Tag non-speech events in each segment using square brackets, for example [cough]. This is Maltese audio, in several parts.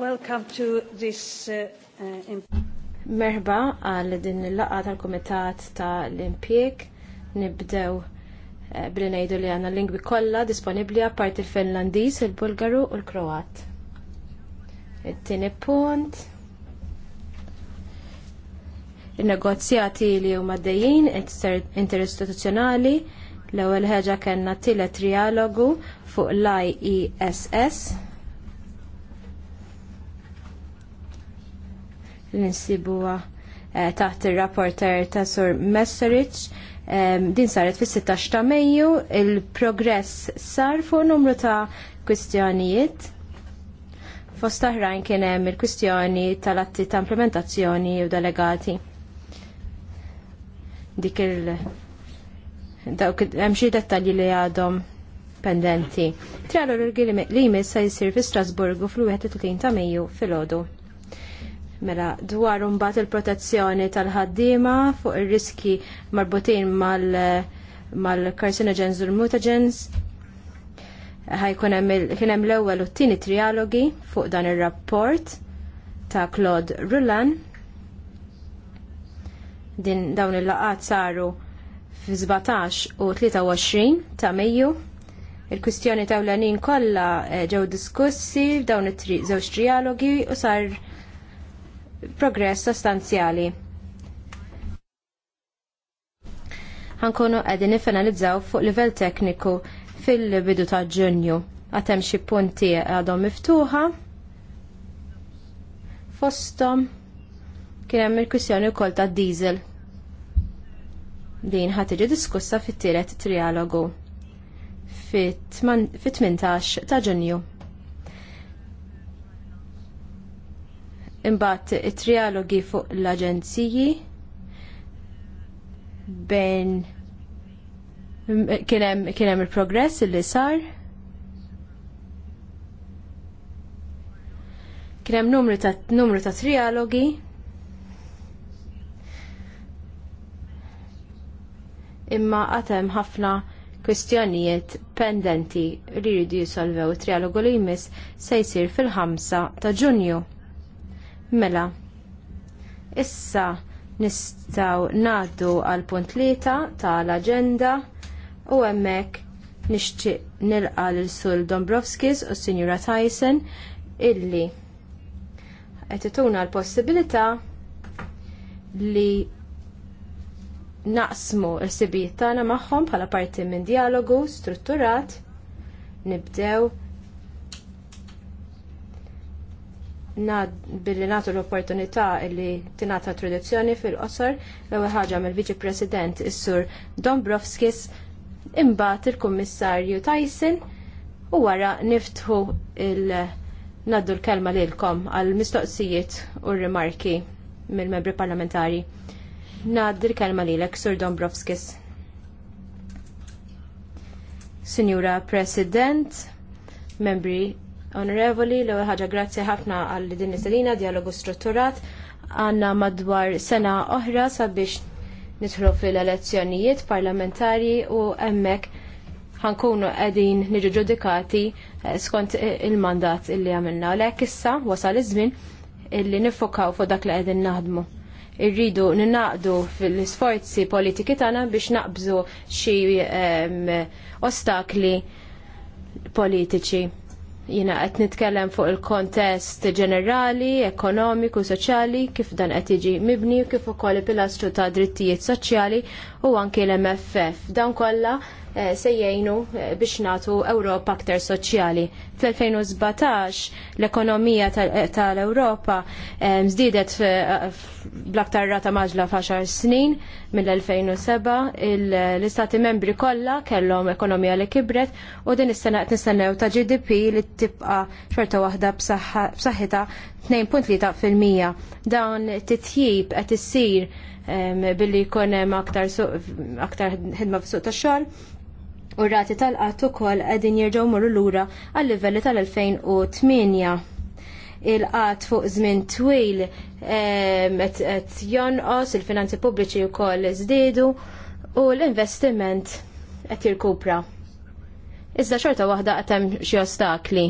Welcome to this uh, uh Merba għal din il laqqa tal-Komitat tal-Impjek nibdew eh, bil ngħidu li għandna lingwi kollha disponibbli apart il-Finlandiż, il-Bulgaru u l-Kroat. It-tieni punt il-negozjati li huma dejjin interistituzzjonali l-ewwel ħeġa kellna tielet trialogu fuq l-IESS L nsibuha eh, taħt ir-rapporter ta' Sur Messerich. Din saret fis-16 ta' Mejju, il-progress sar fuq numru ta' kwistjonijiet. Fost aħrajn kien hemm il-kwistjoni tal-atti ta' implementazzjoni u delegati. Dik il- dawk hemm xi dettalji li għadhom pendenti. Trialog li jmiss se jsir fi Strasburgu fl-31 ta' Mejju filgħodu. Mela, dwar mbagħad il-protezzjoni tal-ħaddiema fuq ir-riski marbutin mal-carcinogens u l-mutagens. Ħajkun hemm l-ewwel u t-tieni trialogi fuq dan ir-rapport ta' Claude Rullan. Din dawn il-laqat saru fi 17 u 23 ta' Mejju. Il-kwistjoni ta' l kollha eh, ġew diskussi f'dawn it-żewġ trialogi u sar progress sostanzjali. Ħankunu qegħdin nifinalizzaw fuq livell tekniku fil-bidu ta' Ġunju. Għatem xi punti għadhom miftuħa. Fostom kien hemm il-kwissjoni wkoll ta' diesel. Din ħad tiġi diskussa fit-tielet trialogu fit-18 ta' Ġunju. Imbagħad it-trialogi fuq l-aġenziji bejn kien hemm il-progress li sar. Kien hemm numru ta' numru ta' trialogi imma għatem ħafna kwistjonijiet pendenti li jridu jisolvew trialogu li jmiss se jsir fil ħamsa ta' Ġunju. Mela, issa nistaw naddu għal punt lieta tal-agenda u emmek nixtieq nilqa l sul Dombrovskis u Sinjura Tyson illi qed l possibilita li naqsmu l-sibijiet tagħna magħhom bħala parti minn dialogu strutturat nibdew nad billi natu l-opportunità li tinata tradizjoni fil-qosor l-ewwel ħaġa mill-Viċi President is-Sur Dombrovskis imbagħad il-Kummissarju Tyson u wara niftħu il- naddu l-kelma lilkom għal mistoqsijiet u rimarki mill-membri parlamentari. Naddu l-kelma lilek, Sur Dombrovskis. Signora President, membri Onorevoli, l ewwel ħaġa grazzi ħafna għal din is-sedina dialogu strutturat għandna madwar sena oħra sabiex nidħlu fil-elezzjonijiet parlamentari u hemmhekk ħankunu qegħdin niġu ġudikati eh, skont eh, il-mandat illi għamilna. Lek issa wasal iż-żmien illi nifokaw fuq dak li qegħdin naħdmu irridu ninaqdu fil-sforzi politiki tagħna biex naqbżu xi ehm, ostakli politiċi. Jina qed nitkellem fuq il-kontest ġenerali, ekonomiku, soċjali, kif dan qed jiġi mibni, kif ukoll il-pilastru ta' drittijiet soċjali u anki l-MFF. Dan kollha Eh, se jgħinu eh, biex nagħtu Ewropa aktar soċjali. Fl-2017 l-ekonomija eh, tal-Ewropa żdiedet bl-aktar rata maġla f'għaxar snin mill-2007 l-istati membri kollha kellhom ekonomija li kibret u din is-sena qed nistennew ta' GDP li tibqa' xorta waħda b'saħħitha 2.3 fil-mija. Dawn titjib qed issir billi jkun hemm aktar aktar ħidma fis-suq tax-xogħol. U rati tal-qatt ukoll qegħdin jerġgħu morru lura għal-livelli tal-2008 il-qat fuq żmien twil qed jonqos, il-finanzi pubbliċi wkoll żdiedu u l-investiment qed jirkupra. Iżda xorta waħda qed hemm xi ostakli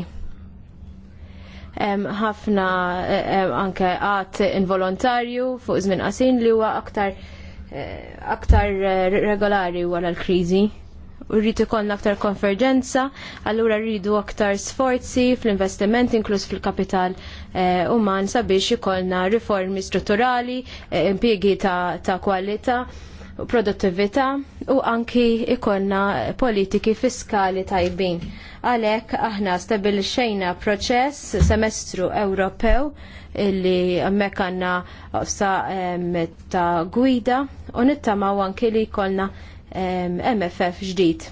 ħafna e, e, anke għat involontarju fuq żmien qasin li huwa aktar e, aktar regolari wara l-kriżi. Rrid ikollna aktar konferġenza, allura rridu aktar sforzi fl-investiment inkluż fil-kapital uman sabiex ikollna riformi strutturali, impjiegi ta' kwalità produttività u anki ikollna politiki fiskali tajbin. Għalhekk aħna xejna proċess semestru Ewropew illi mekanna għandna sa ta' gwida u nittamaw anki li jkollna MFF ġdid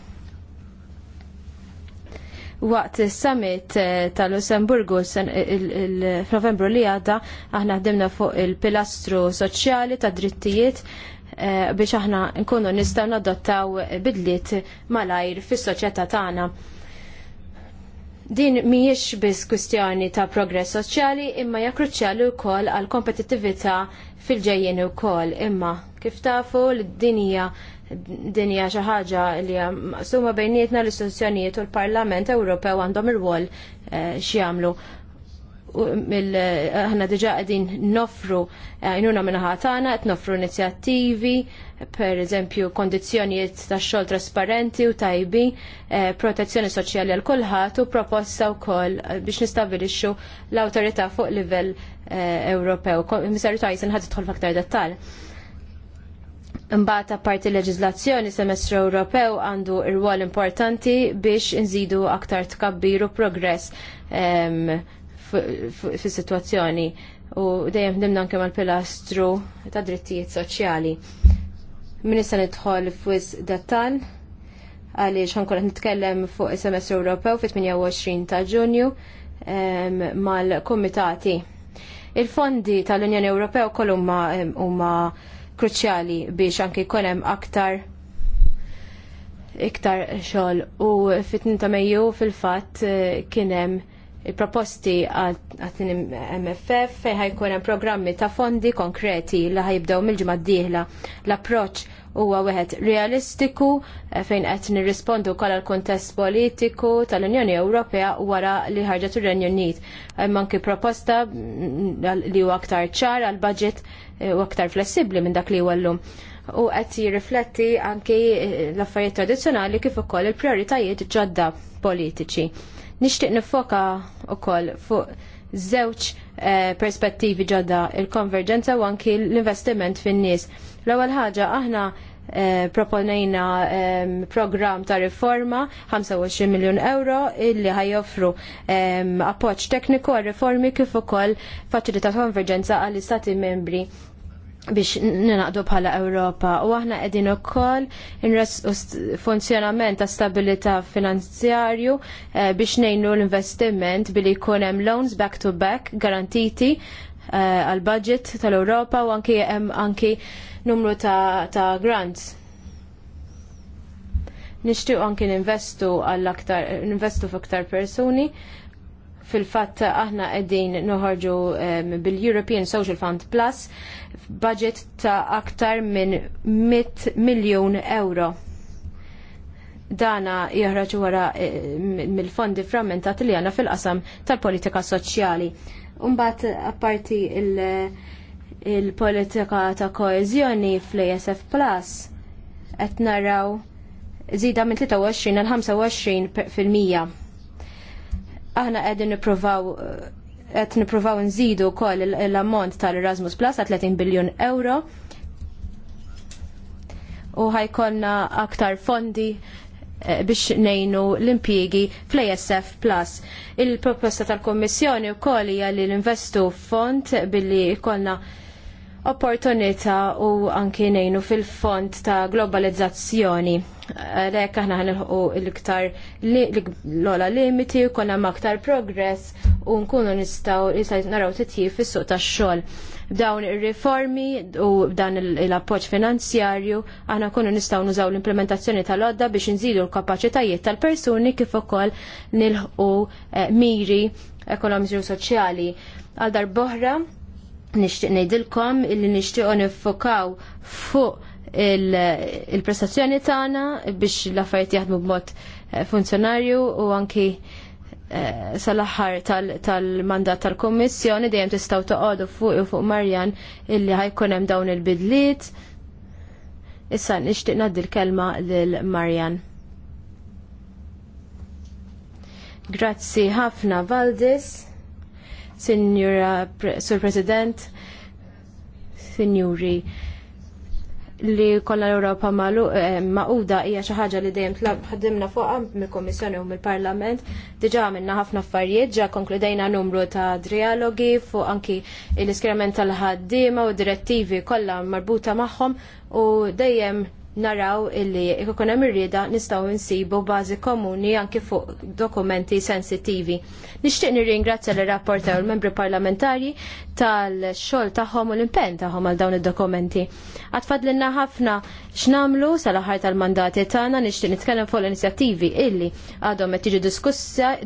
waqt il-summit eh, tal-Lussemburgu f'Novembru li għadda aħna ħdimna fuq il-pilastru soċjali ta' drittijiet eh, biex aħna nkunu nistgħu nadottaw bidliet malajr fis-soċjetà tagħna. Din mhijiex biss kwistjoni ta' progress soċjali imma hija kruċjali wkoll għal kompetittività fil-ġejjien ukoll imma kif tafu din hija din hija xi ħaġa li hija maqsuma bejnietna l-istituzzjonijiet u l-Parlament Ewropew għandhom ir eh, xi jagħmlu. Eh, aħna diġa għedin nofru eh, għajnuna minna ħatana, għet nofru inizjattivi, per eżempju kondizjonijiet ta' xol trasparenti u tajbi, eh, protezzjoni soċjali għal kulħat u proposta u koll biex nistabilixxu l-autorità fuq livell Ewropew. Misarju tajsen ħad tħol faktar dettal. Mbata parti leġizlazzjoni semestru Ewropew għandu ir-rwol importanti biex nżidu aktar tkabbiru progress ehm, fis-sitwazzjoni u dejjem ħdimna anke mal-pilastru ta' drittijiet soċjali. Min issa nidħol f'wiz dattan għaliex ħankun qed nitkellem fuq is-semestru Ewropew fit-28 ta' Ġunju mal-kumitati. Il-fondi tal-Unjoni Ewropew koll huma kruċjali biex anke jkun hemm aktar iktar xogħol u fit-2 ta' Mejju fil-fatt eh, kien hemm il-proposti għatni MFF fej ħajkun hemm programmi ta' fondi konkreti li ħajibdew mill-ġimgħa d-dieħla. L-approċċ huwa wieħed realistiku eh, fejn qed nirrispondu wkoll għal kuntest politiku tal-Unjoni Ewropea wara li ħarġet ir-Renju Unit. Hemm anki proposta mm, li huwa aktar ċar għal budget eh, u aktar flessibbli minn dak li huwa llum u qed jirrifletti anki eh, l-affarijiet tradizzjonali kif ukoll il-prioritajiet ġodda politiċi Nixtieq nifoka wkoll fuq żewġ eh, perspettivi ġodda il-konverġenza u anki l-investiment fin-nies. L-ewwel ħaġa aħna eh, proponejna ehm, program ta' riforma 25 miljon euro illi ħajjoffru ehm, appoġġ tekniku għal riformi kif ukoll faċilità konverġenza għall istati membri biex ninaqdu bħala Ewropa u aħna qegħdin ukoll funzjonament ta' stabilità finanzjarju eh, biex ngħinu l-investiment billi jkun hemm loans back to back garantiti eh, għal budget tal-Ewropa u anki hemm anki numru ta', grants. Nixtiequ anki ninvestu għall aktar ninvestu f'aktar persuni. Fil-fatt aħna qegħdin noħorġu um, bil-European Social Fund Plus budget ta' aktar minn 100 miljun euro. Dana jħraġu wara ehm, mill-fondi frammentati li għandna fil-qasam tal-politika soċjali. Umbat apparti il-politika il ta' koezjoni fl-ESF Plus qed naraw zida minn 23 għal 25 fil-mija. Aħna qegħdin nippruvaw qed nippruvaw nżidu wkoll l-ammont tal-Erasmus Plus ta' 30 biljun euro. U ħajkonna aktar fondi eh, biex nejnu l-impiegi fl-ASF Plus. Il-proposta tal-Kommissjoni wkoll hija li l-investu fond billi jkollna opportunità u anki nejnu fil-fond ta' globalizzazzjoni. Lek aħna ħanilħu l-iktar l-ola limiti, konna maktar progress u nkunu nistaw naraw titjib fis-suq tax-xogħol b'dawn ir-riformi u b'dan l-appoġġ finanzjarju aħna kunu nistgħu nużaw l-implementazzjoni tal odda biex nżidu l-kapaċitajiet tal-persuni kif ukoll nilħu eh, miri ekonomiċi u soċjali. Għal boħra nixtieq ngħidilkom illi nixtiequ nifokaw fuq il-prestazzjoni il tagħna biex l-affarijiet jaħdmu b'mod eh, funzjonarju u anki eh, sal-aħħar tal-mandat tal tal-Kommissjoni dejjem tistgħu toqgħodu fuq u fuq Marjan illi ħajkun hemm dawn il-bidliet. Issa nixtieq ngħaddi l-kelma lil Marjan. Grazzi ħafna Valdis. Signora Sur President, Signori, li kollha l europa eh, maquda hija xi ħaġa li dejjem tlab ħaddimna fuqha mill-Kummissjoni u mill-Parlament. Diġà għamilna ħafna affarijiet, ġa konkludejna numru ta' dialogi fuq anki l-iskrament tal-ħaddiema u direttivi kollha marbuta magħhom u dejjem naraw illi ikun hemm irrieda nistgħu nsibu bażi komuni anke fuq dokumenti sensittivi. Nixtieq nirringrazzja l rapporta u l-membri parlamentari tal-xol tagħhom u l impen taħħom għal dawn id-dokumenti. Għatfadlinna ħafna x'namlu sal-aħħar tal-mandati tagħna nixtieq nitkellem fuq l-inizjattivi illi għadhom qed tiġi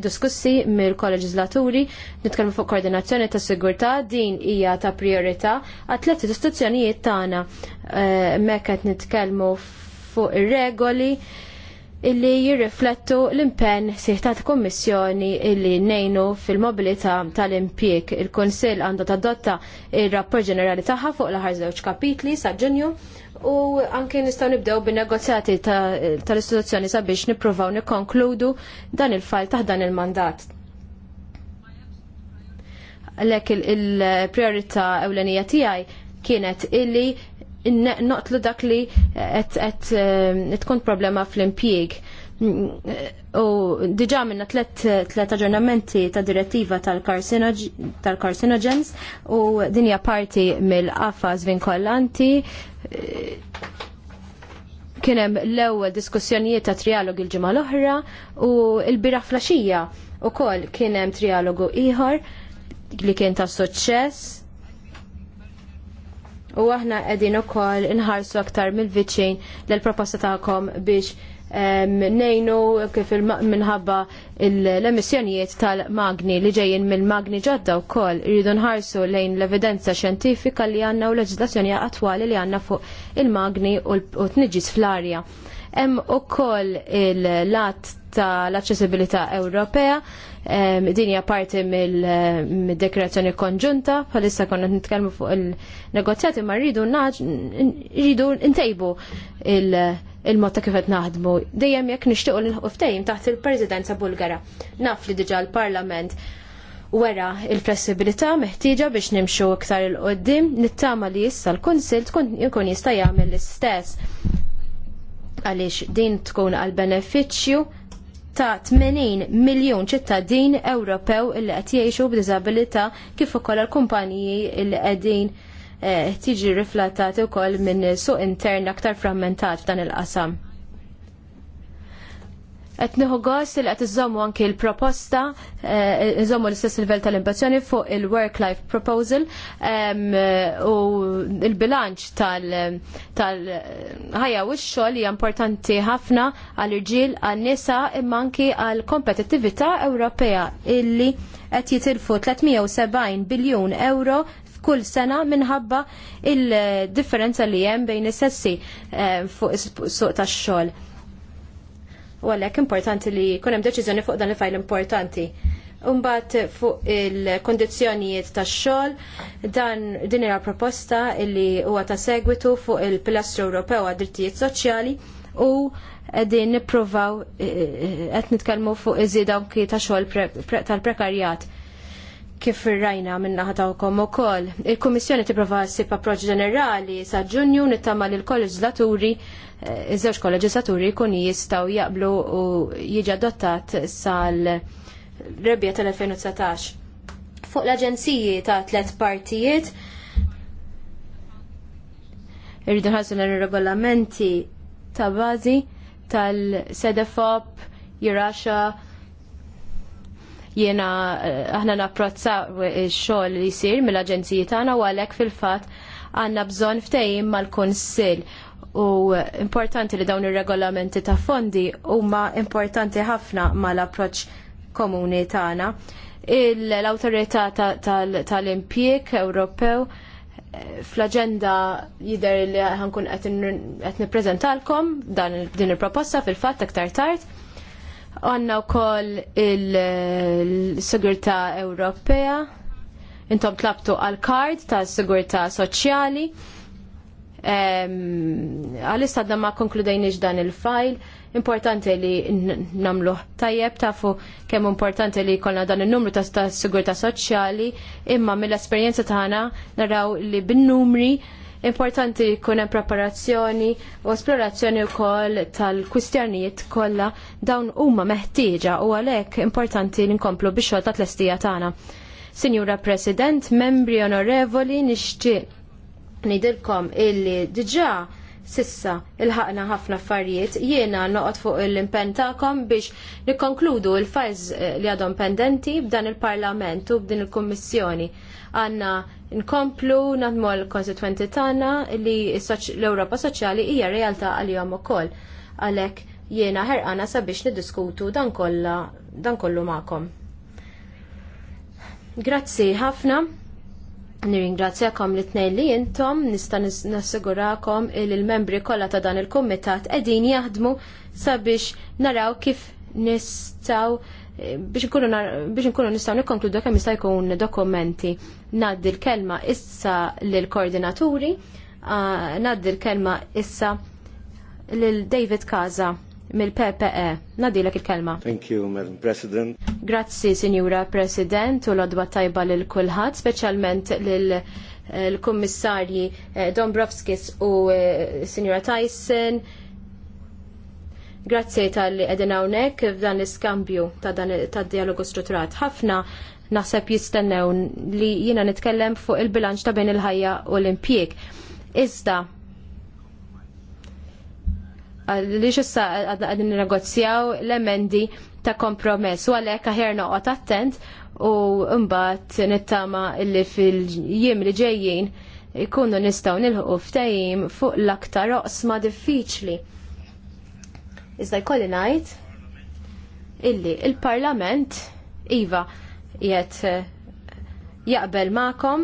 diskussi mill-koleġislaturi, nitkellmu fuq koordinazzjoni ta' sigurtà din hija ta' priorità għat tliet istituzzjonijiet tagħna eh, mekk qed nitkellmu fuq ir-regoli illi jirriflettu l-impenn siħtat kommissjoni illi nejnu fil-mobilità tal impiek Il-Konsil għandu tadotta il-rapport ġenerali tagħha fuq l-ħar żewġ kapitli sa' ġunju u anke nistgħu nibdew bin-negozjati tal-istituzzjoni sabiex nippruvaw nikkonkludu dan il-fall taħ dan il-mandat. Lek il-priorità ewlenija tiegħi kienet illi noqtlu dak li qed ehm, tkun problema fl-impjieg. Mm, eh, u diġa minna tlet aġġornamenti ta' direttiva tal-carcinogens u dinja parti mill-qafas zvinkollanti eh, kienem l-ewwel diskussjonijiet ta' trialog il-ġimgħa l-oħra u l-bira flaxija u kien hemm trialogu ieħor li kien ta' suċċess U aħna qegħdin ukoll inħarsu aktar mill-viċin l-proposta tagħkom biex nejnu kif minħabba l-emissjonijiet tal-magni li ġejjin mill-magni ġodda u koll rridu nħarsu lejn l-evidenza xjentifika li għanna u leġislazzjoni attwali li għanna fuq il-magni u t-nġis fl-arja. Hemm ukoll il-lat tal-aċċessibilità Ewropea din hija parti mill-deklarazzjoni eh, konġunta, bħalissa konna nitkellmu fuq il-negozjati, ma rridu rridu ntejbu il-mod ta' kif qed naħdmu. Dejjem jekk nixtiequ l ftehim taħt il-Presidenza Bulgara. Naf li diġà l-Parlament wera il-flessibilità meħtieġa biex nimxu iktar il-qoddim, nittama li issa l-Kunsil kun jkun jista' jagħmel l-istess għaliex din tkun għal benefiċċju ta' 80 miljun ċittadin Ewropew illi qed jgħixu b'diżabilità kif ukoll għall-kumpaniji li qegħdin eh, tiġi riflettati wkoll minn suq intern aktar frammentat f'dan il-qasam. Etniħu nieħu gost li qed iżommu anki l-proposta, eh, iżommu l-istess livell tal-imbazzjoni fuq il-work-life proposal u il-bilanċ tal-ħajja u x-xogħol hija importanti ħafna għall-irġiel, għal nisa imma anki għall-kompetittività Ewropea illi qed jitilfu 370 biljun euro kull sena minħabba il-differenza li hemm bejn is-sessi eh, fuq is-suq tax-xogħol u għalhekk importanti li kunem hemm deċiżjoni fuq dan il-fajl importanti. Umbat fuq il-kondizjonijiet ta' xol, dan din era proposta illi huwa ta' segwitu fuq il-Pilastru Ewropew għad drittijiet soċjali u din nipprovaw eh, eh, qed nitkellmu fuq iż-żieda ta' xogħol tal-prekarjat. Pre kif rajna minna ħatawkom u kol. Il-Komissjoni tiprofa s sipa approċ ġenerali sa' ġunju nittama li l-kolleġislaturi, eh, iż-żewġ kolleġislaturi kun jistaw jaqblu u jiġi adottat sal-rebja tal-2019. Fuq l-aġenziji ta' tlet partijiet, irridu ħassu l-regolamenti ta' bazi tal-SEDEFOP, Jirasha, Jiena eh, aħna napprozzaw ix-xogħol li jsir mill-aġenziji tagħna u għalhekk fil-fatt għandna bżonn ftehim mal-Kunsill u importanti li dawn ir-regolamenti ta' fondi huma importanti ħafna mal-approċċ komuni tagħna. L-awtorità tal-impjieg Ewropew eh, fl-agenda jider li ħankun qed nippreżentalkom dan din il-proposta fil-fatt aktar tard Għanna wkoll il-Sigurtà Ewropea. Intom tlabtu għal-kard ta' Sigurtà Soċjali. Għalissa għadna ma konkludejniex dan il-fajl. Importanti li namlu tajjeb tafu kemm importanti li kolna dan il-numru ta' sigurtà soċjali imma mill-esperjenza tagħna naraw li bin-numri Importanti jkun hemm preparazzjoni u esplorazzjoni wkoll tal-kwistjonijiet kollha dawn huma meħtieġa u għalhekk importanti li nkomplu bix-xogħol ta' tlestija tagħna. Sinjura President, membri onorevoli, nixtieq nidilkom illi diġà sissa il-ħakna ħafna affarijiet jiena noqgħod fuq il impenn tagħkom biex nikkonkludu l-fajz li għadhom pendenti b'dan il-Parlament u b'din il-Kummissjoni. Għandna nkomplu nadmu l-konsekwenti tagħna li l-Ewropa Soċjali hija realtà għalihom ukoll. Għalhekk jiena ħerqana sabiex niddiskutu dan kollha dan kollu magħkom. Grazzi ħafna. Nirringrazzjakom li tnejn li intom nista' nassigurakom il membri kollha ta' dan il-kumitat qegħdin jaħdmu sabiex naraw kif nistgħu biex nkunu nistgħu nikkonkludu kemm jista' jkun dokumenti. Ngħaddi l-kelma issa lill koordinaturi ngħaddi l-kelma issa lil David Kaza mill-PPE. Nadilek il-kelma. Thank you, Madam President. Grazzi, Signora President, u l-odwa tajba lil kulħadd, speċjalment lil eh, l-kummissarji eh, Dombrovskis u eh, Signora Tyson Grazzi tal-li edina hawnhekk f'dan l-iskambju ta' dan tad-dialogu strutturat. Ħafna naħseb jistennew li jiena nitkellem fuq il-bilanċ ta' bejn il-ħajja u l-impjieg. Iżda li xissa għadin negozjaw l-emendi ta' kompromess u għalek għahjer noqot attent u mbagħad nittama li fil-jiem li ġejjin ikunu nistaw nilħu ftajim fuq l-aktar oqsma diffiċli Iżda jkolli ngħid illi il-Parlament iva qiegħed eh, jaqbel magħkom,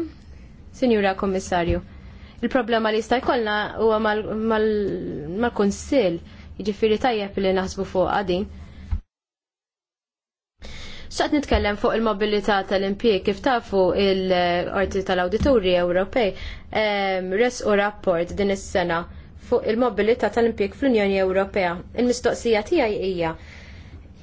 Sinjura Kommissarju. Il-problema li jista' jkollna huwa mal-Kunsill, jiġifieri tajjeb li naħsbu fuq għadin. Saqt nitkellem fuq il-mobilità tal impjie kif tafu il-Qorti tal awdituri Ewropej resqu rapport din is-sena fuq il-mobilità tal-impjeg fl-Unjoni Ewropea. Il-mistoqsija tiegħi hija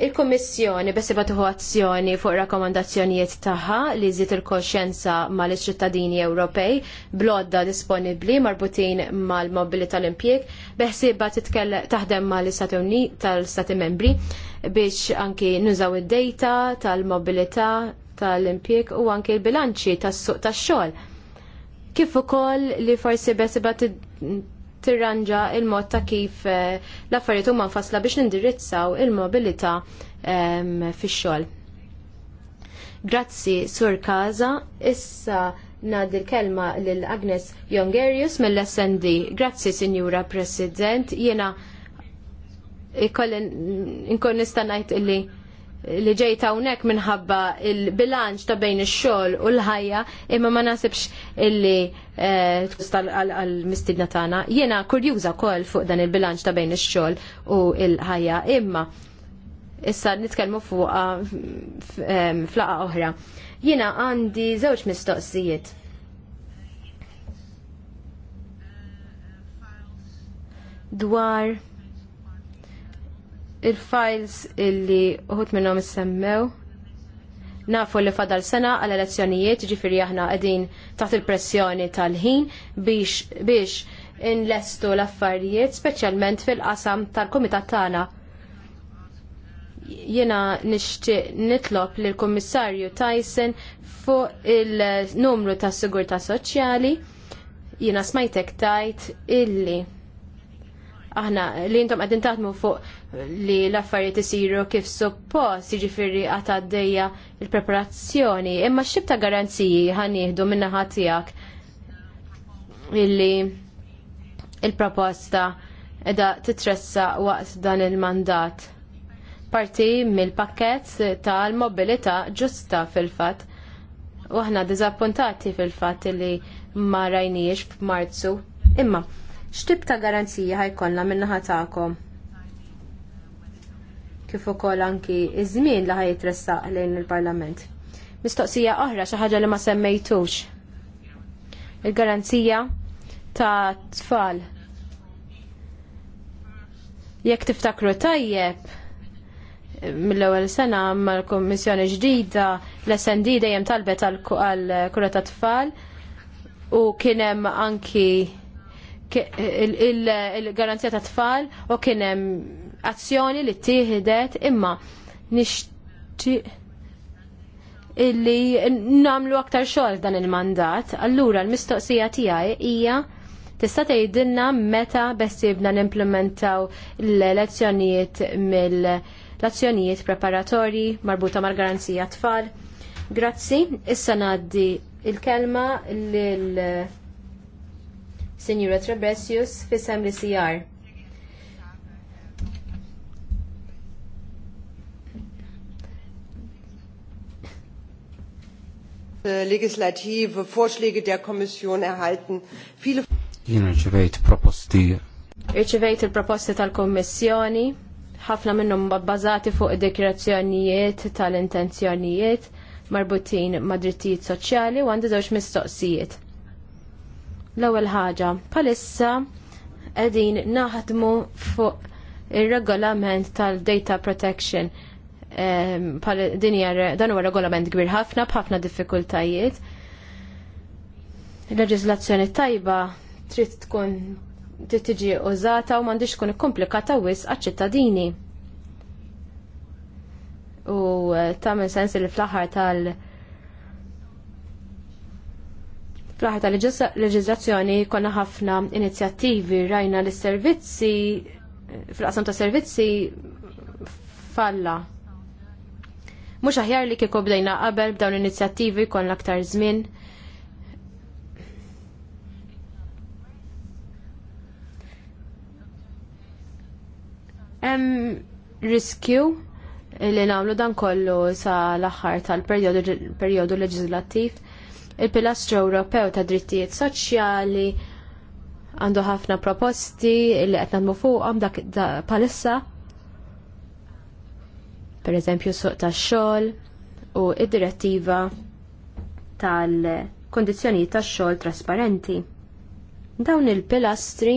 il-Kommissjoni bes tieħu azzjoni fuq rakkomandazzjonijiet tagħha li żiet il-koxjenza mal-ċittadini Ewropej blodda disponibbli marbutin mal-mobilità tal-impjeg titkell taħdem mal-Istati tal-Stati Membri biex anki nużaw id-dejta tal-mobilità tal-impjeg u anki l-bilanċi tas-suq tax-xogħol kif ukoll li forsi besiba tirranġa il-mod ta' kif eh, l-affarijiet huma nfassla biex nindirizzaw il-mobilità ehm, fix-xogħol. Grazzi, Sur Kaza. Issa nad l kelma lil Agnes Jongerius mill-SND. Grazzi, Signora President. Jena ikolli nkun nista' ngħid illi li ġejta hawnhekk minħabba il-bilanċ ta' bejn ix-xogħol u l-ħajja imma ma nasibx illi eh, tkustal għal mistidna tagħna. Jiena kurjuża wkoll fuq dan il-bilanċ ta' bejn ix-xogħol u l-ħajja imma issa nitkellmu fuq eh, eh, flaqa oħra. Jiena għandi żewġ mistoqsijiet. Dwar il-files illi uħut minnom semmew nafu li fadal sena għal elezzjonijiet ġifiri aħna għedin taħt il-pressjoni tal-ħin biex, biex inlestu l-affarijiet specialment fil-qasam tal-komitat tagħna. Jena nixtieq nitlob l kummissarju Tyson fuq il-numru tas sigurtà soċjali jiena smajtek tajt illi aħna li jintom għadin taħdmu fuq li l-affarijiet isiru kif suppost, jiġifieri għad għaddejja l preparazzjoni imma x'ibta ta' garanziji ħan jieħdu min-naħa tiegħek illi il-proposta edha titressa waqt dan il-mandat. Parti mill-pakket tal-mobilità ġusta fil-fatt. U aħna diżappuntati fil-fatt li ma rajniex f'Marzu. Imma, x'tib ta' garanzija ħajkollna min-naħa tagħkom? Kif ukoll anki iż-żmien li ħajtressaq lejn il-Parlament. Mistoqsija oħra xi ħaġa li ma semmejtux. Il-garanzija ta' tfal. Jekk tiftakru tajjeb, mill-ewwel sena mal-Kummissjoni ġdida l-SND dejjem talbet għal kura ta' tfal u kien hemm anki il-garanzija ta' tfal u kien hemm azzjoni li tieħdet imma nixtieq illi namlu aktar xogħol dan il-mandat. Allura l-mistoqsija tiegħi hija tista' tgħidilna meta bessibna nimplementaw l-elezzjonijiet mill-azzjonijiet preparatorji marbuta mal-garanzija tfal. Grazzi, issa ngħaddi il-kelma lil Signora Trebesius, fissem li sijar. Äh, legislative Vorschläge der Kommission erhalten. Viele Jien irċivejt proposti. Irċivejt il-proposti tal-Kommissjoni, ħafna minnhom bbażati fuq id tal-intenzjonijiet marbutin madrittijiet soċjali u għandi mistoqsijiet. L-ewwel ħaġa, palissa qegħdin naħdmu fuq ir-regolament tal-data protection. Din dan huwa regolament kbir ħafna b'ħafna diffikultajiet. Il-leġiżlazzjoni tajba trid tkun tiġi użata u m'għandix tkun ikkomplikata wisq għaċ-ċittadini u eh, tamen sens li fl-aħħar tal- Fl-aħħar ta' leġiżlazzjoni konna ħafna inizjattivi rajna li servizzi fil-qasam ta' servizzi falla. Mhux aħjar li kieku bdejna qabel b'dawn inizjattivi konna aktar żmien. Hemm riskju li nagħmlu dan kollu sa l-aħħar tal-perjodu leġislattiv Il-pilastru Ewropew ta' drittijiet soċjali għandu ħafna proposti li qed nagħmlu fuqhom dak palissa. Per eżempju suq tax-xogħol u id-direttiva tal-kondizzjonijiet tax-xogħol trasparenti. Dawn il-pilastri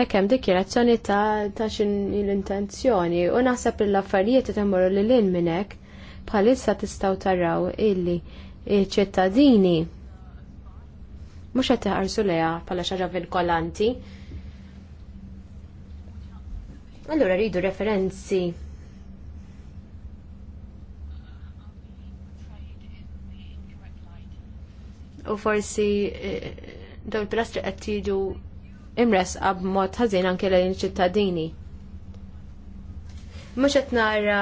Mekkem dikjerazzjoni ta' ta' xin l-intenzjoni u naħseb l-affarijiet t-temmur l-lin minnek bħalissa tistgħu taraw illi ċittadini mhux qed teħarsu leha bħala xi ħaġa vinkolanti. Allura rridu referenzi u forsi eh, daw il-pilastri qed jiġu imres b'mod ħażin anke lejn ċittadini. Mhux qed nara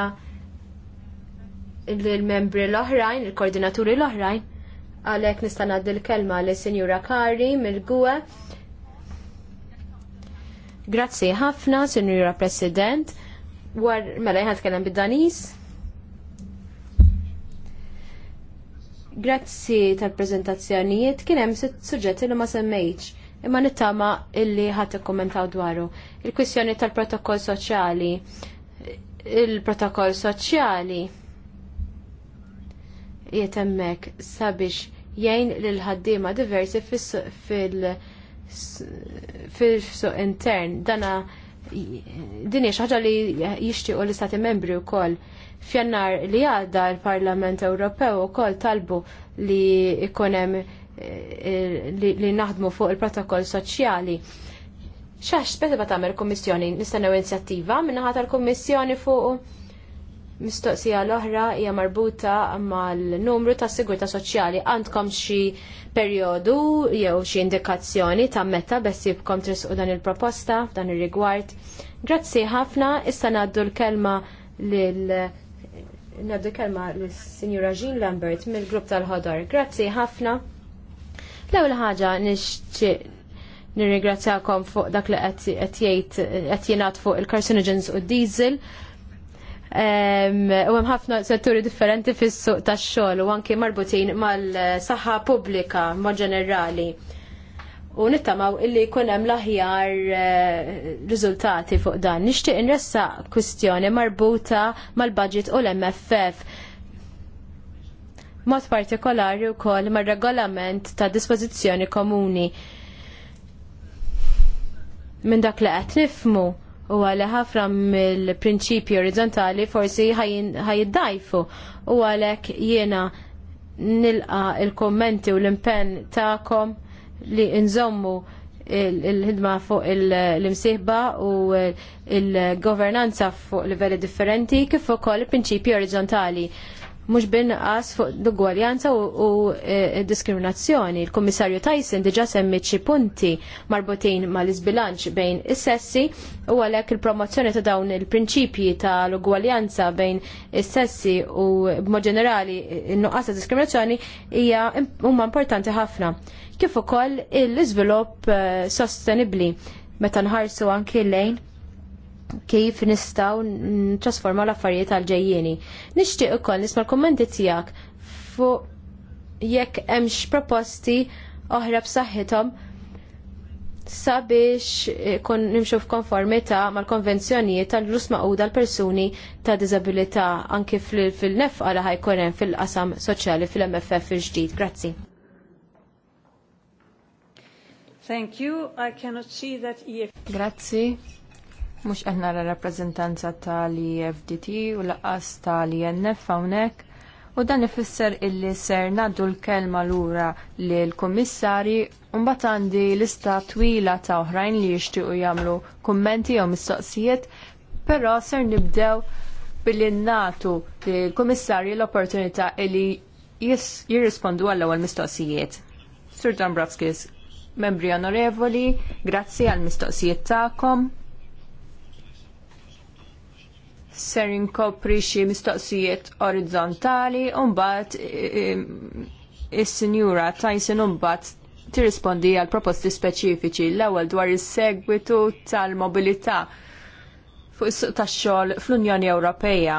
l-membri l-oħrajn, il-koordinaturi l-oħrajn, għalek nista' ngħaddi l-kelma li Sinjura Kari mill-Gwe. Grazzi ħafna, Sinjura President. War mela jħad kellem bid-Danis. Grazzi tal-prezentazzjonijiet kien hemm suġġetti li ma semmejtx imma nittama illi ħadd kommentaw dwaru. Il-kwistjoni tal-protokoll soċjali il-protokoll soċjali jetemmek hemmhekk sabiex jgħin lil ħaddiema diversi fil-suq intern. Dana din hija ħaġa li jixtiequ l-istati membri wkoll. F'jannar li għadda l-Parlament Ewropew ukoll talbu li ikun hemm eh, li naħdmu fuq il-protokoll soċjali. Xax, speta tagħmel kummissjoni nistennew inizjattiva minnaħa tal-kummissjoni fuq Mistoqsija l-oħra hija marbuta mal-numru ta' sigurta soċjali. Għandkom xi perjodu jew xi indikazzjoni ta' meta bessibkom trisqu dan il-proposta f'dan ir-rigward. Grazzi ħafna, issa ngħaddu l-kelma lil Naddu kelma l-Sinjura Jean Lambert mill-grupp tal-ħodor. Grazzi ħafna. L-ewwel ħaġa nixtieq nirringrazzjakom fuq dak li qed jgħid qed jingħad fuq il-carcinogens u d-diesel u hemm ħafna setturi differenti fis-suq tax-xogħol u anke marbutin mal-saħħa pubblika mod ġenerali. U nittamaw illi jkun hemm l-aħjar eh, riżultati fuq dan. Nixtieq inressa kwistjoni marbuta mal-budget u l-MFF. Mod partikolari wkoll mar-regolament ta' dispożizzjoni komuni. Minn dak li qed nifmu u għala ħafna mill-prinċipji orizzontali forsi ħajiddajfu u għalek jiena nilqa il-kommenti u l-impenn ta'kom li nżommu il-ħidma fuq l-imsiħba u il-governanza fuq livelli differenti kif ukoll il-prinċipji orizzontali mhux binqas fuq l-ugwaljanza u e, e, diskriminazzjoni. Il-Kummissarju Tyson diġa semmi xi punti marbutin mal izbilanċ bejn is-sessi u għalhekk il-promozzjoni ta' dawn il-prinċipji tal-ugwaljanza bejn is-sessi u b'mod ġenerali n-nuqqas ta' diskriminazzjoni hija huma importanti ħafna. Kif ukoll l-iżvilupp eh, sostenibbli meta nħarsu anki lejn kif nistaw trasforma l-affarijiet għal Nishtiq Nixtieq ukoll nisma' l-kummenti tiegħek fuq jekk hemmx proposti oħra b'saħħithom sabiex eh, kun nimxu f'konformità mal-konvenzjonijiet tal-ġlus maquda l-persuni ta' diżabilità anki fil-nefqa għala ħajkun hemm fil-qasam soċjali fil-MFF fil ġdid Grazzi. Thank you. I cannot see that EF. Grazzi Mhux qed nara rappreżentanza tal-EFDT u laqqas tal-INF hawnhekk. U dan ifisser illi ser naddu l-kelma lura lill kummissarji u mbagħad għandi lista twila ta' oħrajn li jixtiequ jagħmlu kummenti jew mistoqsijiet, però ser nibdew billi nagħtu lill kummissarji l-opportunità li jirrispondu għall-ewwel mistoqsijiet. Sir Dombrovskis, membri onorevoli, grazzi għall mistoqsijiet tagħkom ser inkopri xi mistoqsijiet orizzontali u mbagħad e, e, is-sinjura Tyson u mbagħad tirrispondi għal proposti speċifiċi l-ewwel dwar is-segwitu tal-mobilità fuq is-suq tax-xogħol fl-Unjoni Ewropea.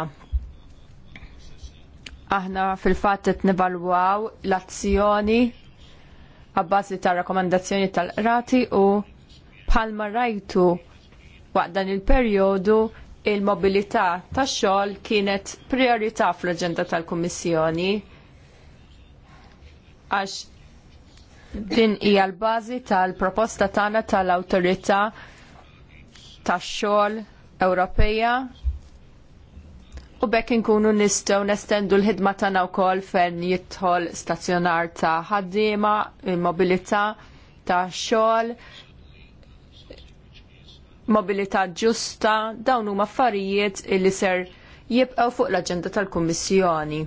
Aħna fil-fatt qed nevalwaw l-azzjoni għabbażi ta' rakkomandazzjoni tal-qrati u bħalma rajtu waqt dan il-perjodu il-mobilità tax-xogħol kienet priorità fl-aġenda tal-Kummissjoni għax din hija l-bażi tal-proposta tagħna tal-awtorità tax-xogħol Ewropeja u bekk inkunu nistgħu nestendu l-ħidma tagħna wkoll fejn jidħol stazzjonar ta' ħaddiema, il-mobilità tax xogħol, mobilità ġusta, dawn huma affarijiet li ser jibqgħu fuq l-aġenda tal-Kummissjoni.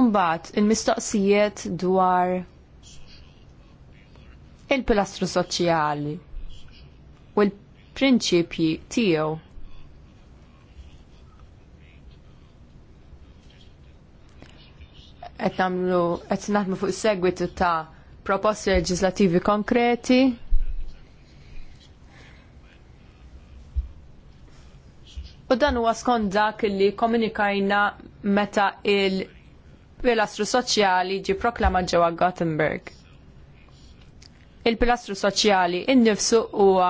Imbagħad il-mistoqsijiet dwar il-pilastru soċjali u l-prinċipji tiegħu. Qed nagħmlu qed naħdmu fuq segwitu ta' proposti leġislattivi konkreti U dan huwa skont dak li komunikajna meta il-pilastru soċjali ġi proklama ġewwa Gothenburg. Il-pilastru soċjali innifsu huwa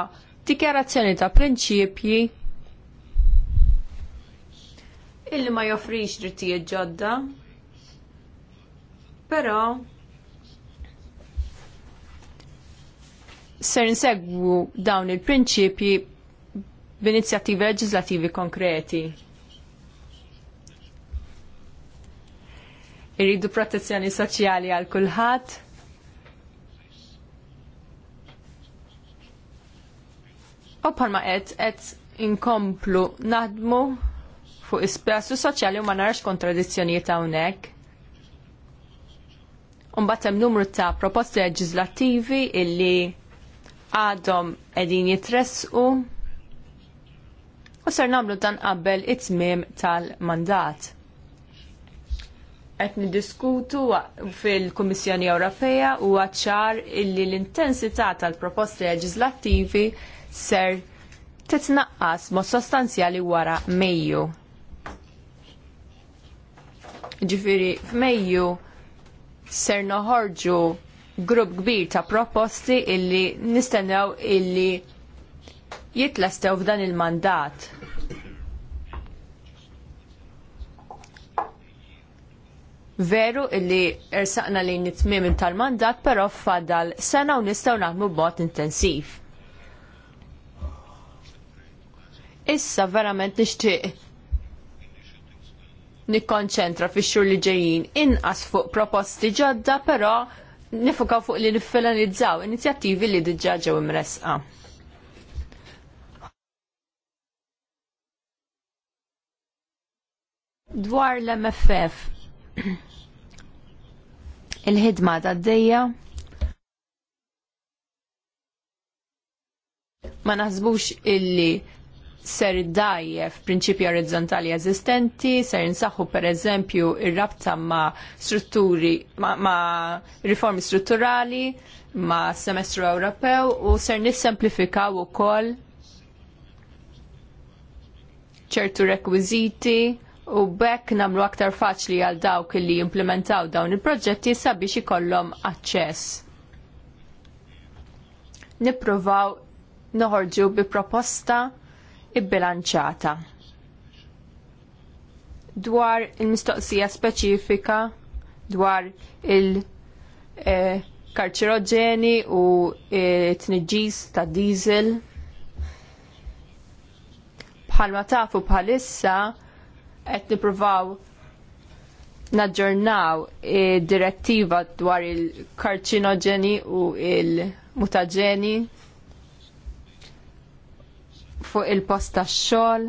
dikjarazzjoni ta' prinċipji illi ma joffrix drittijiet ġodda, però ser insegwu dawn il-prinċipji b'inizjattivi leġislativi konkreti. Irridu protezzjoni soċjali għal kulħadd. U bħalma qed qed inkomplu naħdmu fuq ispjassu soċjali u ma narax kontradizzjonijiet hawnhekk. mbagħad hemm numru ta' proposti leġislattivi illi għadhom qegħdin jitressqu u ser nagħmlu dan qabel it-tmiem tal-mandat. Qed niddiskutu fil-Kummissjoni Ewropea u ċar illi l-intensità tal-proposti leġislattivi ser titnaqqas mod sostanzjali wara Mejju. Ġifiri, f'Mejju ser noħorġu grupp kbir ta' proposti illi nistennew illi jitlastew f'dan il-mandat. Veru illi ersaqna li nitmim tal-mandat, però fadal sena u nistaw naħmu b'mod intensiv. Issa verament nixtieq nikkonċentra fi xhur li ġejjin inqas fuq proposti ġodda, però nifukaw fuq li niffinalizzaw inizjattivi li diġà ġew imresqa. dwar l-MFF il-ħidma għaddejja. ma naħsbux illi ser dajjef prinċipji orizzontali eżistenti, ser insaħħu per eżempju ir-rabta ma strutturi, ma, ma riformi strutturali, ma semestru Ewropew u ser nissemplifikaw ukoll ċertu rekwiziti u bekk namlu aktar faċli għal dawk li jimplementaw dawn il-proġetti sabiex ikollhom aċċess. Nippruvaw noħorġu bi proposta ibbilanċata. Dwar il-mistoqsija speċifika dwar il-karċeroġeni eh, u t-tniġġis eh, ta' diesel. Bħalma tafu bħalissa qed nippruvaw naġġornaw direttiva dwar il-karċinoġeni u il-mutaġeni fuq il-post tax-xogħol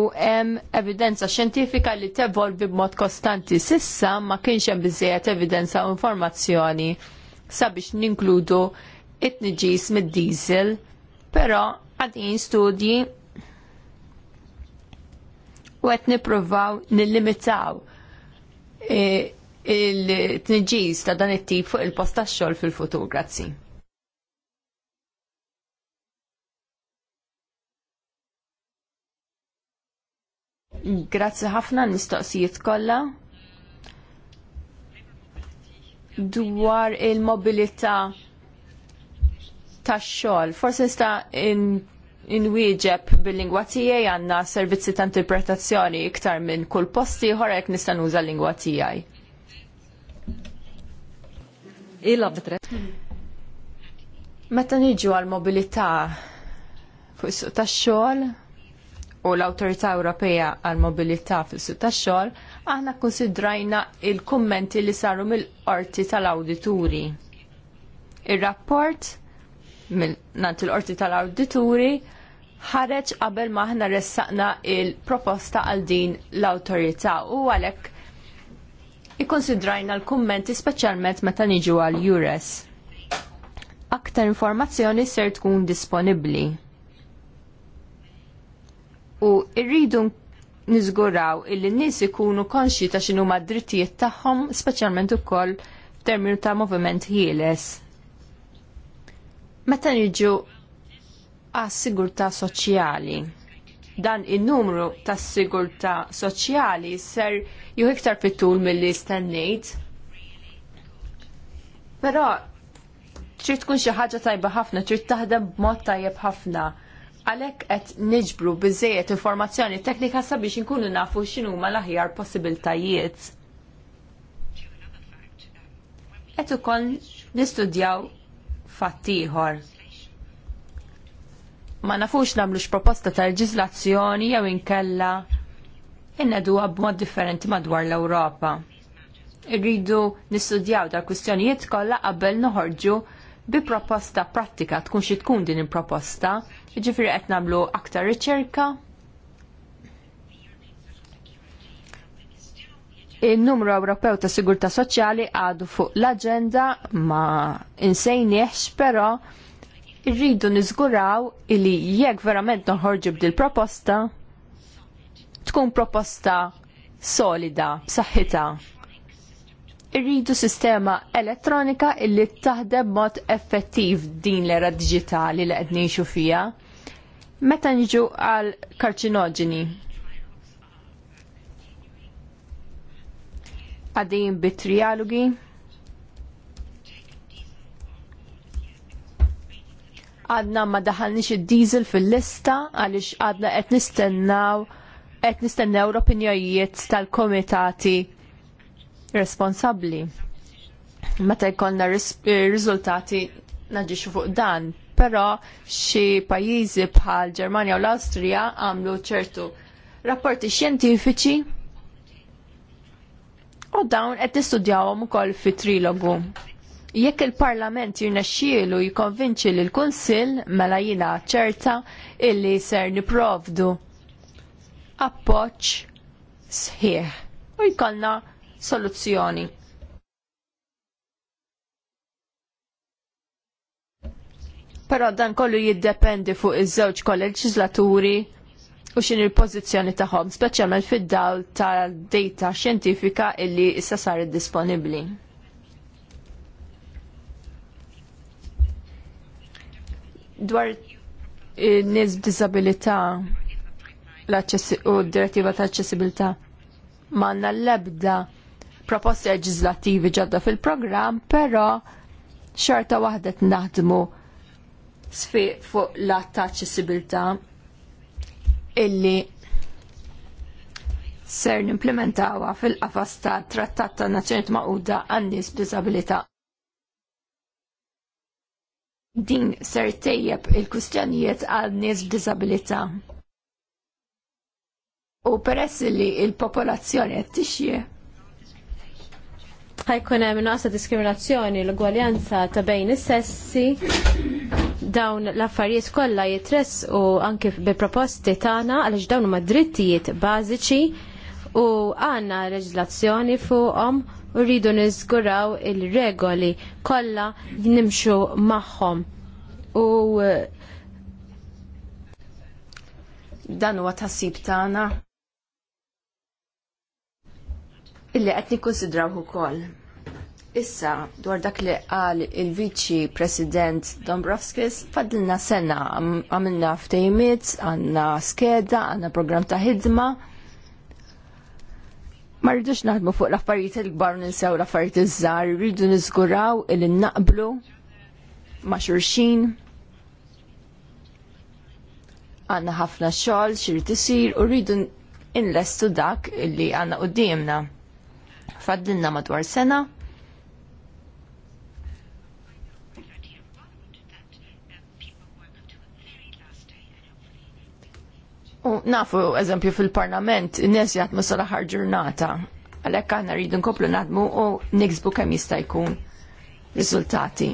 u hemm evidenza xjentifika li tevolvi b'mod kostanti sissa ma kienx hemm biżejjed evidenza u informazzjoni sabiex ninkludu it-tniġis mid-diesel, però għadin studji u qed nippruvaw nillimitaw e, il-tniġis ta' dan it-tip fuq il-post tax-xogħol fil-futur. Grazzi. Grazzi ħafna nistoqsijiet kollha dwar il-mobilità tax-xogħol. Forsi nista' inwieġeb bil-lingwa tiegħi għandna servizzi ta' interpretazzjoni iktar minn kull posti ħorek nista' nuża l-lingwa tiegħi. Ila bitret. Meta niġu għal mobilità fuq is-suq tax-xogħol u l-Awtorità Ewropea għal mobilità fis-suq tax-xogħol, aħna kkunsidrajna il-kummenti li saru mill-qorti tal-awdituri. Ir-rapport mill-nant il-qorti tal-awdituri ħareġ qabel ma aħna ressaqna il-proposta għal din l-awtorità u għalhekk ikkonsidrajna l-kummenti speċjalment meta niġu għal Jures. Aktar informazzjoni ser tkun disponibbli. U rridu niżguraw il nies ikunu konxi ta' x'inhu drittijiet tagħhom speċjalment ukoll f'terminu ta' moviment ħieles. Meta niġu għas-sigurtà soċjali. Dan in-numru tas-sigurtà soċjali ser ju iktar fit-tul milli stennejt. Però trid tkun xi ħaġa tajba ħafna, trid taħdem b'mod tajjeb ħafna. Għalhekk qed niġbru biżejjed informazzjoni teknika sabiex inkunu nafu x'inhuma l-aħjar possibiltajiet. Qed ukoll nistudjaw fatt ieħor ma nafux nagħmlux proposta ta' leġislazzjoni jew inkella inneduha b'mod differenti madwar l-Ewropa. Irridu nistudjaw dal kwistjonijiet kollha qabel noħorġu bi proposta prattika tkun xi tkun din il-proposta, jiġifieri qed nagħmlu aktar riċerka. Il-numru Ewropew ta' Sigurtà Soċjali għadu fuq l-aġenda ma insejniex però irridu niżguraw illi jekk verament noħorġu bdil proposta tkun proposta solida, b'saħħitha. Irridu sistema elettronika illi taħdem mod effettiv din l-era digitali li qed ngħixu fiha. Meta niġu għal karċinoġeni, għadin bit-trialogi, għadna ma daħalniex id-diesel fil-lista għaliex għadna qed nistennaw qed nistennew l-opinjonijiet tal-komitati responsabbli. Meta jkollna riżultati naġixu fuq dan, però xi pajjiżi bħal Ġermanja u l-Awstrija għamlu ċertu rapporti xjentifiċi u dawn qed nistudjawhom ukoll fi trilogu. Jekk il-Parlament jirnexxielu jikonvinċi lill kunsill mela jina ċerta illi ser niprovdu appoġġ sħiħ u jkollna soluzzjoni. Però dan kollu jiddependi fuq iż-żewġ kol-leġislaturi u xin il-pozizjoni taħħom, speċjalment fid-dawl tad data xjentifika illi issa sar disponibbli. dwar eh, nies b'diżabilità u direttiva ta' aċċessibilità manna l-ebda proposti leġislattivi ġodda fil-programm, però xorta t naħdmu fuq l-att ta' aċċessibilità illi ser nimplementawa fil-qafas ta' trattat ta' nazzjoniet maquda għan-nies din ser tejjeb il-kustjonijiet għal nies b'diżabilità. U peress li il-popolazzjoni qed tixjie. Ħajkun hemm naqsa diskriminazzjoni l-ugwaljanza ta' bejn is-sessi dawn l-affarijiet kollha jitress u anke bi proposti tagħna għaliex dawn huma drittijiet bażiċi u għanna reġlazzjoni fuqhom u rridu niżguraw il-regoli kollha nimxu magħhom. U eh, dan huwa tasib tagħna illi qed nikkunsidraw ukoll. Issa dwar dak li qal il-Viċi President Dombrovskis fadilna sena għamilna ftejmiet, għandna skeda, għandna programm ta' ħidma ma rridux naħdmu fuq l-affarijiet il-kbar ninsew l-affarijiet iż-żgħar, rridu niżguraw il naqblu ma' xurxin. Għandna ħafna xogħol xirrid isir u rridu inlestu dak li għandna qudiemna. Faddilna madwar sena nafu, eżempju, fil-parlament, n-nies jgħatmu sal-ħar ġurnata. Għalek għanna rridu nkoplu nadmu u niksbu kemm jista' jkun riżultati.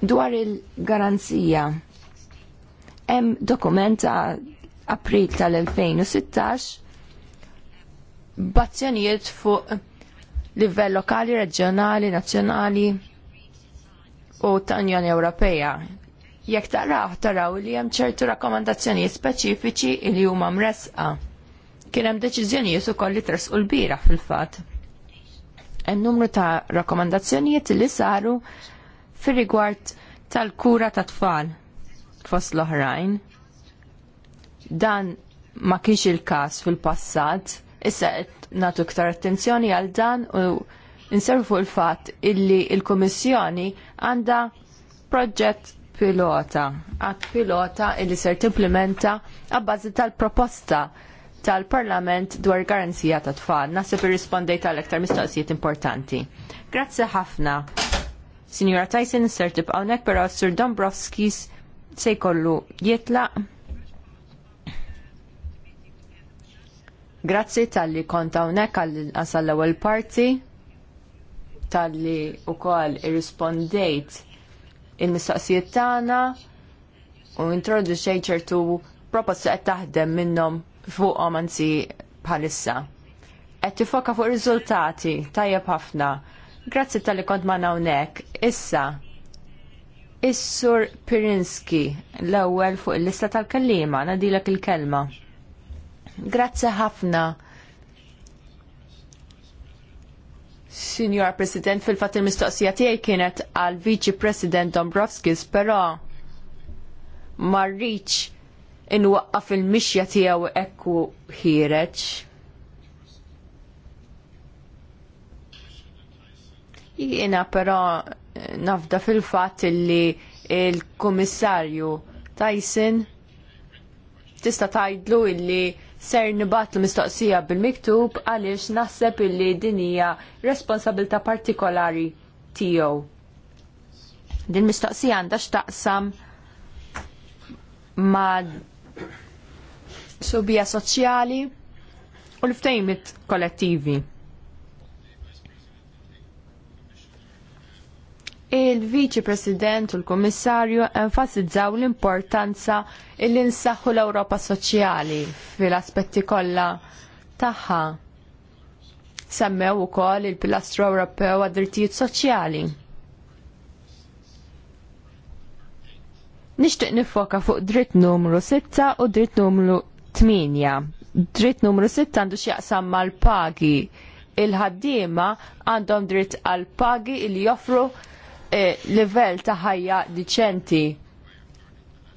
Dwar il-garanzija, hemm dokumenta april tal-2016 bazzjonijiet fuq livell lokali, reġjonali, nazzjonali u ta' Unjoni Ewropea Jekk taraw, taraw li hemm ċertu rakkomandazzjonijiet speċifiċi li huma mresqa. Kien hemm deċiżjonijiet ukoll li tresqu l-bira fil-fatt. Hemm numru ta' rakkomandazzjonijiet li saru fir-rigward tal-kura ta' tfal fost l-oħrajn. Dan ma kienx il-każ fil-passat, issa qed nagħtu iktar attenzjoni għal dan u inservu fuq il fatt illi il kummissjoni għandha proġett pilota, għat pilota illi ser timplementa għabbażi tal-proposta tal-Parlament dwar garanzija ta' tfal. Nasib irrispondejt tal-ektar mistoqsijiet importanti. Grazzi ħafna. Signora Tyson ser tibqa' nek, pero Sir Dombrovskis se jkollu jitla. Grazzi tal-li konta unek għal-ewwel parti tal-li u koll irrispondejt il-mistaqsijiet tagħna u introduċej ċertu proposta qed taħdem minnhom fuqhom anzi bħalissa. Qed tifoka fuq riżultati tajjeb ħafna. Grazzi tal-li kont ma' hawnhekk. Issa, Is-Sur Pirinski l-ewwel fuq il-lista tal-kellima, nadilek il-kelma. Grazzi ħafna. Signor President, fil-fat il-mistoqsija tiegħi kienet għal Viċi President Dombrovskis, però ma rridx inwaqqaf il-mixja tiegħu ekku ħireġ. Jiena però nafda fil-fatt li il-Kummissarju Tyson tista' tgħidlu illi ser nibat l mistoqsija bil-miktub għaliex naħseb illi din hija responsabilta partikolari tiegħu. Din mistoqsija għandha x'taqsam ma' subija soċjali u l-ftejmit kollettivi. il-Viċi President u l-Kommissarju enfasizzaw l-importanza il nsaħħu l-Ewropa Soċjali fil-aspetti kollha tagħha. Semmew ukoll il-Pilastru Ewropew għad-drittijiet soċjali. Nixtieq nifoka fuq dritt numru 6 u dritt numru 8. Dritt numru 6 għandu x'jaqsam mal-pagi il-ħaddiema għandhom dritt għal pagi li joffru E, livell ta' ħajja diċenti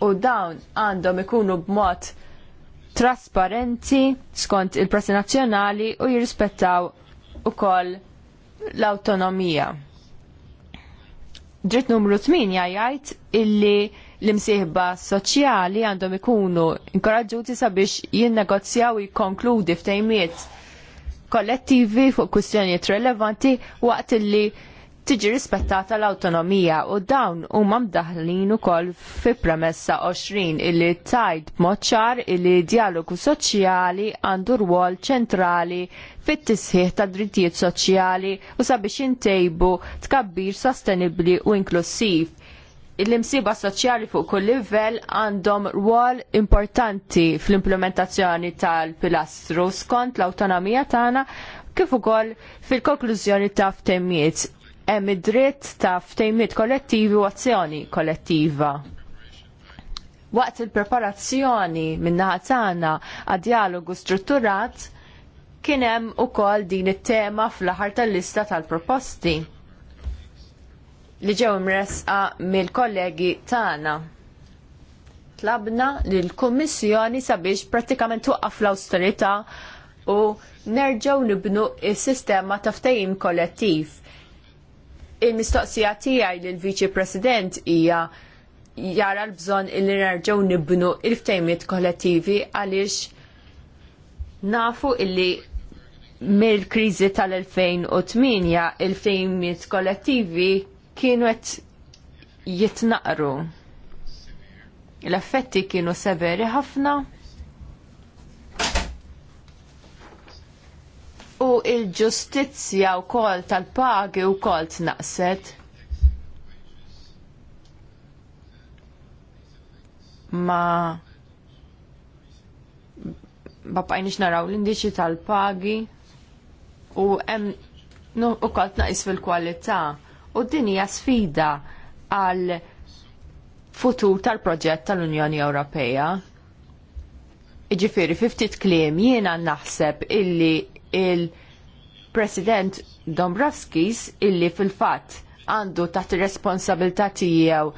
u dawn għandhom ikunu b'mod trasparenti skont il-prezzi nazzjonali u jirrispettaw ukoll l-autonomija. Dritt numru 8 jajajt illi l-imsieħba soċjali għandhom ikunu inkoraġġuti sabiex jinnegozjaw jikkonkludi ftejmiet kollettivi fuq kwistjonijiet relevanti waqt illi tiġi rispettata l-autonomija u dawn huma mdaħlin ukoll fi premessa 20 illi tajt moċar illi dialogu soċjali għandu rwol ċentrali fit-tisħiħ ta' drittijiet soċjali u sabiex intejbu tkabbir sostenibbli u inklusiv. Il-imsiba soċjali fuq kull livell għandhom rwol importanti fl-implementazzjoni tal-pilastru skont l-autonomija tagħna kif ukoll fil-konklużjoni ta' ftemiet hemm id-dritt ta' ftejmiet kollettivi u azzjoni kollettiva. Waqt il-preparazzjoni min-naħa tagħna għad dialogu strutturat kien hemm ukoll din it-tema fl-aħħar tal-lista tal-proposti li ġew imresqa mill-kollegi tagħna. Tlabna li l kummissjoni sabiex prattikament tuqqaf l-awsterità u nerġgħu nibnu s sistema ta' ftehim kollettiv il-mistoqsija tiegħi lill viċi President hija jara l-bżonn li nerġgħu nibnu il-ftejmiet kollettivi għaliex nafu illi mill-kriżi tal-2008 il-ftejmiet kollettivi kienu qed jitnaqru. L-effetti kienu severi ħafna u il-ġustizzja wkoll tal-pagi wkoll tnaqset. Ma nix naraw l-indiċi tal-pagi u em no, u kol tnaqis fil-kwalità u din hija sfida għal futur tal-proġett tal-Unjoni Ewropea. Iġifiri, fiftit kliem jiena naħseb illi il-President Dombrovskis illi fil-fatt għandu taħt ir-responsabilità tiegħu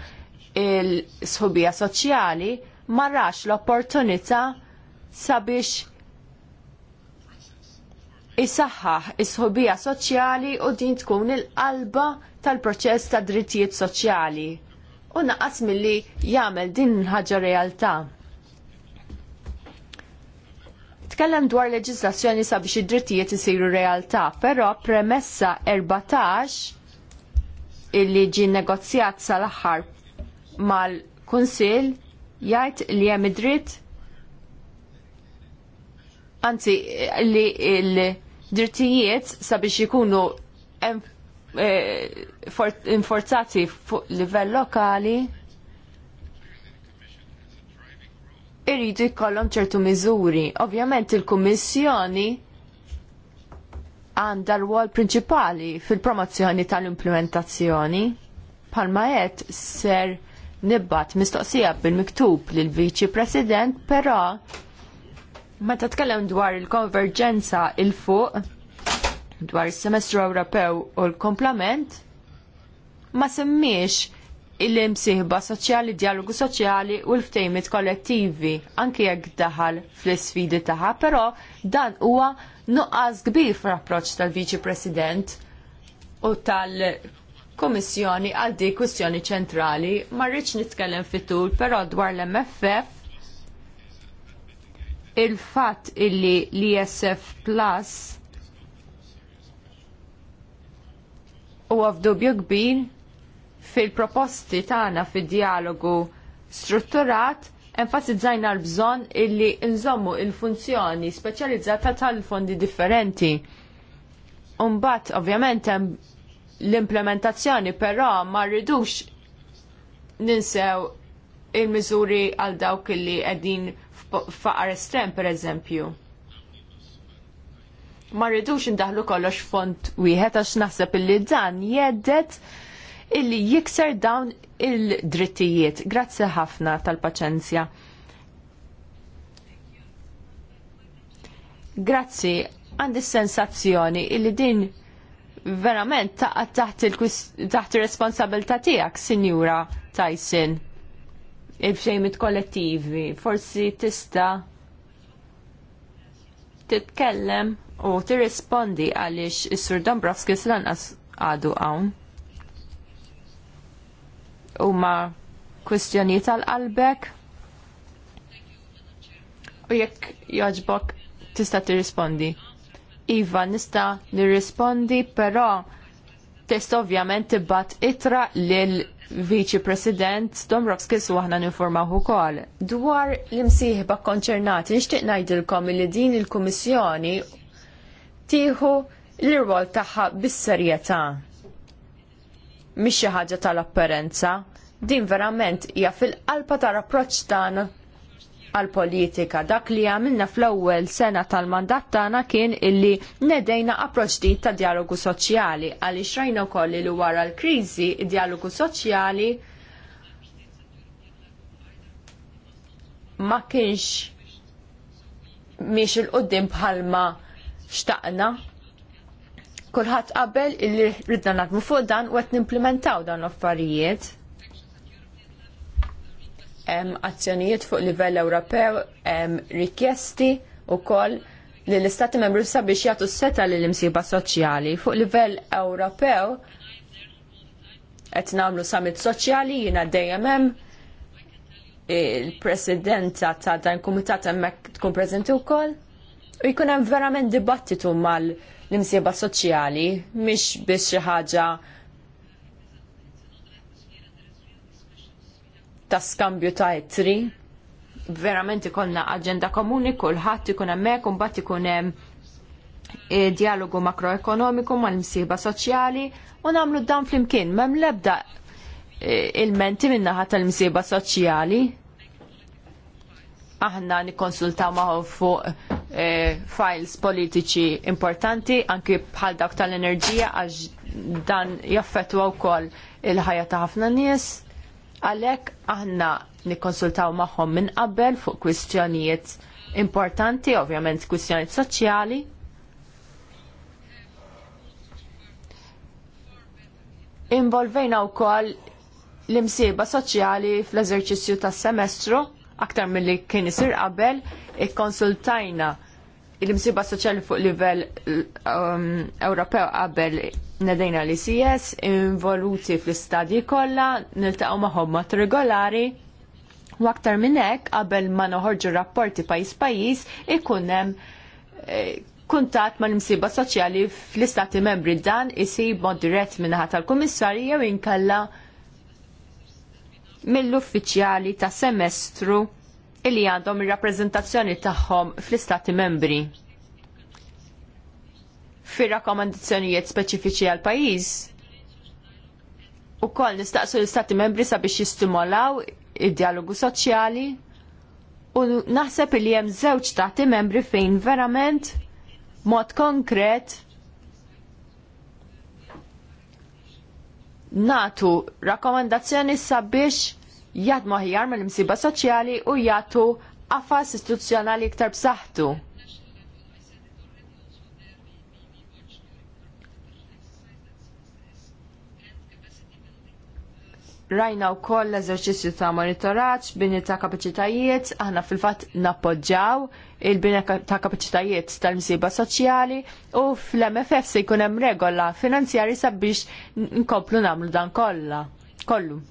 il-sħubija soċjali ma l-opportunità sabiex isaħħaħ is-sħubija soċjali u din tkun il-qalba tal-proċess ta' drittijiet soċjali. U naqas milli jagħmel din ħaġa realtà. Tkellem dwar leġislazzjoni sabiex id-drittijiet isiru realtà, però premessa 14 illi ġi negozjat sal-aħħar mal-Kunsill jgħid li hemm id-dritt anzi li l-drittijiet sabiex ikunu enforzati eh, fuq livell lokali irridu jkollhom ċertu miżuri. Ovvjament il-Kummissjoni għandha rwol prinċipali fil-promozzjoni tal-implementazzjoni. Palma qed ser nibbat mistoqsija bil-miktub lil viċi President, però meta tkellem dwar il-konverġenza il-fuq dwar is-semestru Ewropew u l-komplament ma semmiex il-imsiħba soċjali, dialogu soċjali u l-ftejmit kollettivi, anki jekk daħal fl-sfidi taħħa, però dan huwa nuqqas kbir fl-approċ tal-Viċi President u tal-Komissjoni għal di kwistjoni ċentrali. Ma rridx nitkellem fitul, però dwar l-MFF il-fatt illi l-ISF Plus u għafdubju kbir fil-proposti tagħna fid-dialogu strutturat enfasizzajna l-bżonn illi nżommu il-funzjoni speċjalizzata tal-fondi differenti. Umbat, ovvjament, l-implementazzjoni però ma rridux ninsew il-miżuri għal dawk li qegħdin f'faqar estrem pereżempju. Ma rridux indaħlu kollox font wieħed għax naħseb illi dan jedet illi jikser dawn il-drittijiet. Grazzi ħafna tal-paċenzja. Grazzi, għandi sensazzjoni illi din verament taqqa taħt il-responsabilta tiegħek, Sinjura Tyson il-fxejmit kollettivi, forsi tista titkellem u tirrispondi għaliex is-Sur Dombrovskis lanqas għadu hawn huma kwistjoni tal-qalbek u jekk joġbok tista' tirrispondi. Iva nista' nirrispondi, però test ovvjament tibbat itra lil Viċi President Domrovskis u aħna ninformaw ukoll. Dwar l-imsieħba konċernati, nixtieq ngħidilkom li din il-Kummissjoni tieħu l-irwol tagħha bis-serjetà mhix xi ħaġa tal-apparenza, din verament hija fil-qalba tal-approċċ tagħna għal-politika. Dak li għamilna fl-ewwel sena tal-mandat tagħna kien illi nedejna approċċ din ta' dialogu soċjali għaliex rajna wkoll li wara l-kriżi dialogu soċjali ma kienx miex il-qoddim bħalma xtaqna kulħadd qabel illi ridna nagħmlu fuq dan u qed nimplementaw dan l-affarijiet. Hemm azzjonijiet fuq livell Ewropew hemm rikjesti wkoll li l-Istati membru sabiex jagħtu seta lill imsiba soċjali fuq livell Ewropew qed nagħmlu summit soċjali jiena dejjem hemm e, il-presidenza ta' dan kumitat hemmhekk tkun preżenti wkoll u jkun hemm verament dibattitu mal- l-imsieba soċjali mhix biex xi ħaġa ta' skambju ta' ittri, Verament ikollna aġenda komuni, kulħadd ikun hemmhekk u mbagħad ikun hemm eh, dialogu makroekonomiku mal-imsieba soċjali u nagħmlu dan flimkien m'hemm l-ebda eh, ilmenti min-naħa tal-imsieba soċjali aħna nikkonsultaw magħhom fuq eh, files politiċi importanti anki bħal dawk tal-enerġija għax dan jaffettwa wkoll il-ħajja ta' ħafna nies. Għalhekk aħna nikkonsultaw magħhom minn qabel fuq kwistjonijiet importanti, ovvjament kwistjonijiet soċjali. Involvejna wkoll l-imsieba soċjali fl-eżerċizzju tas-semestru aktar milli kien isir qabel ikkonsultajna il-msiba soċjali fuq livell um, Ewropew qabel nedejna li CS involuti fl-istadji kollha niltaqgħu magħhom mod regolari u aktar minn hekk qabel ma noħorġu rapporti pajjiż pajjiż ikun hemm kuntat eh, kuntatt mal imsiba soċjali fl-istati membri dan isib mod dirett minnaħat tal-kummissarju jew inkella mill-uffiċjali ta' semestru illi għandhom ir-rappreżentazzjoni tagħhom fl-istati membri. Fir rakkomandazzjonijiet speċifiċi għal pajjiż ukoll nistaqsu l-istati membri sabiex jistimolaw id-dialogu soċjali u naħseb li hemm żewġ stati membri fejn verament mod konkret natu rakkomandazzjoni sabiex jadmu ħjar mill msiba soċjali u jagħtu qafas istituzzjonali iktar b'saħħtu. rajna u koll l-eżerċissju ta' monitoraċ, bini ta' kapacitajiet, aħna fil-fat nappoġġaw il-bini ta' kapacitajiet tal-msiba soċjali u fl-MFF se jkun hemm regola finanzjari sabiex nkomplu namlu dan kollha. Kollu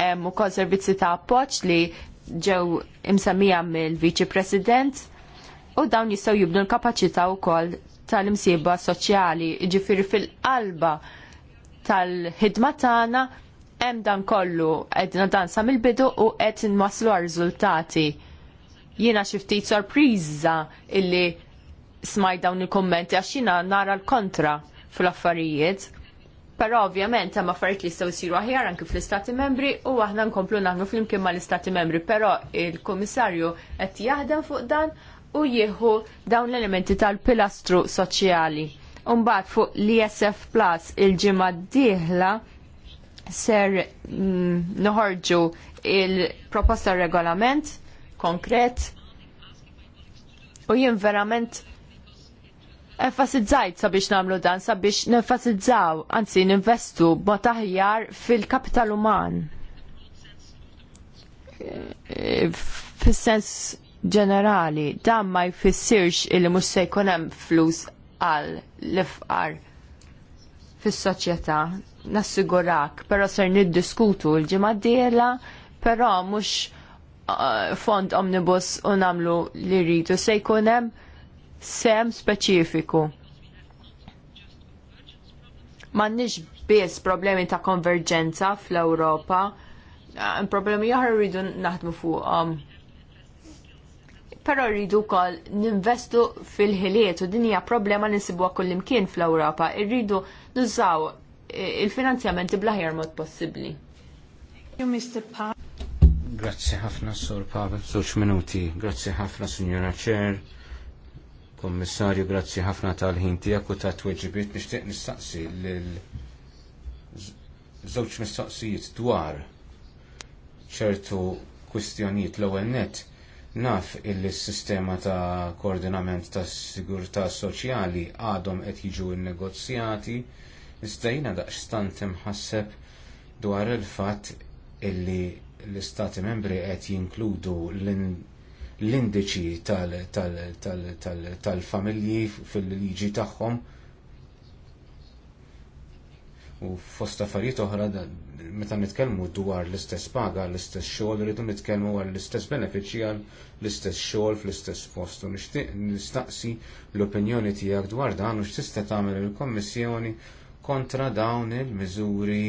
hemm ukoll servizzi ta' appoġġ li ġew imsemmija mill-Viċi President u dawn jistgħu jibnu l-kapaċità wkoll tal-imsieba soċjali, ġifiri fil-qalba tal-ħidma tagħna hemm dan kollu dan nadanza mill-bidu u qed nwasslu riżultati. Jiena xi ftit sorpriża illi smaj dawn il-kommenti għax jiena nara l-kontra fl-affarijiet Però ovvjament ma affarijiet li jistgħu jsiru aħjar anke fl-Istati Membri u aħna nkomplu naħdmu flimkien mal-Istati Membri, però il-Kummissarju qed jaħdem fuq dan u jieħu dawn l-elementi tal-pilastru soċjali. Umbagħad fuq l-ISF Plus il-ġimgħa d-dieħla ser mm, noħorġu il-proposta regolament konkret u jien verament enfasizzajt sabiex namlu dan, sabiex nenfasizzaw, anzi ninvestu b'mod aħjar fil-kapital uman. Fis-sens ġenerali, dan ma jfissirx illi mhux se jkun hemm flus għal l-ifqar fis-soċjetà nassigurak, però ser niddiskutu l-ġimgħa d-diela, però mhux uh, fond omnibus u nagħmlu li rridu se jkun hemm sem speċifiku. M'għandniex biss problemi ta' konverġenza fl-Ewropa, eh, problemi oħra rridu naħdmu fuq. Però rridu wkoll ninvestu fil-ħiliet u din hija problema li nsibuha kullimkien fl-Ewropa. Irridu nużaw eh, il-finanzjamenti bl-aħjar mod possibbli. Grazzi ħafna, Sur Pavel, żewġ minuti. Grazzi ħafna, Signora Cher. Kommissarju, grazzi ħafna tal-ħin tiegħek u ta' tweġibiet nixtieq nistaqsi lil żewġ mistoqsijiet dwar ċertu kwistjonijiet l-ewwel nett naf illi s-sistema ta' koordinament tas sigurtà soċjali għadhom qed jiġu nnegozjati iżda jiena stant imħasseb dwar il-fatt illi l-istati membri qed jinkludu l l-indiċi tal-familji fil-liġi tagħhom u fost affarijiet oħra meta nitkellmu dwar l-istess paga, l-istess xogħol, rridu nitkellmu għal l-istess benefiċċji għal l-istess xogħol fl-istess post u nixtieq nistaqsi l-opinjoni tiegħek dwar dan u x'tista' tagħmel il-Kommissjoni kontra dawn il-miżuri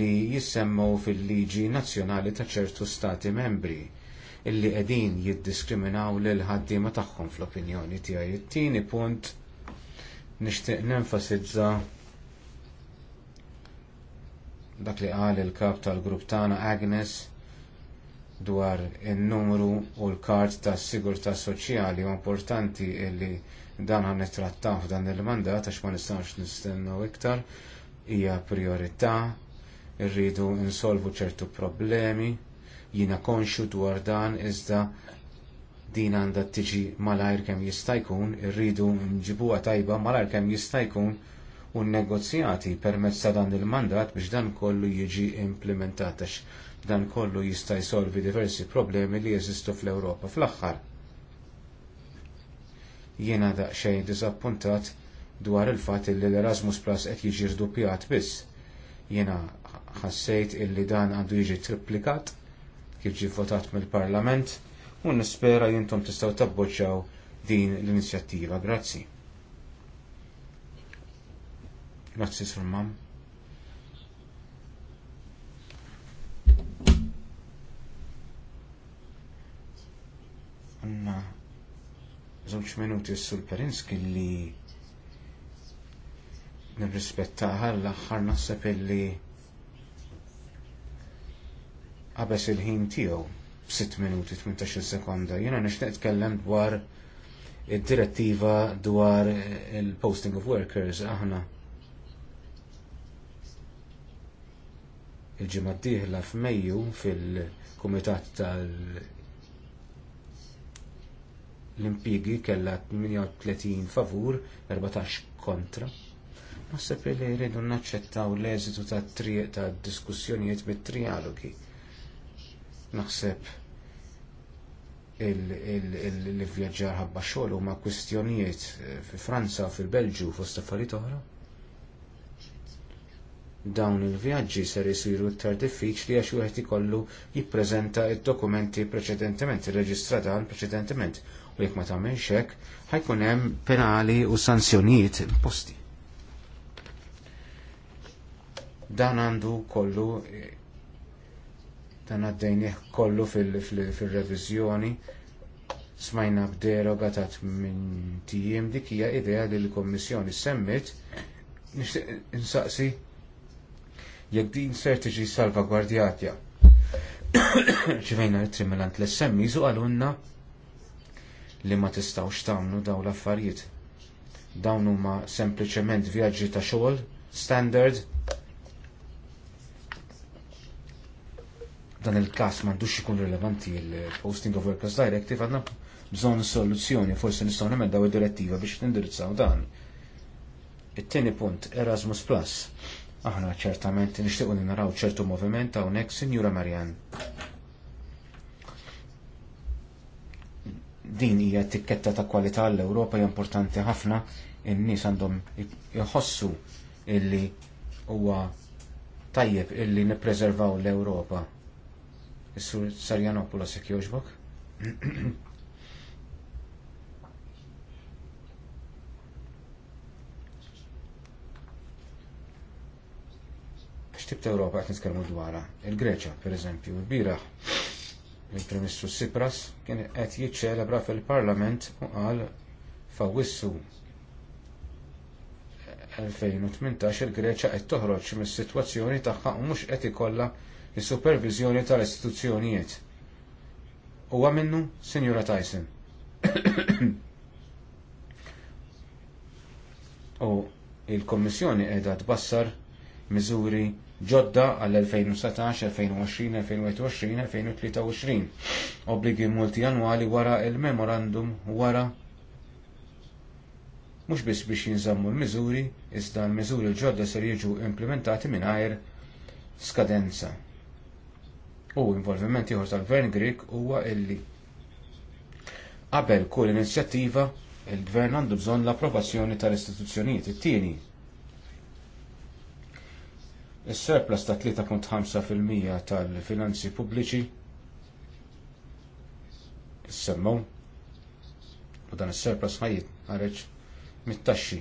li jissemmaw fil-liġi nazzjonali ta' ċertu stati membri illi qegħdin jiddiskriminaw lil ħaddiema tagħhom fl-opinjoni tiegħi. It-tieni punt nixtieq nenfasizza dak li qal il-kap tal-grupp tagħna Agnes dwar in-numru u l-kart tas-sigurtà soċjali importanti illi dan għan nitrattaw f'dan il-mandat għax ma nistax nistennew iktar hija priorità, irridu insolvu ċertu problemi Jiena konxu dwar dan iżda din għandha tiġi malajr kemm jista' jkun, irridu nġibuha tajba malajr kemm jista' jkun u negozjati permezz ta' dan il-mandat biex dan kollu jiġi implementatax dan kollu jista' jsolvi diversi problemi li jeżistu fl-Ewropa fl-aħħar. Jiena daqsxejn diżappuntat dwar il-fatt li l-Erasmus Plus qed jiġi rdupjat biss. Jiena ħassejt illi dan għandu jiġi triplikat kif ġie votat mill-Parlament u nispera jintom tistgħu tabboċaw din l-inizjattiva. Grazzi. Grazzi, Sir Mam. Għanna żewġ minuti sul Perinski li nirrispettaħa l-aħħar naħseb illi għabess il-ħin tiegħu b'6 minuti 18 sekonda. Jiena nixtieq tkellem dwar id-direttiva dwar il-posting of workers aħna. Il-ġimgħa d-dieħla f'Mejju fil-Kumitat tal- l-impigi kella 38 favur, 14 kontra. Naħseb li rridu naċċettaw l-eżitu ta' triq ta' diskussjonijiet bit-trialogi. Naħseb il-vjaġġar ħabba xogħol huma kwistjonijiet eh, fi Franza, fil-Belġju, fost affarijiet oħra. Dawn il-vjaġġi ser isiru iktar diffiċli għax wieħed ikollu jippreżenta d-dokumenti preċedentement, irreġistrata għal preċedentement, u jekk ma tagħmilx hekk ħajkun hemm penali u sanzjonijiet imposti. Dan għandu kollu eh, Dan għaddejnieh kollu fil-reviżjoni smajna b'deroga ta' minn tijiem dik hija idea li l-Kommissjoni semmit nixtieq insaqsi jekk din ser tiġi salvagwardjatja. [coughs] Ċivejna l-trimelant l-SMI għalunna li ma tistawx tagħmlu dawn l-affarijiet. Dawn huma sempliċement vjaġġi ta' xogħol standard dan il-kas m'għandux ikun rilevanti il-Posting of Workers Directive għandna bżonn soluzzjoni forsi nistgħu nemendaw id-direttiva biex nindirizzaw dan. It-tieni punt Erasmus Plus. Aħna ċertament nixtiequ naraw ċertu moviment hawnhekk Sinjura Marjan. Din hija tikketta ta' kwalità l-Ewropa hija importanti ħafna in-nies għandhom jħossu illi huwa tajjeb illi nippreservaw l-Ewropa Is-sur Sarjanopula se kjoġbok. [coughs] X'tib ta' Ewropa qed nitkellmu dwarha. Il-Greċja, pereżempju, il-bieraħ il-Premistru Sipras kien qed jiċċelebra fil-Parlament u qal fawissu 2018 il-Greċja qed toħroġ mis-sitwazzjoni tagħha u mhux qed ikollha is-supervizjoni tal-istituzzjonijiet. Huwa għamennu, Sinjura Tyson. U il-Kommissjoni qiegħda tbassar miżuri ġodda għall-2017, 2020, 2021, 2023, obbligi annuali wara il-memorandum wara mhux biss biex jinżammu l-miżuri, iżda l-miżuri ġodda ser jiġu implementati mingħajr skadenza u involviment ieħor tal-Gvern Grik huwa illi qabel kull inizjattiva il-Gvern għandu bżonn l-approvazzjoni tal-istituzzjonijiet it-tieni. Is-surplus ta' 3.5% tal-finanzi pubbliċi semmu u dan is-surplus ħajjit ħareġ mit-taxxi.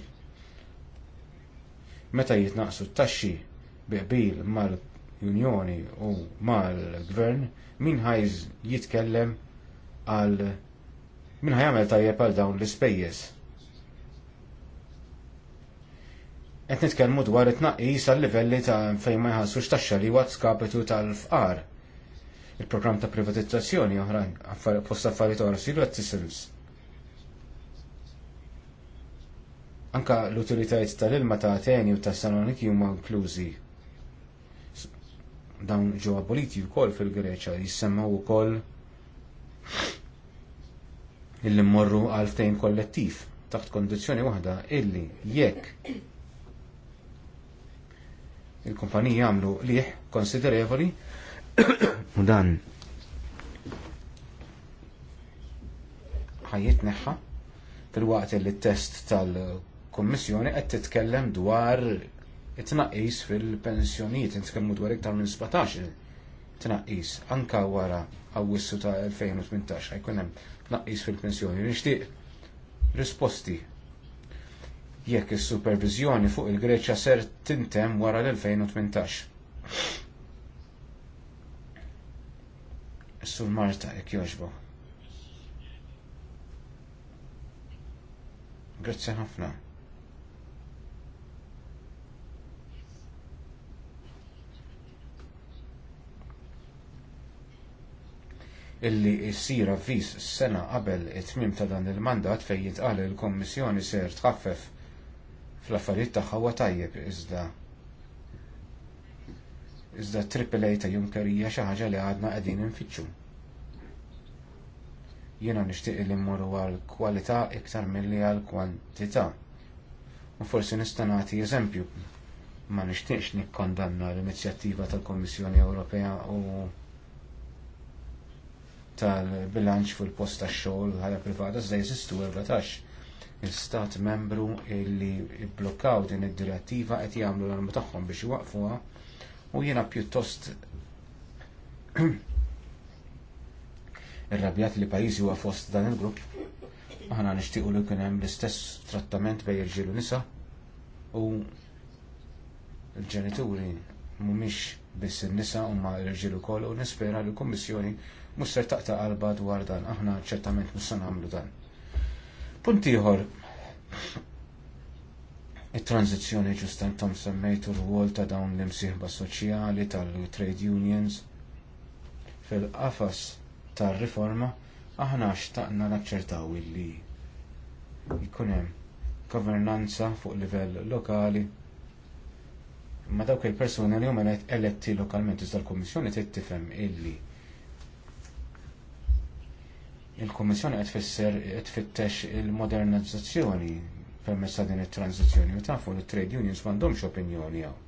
Meta jitnaqsu t-taxxi biqbil mal- unjoni u mal-gvern min ħajz jitkellem għal min ħajamel tajjeb għal dawn l-ispejjeż. Qed nitkellmu dwar it-tnaqqis għal livelli ta' fejn ma jħassux taxxa li waqt skapitu tal-fqar. Il-programm ta' privatizzazzjoni oħra fost affarijiet oħra siru qed tisils. Anka l-utilitajiet tal-ilma ta' Ateni u tas-Saloniki huma inklużi dawn ġewwa aboliti wkoll fil-Greċja jissemmaw ukoll illi mmorru għal ftehim kollettiv taħt kondizzjoni waħda illi jekk il-kumpaniji jagħmlu liħ konsiderevoli [coughs] u dan ħajjit neħħa fil-waqt li t-test tal-Kommissjoni qed titkellem dwar it-tnaqqis fil-pensjonijiet kemmu dwar iktar minn 17 tnaqqis anka wara għawissu ta' 2018 ħajkun hemm tnaqqis fil-pensjoni nixtieq risposti jekk is-supervizjoni fuq il-Greċja ser tintemm wara l-2018. Sur Marta, jekk jogħġbu. Grazzi ħafna. illi jsir avviż s-sena qabel it-tmim ta' dan il-mandat fejn jitqal il kummissjoni ser tħaffef fl-affarijiet tagħha huwa tajjeb iżda iżda triple A ta' Juncker hija xi ħaġa li għadna qegħdin infittxu. Jiena nixtieq li mmorru għal kwalità iktar milli għal kwantità. U forsi nista' nagħti eżempju ma nixtieqx nikkondanna l-inizjattiva tal-Kommissjoni Ewropea u tal-bilanċ fil-post tax-xogħol ħajja privata iżda jeżistu erbatax. il-stat membru illi blokkaw din id-direttiva qed jagħmlu l-arm tagħhom biex iwaqfuha u jiena pjuttost [clears throat] irrabjat li pajjiżi huwa fost dan il-grupp aħna nixtiequ li kien hemm l-istess trattament bejn irġiel u nisa u l-ġenituri mhumiex biss in-nisa huma l-irġiel ukoll u nispera li l-Kummissjoni mhux ser taqta' qalba dwar dan, aħna ċertament mhux sa nagħmlu dan. Punt ieħor it-tranzizzjoni ġusta intom semmejtu r-wol ta' dawn l-imsieħba soċjali tal-trade unions fil-qafas tar-riforma aħna xtaqna naċċertaw illi jkun hemm governanza fuq livell lokali. Ma dawk il-persuni li huma eletti lokalment iżda l-Kummissjoni trid tifhem illi il-Kummissjoni qed tfisser qed tfittex il-modernizzazzjoni permezz ta' din it-tranzizzjoni u tafu li trade unions m'għandhomx opinjoni hawn.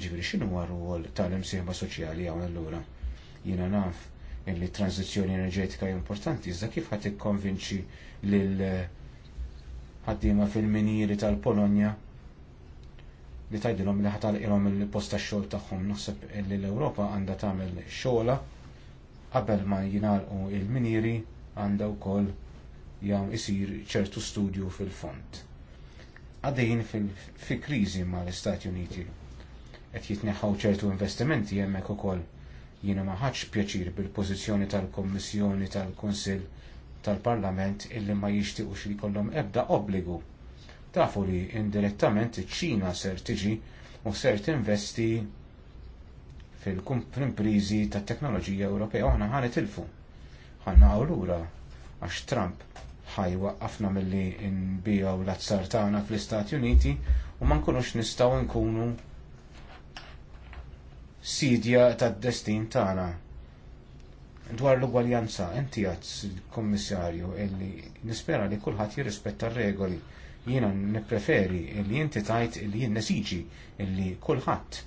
Ġifieri x'inhu huwa rwol tal-imsieħba soċjali hawn allura. Jiena naf li t tranzizzjoni enerġetika hija importanti, iżda kif ħadd ikkonvinċi lil ħaddiema fil-minieri tal-Polonja li tajdilhom li ilhom il-post tax-xogħol tagħhom. Naħseb li l-Ewropa għandha tagħmel xogħla qabel ma jingħalqu il-minieri għandha wkoll jam isir ċertu studju fil-fond. Għaddejjin fi kriżi mal istati Uniti qed jitneħħaw ċertu investimenti hemmhekk ukoll koll ma ħadx pjaċir bil-pożizzjoni tal komissjoni tal-Kunsill tal-Parlament illi ma jixtiequx li jkollhom ebda obbligu. Tafu li indirettament iċ-Ċina ser tiġi u ser tinvesti fil-imprizi tat teknoloġija Ewropea u aħna ħanet ilfu ħana lura għax Trump ħaj waqqafna milli nbijaw l-azzar tagħna fl-Istati Uniti u ma nkunux nistgħu nkunu sidja tad-destin tagħna. Dwar l-ugwaljanza, inti għadz kommissarju illi nispera li kulħadd jirrispetta r-regoli. Jiena nippreferi illi inti tajt illi jien nesiġi illi kulħadd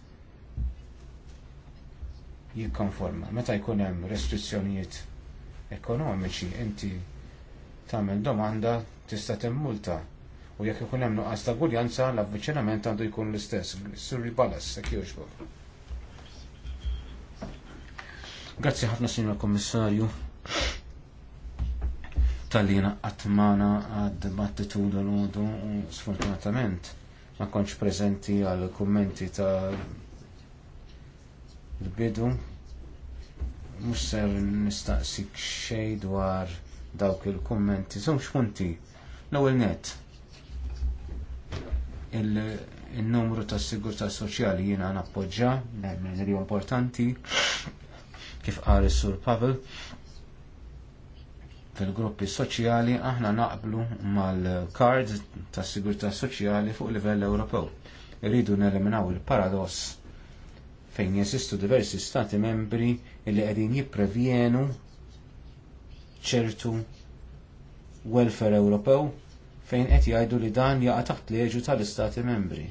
jikkonforma meta jkun hemm restrizzjonijiet ekonomiċi inti tagħmel domanda tista' timmulta u jekk ikun hemm nuqqas ta' guljanza l-avviċinament għandu jkun l-istess. Surri balas, jekk jogħġbu. Grazzi ħafna Sinjor Kommissarju tal-lina għatmana għad-dibattitu dal-ħodu u sfortunatament ma konċ prezenti għal kummenti ta' l-bidu mhux se nistaqsik xejn dwar dawk il-kummenti, żewġ punti. L-ewwel net. Il-numru tas sigurtà soċjali jiena nappoġġa, nemmen li importanti, kif qal is-Sur Pavel. Fil-gruppi soċjali aħna naqblu mal-kard tas sigurtà soċjali fuq livell Ewropew. Irridu neliminaw il-paradoss fejn jeżistu diversi stati membri illi qegħdin jipprevjenu ċertu welfare Ewropew fejn qed jgħidu li dan jaqa' taħt leġu tal-Istati membri.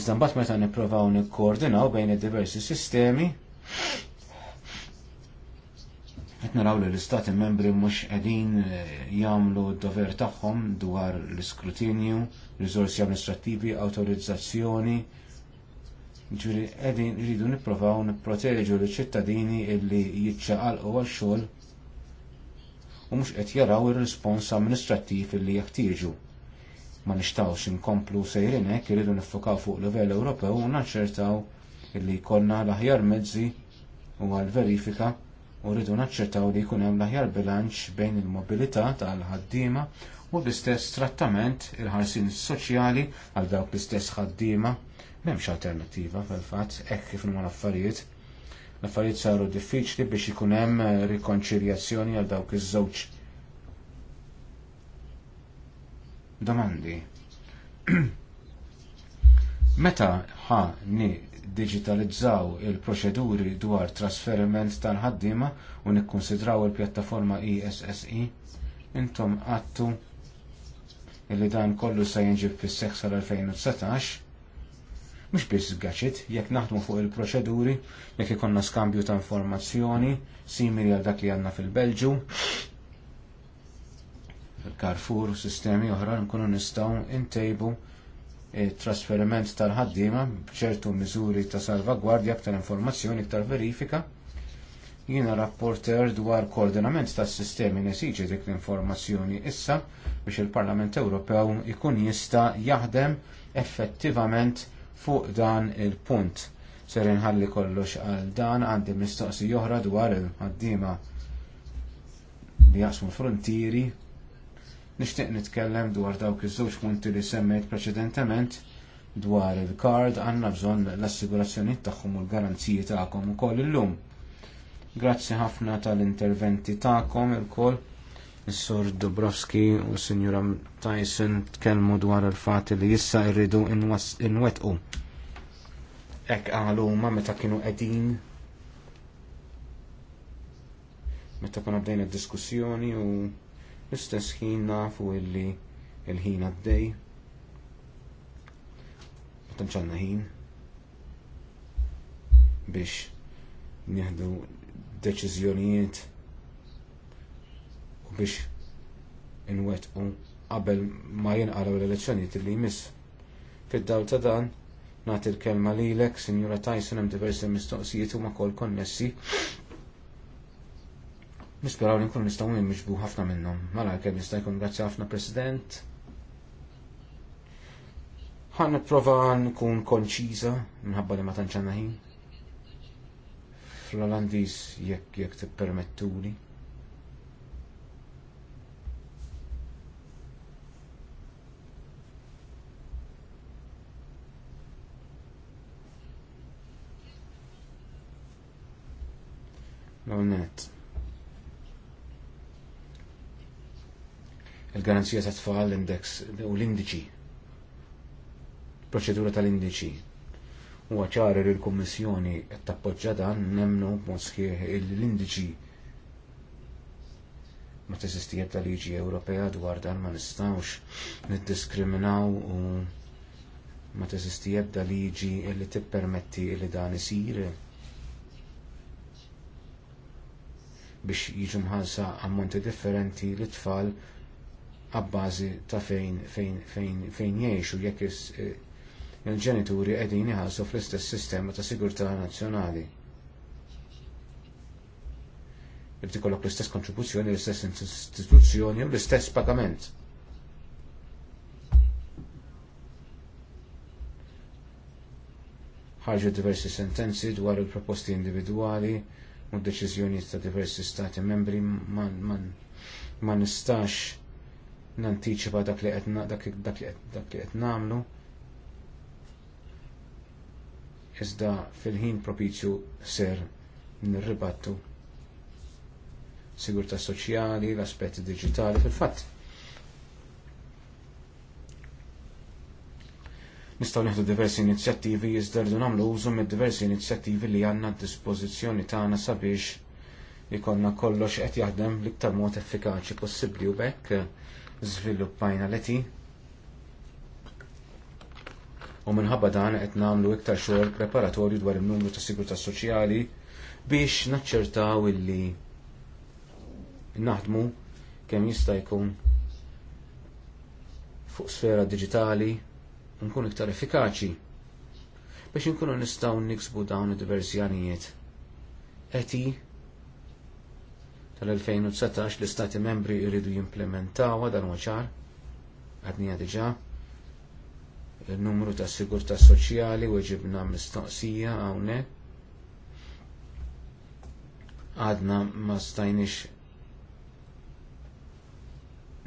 Iżda mbagħad meta nippruvaw nikkoordinaw bejn id-diversi sistemi, qed naraw li l-Istati membri mhux qegħdin eh, jagħmlu d-dover tagħhom dwar l-iskrutinju, riżorsi amministrattivi, awtorizzazzjoni, Ġuri, edin rridu niprofaw niproteġu li ċittadini illi u għal-xogħol u mhux qed jaraw ir-rispons amministrattiv illi jeħtieġu. Ma nixtawx inkomplu sejrinek hekk irridu nifokaw fuq livell Ewropew u naċċertaw illi jkollna l-aħjar mezzi u għal-verifika u rridu naċċertaw li jkun hemm l-aħjar bilanċ bejn il-mobilità tal-ħaddiema u l-istess trattament il-ħarsin soċjali għal dawk l-istess ħaddiema M'hemmx alternattiva fil-fatt hekk kif huma l-affarijiet. L-affarijiet saru diffiċli biex ikun hemm eh, rikonċiljazzjoni għal dawk iż-żewġ domandi. [clears throat] Meta ħa ni digitalizzaw il-proċeduri dwar trasferiment tal-ħaddima u nikkonsidraw il-pjattaforma ISSI, e intom għattu li dan kollu se jinġib fis seħħ sal-2019, mux biss gaċit, jekk naħdmu fuq il-proċeduri, jekk ikonna skambju ta' informazzjoni simili għal dak li għandna fil-Belġu, il-Carrefour u sistemi oħra nkunu nistgħu ntejbu trasferiment tal-ħaddiema b'ċertu miżuri ta' salvagwardja aktar informazzjoni, aktar verifika. Jiena rapporter dwar koordinament tas sistemi nesiġi dik l-informazzjoni issa biex il-Parlament Ewropew ikun jista jaħdem effettivament fuq dan il-punt. Ser inħalli kollox għal dan għandi mistoqsi oħra dwar il-ħaddima li jaqsmu l frontieri. Nixtieq nitkellem dwar dawk iż-żewġ punti li semmejt preċedentement dwar il-kard għandna bżonn l-assigurazzjoni tagħhom u l-garanziji tagħkom ukoll illum. Grazzi ħafna tal-interventi tagħkom il-koll sur Dubrovski u s-Sinjura Tyson tkellmu dwar il-fat li jissa irridu inwetqu. Ek għalu ma meta kienu qegħdin meta konna bdejna diskussjoni u l-istess ħin nafu illi il-ħin għaddej. Meta nċanna ħin biex nieħdu deċiżjonijiet biex inwettqu qabel ma jinqaraw l-elezzjonijiet li jmiss. Fid-dawl ta' dan, nagħti l-kelma lilek, Sinjura Tyson, hemm diversi mistoqsijiet huma kol konnessi. Nisperaw li nkunu nistgħu nimxbu ħafna minnhom. Mala kemm jista' jkun grazzi ħafna President. Ħan nipprova nkun konċiża minħabba li ma tantx ħin. Fl-Olandiż jekk jekk tippermettuli. l-net. Il-garanzija ta' tfal l-index u l-indiċi. Proċedura tal-indiċi. U għacħar il-Kommissjoni qed tappoġġja dan nemnu b'mod l-indiċi ma teżistijab tal-liġi Ewropea dwar dan ma nistawx niddiskriminaw u ma teżistijab tal-liġi li tippermetti li dan isir biex jiġu mħalsa ammonti differenti li tfal għabbażi ta' fejn fejn fejn fejn jgħixu jekk eh, il-ġenituri qegħdin iħallsu fl-istess sistema ta' sigurtà nazzjonali. Irti kollok l-istess kontribuzzjoni, l-istess istituzzjoni u l-istess pagament. ħarġu diversi sentenzi dwar il-proposti individwali u deċiżjonijiet ta' diversi stati membri ma nistax nantiċipa dak li qed nagħmlu. Iżda fil-ħin propizju ser nirribattu sigurtà soċjali, l-aspetti diġitali fil-fatt Nistgħu nieħdu diversi inizjattivi iżda rridu nagħmlu użu mid diversi inizjattivi li għandna d-dispożizzjoni tagħna sabiex ikollna kollox qed jaħdem l-iktar mod effikaċi possibbli u bekk żviluppajna leti u minħabba dan qed nagħmlu iktar xogħol preparatorju dwar in-numru ta' sigurtà soċjali biex naċċertaw illi naħdmu kemm jista' jkun fuq sfera diġitali nkun iktar effikaċi biex inkunu nistgħu niksbu dawn id-diversi għanijiet. Eti tal-2019 l-istati membri jridu jimplementaw dan uċar, għadni għadġa, il-numru ta' sigurtà soċjali u ġibna mistoqsija hawnhekk. Għadna ma stajniex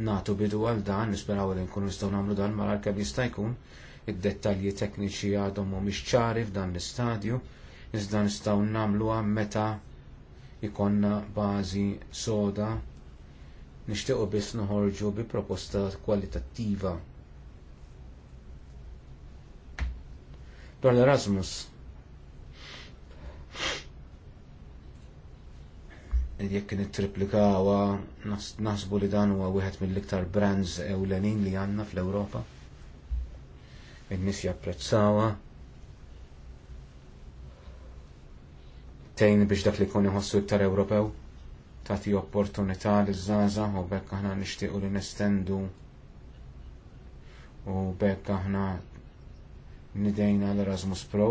natu bidu għal dan, nisperaw li nkunu nistgħu nagħmlu dan malar kemm jista' jkun, id-dettalji tekniċi għadhom mhumiex ċari f'dan l-istadju, iżda nistgħu nagħmluha meta ikonna bażi soda nixtiequ biss noħorġu bi proposta kwalitattiva. Dwar l-Erasmus. Jekk nittriplikawa, nasbu li dan huwa wieħed mill-iktar brands ewlenin li għandna fl-Ewropa in-nies japprezzawha. Tejn biex dak li jkun iħossu iktar Ewropew tagħti opportunità li żgħażagħ u bekk aħna nixtiequ li nestendu u bekk aħna nidejna l-Erasmus Pro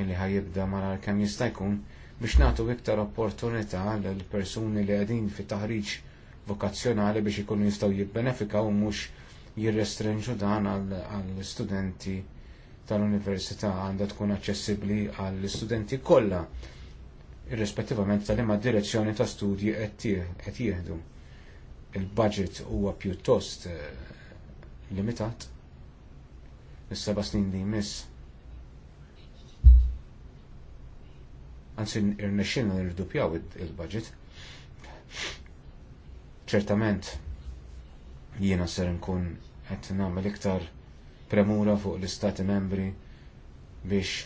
illi ħajibda malar kem jista' jkun biex nagħtu iktar opportunità l persuni li għedin fit taħriġ vokazzjonali biex ikunu jistgħu jibbenefikaw mhux jirrestrinġu dan għall istudenti tal-università għandha tkun aċċessibbli għall istudenti kollha irrispettivament tal-imma direzzjoni ta' studji qed jieħdu. Il-budget huwa pjuttost eh, limitat is-seba' snin li jmiss. Anzi irnexxinna nirdupjaw il-budget. Ċertament, Jiena ser nkun qed nagħmel iktar premura fuq l-istati membri biex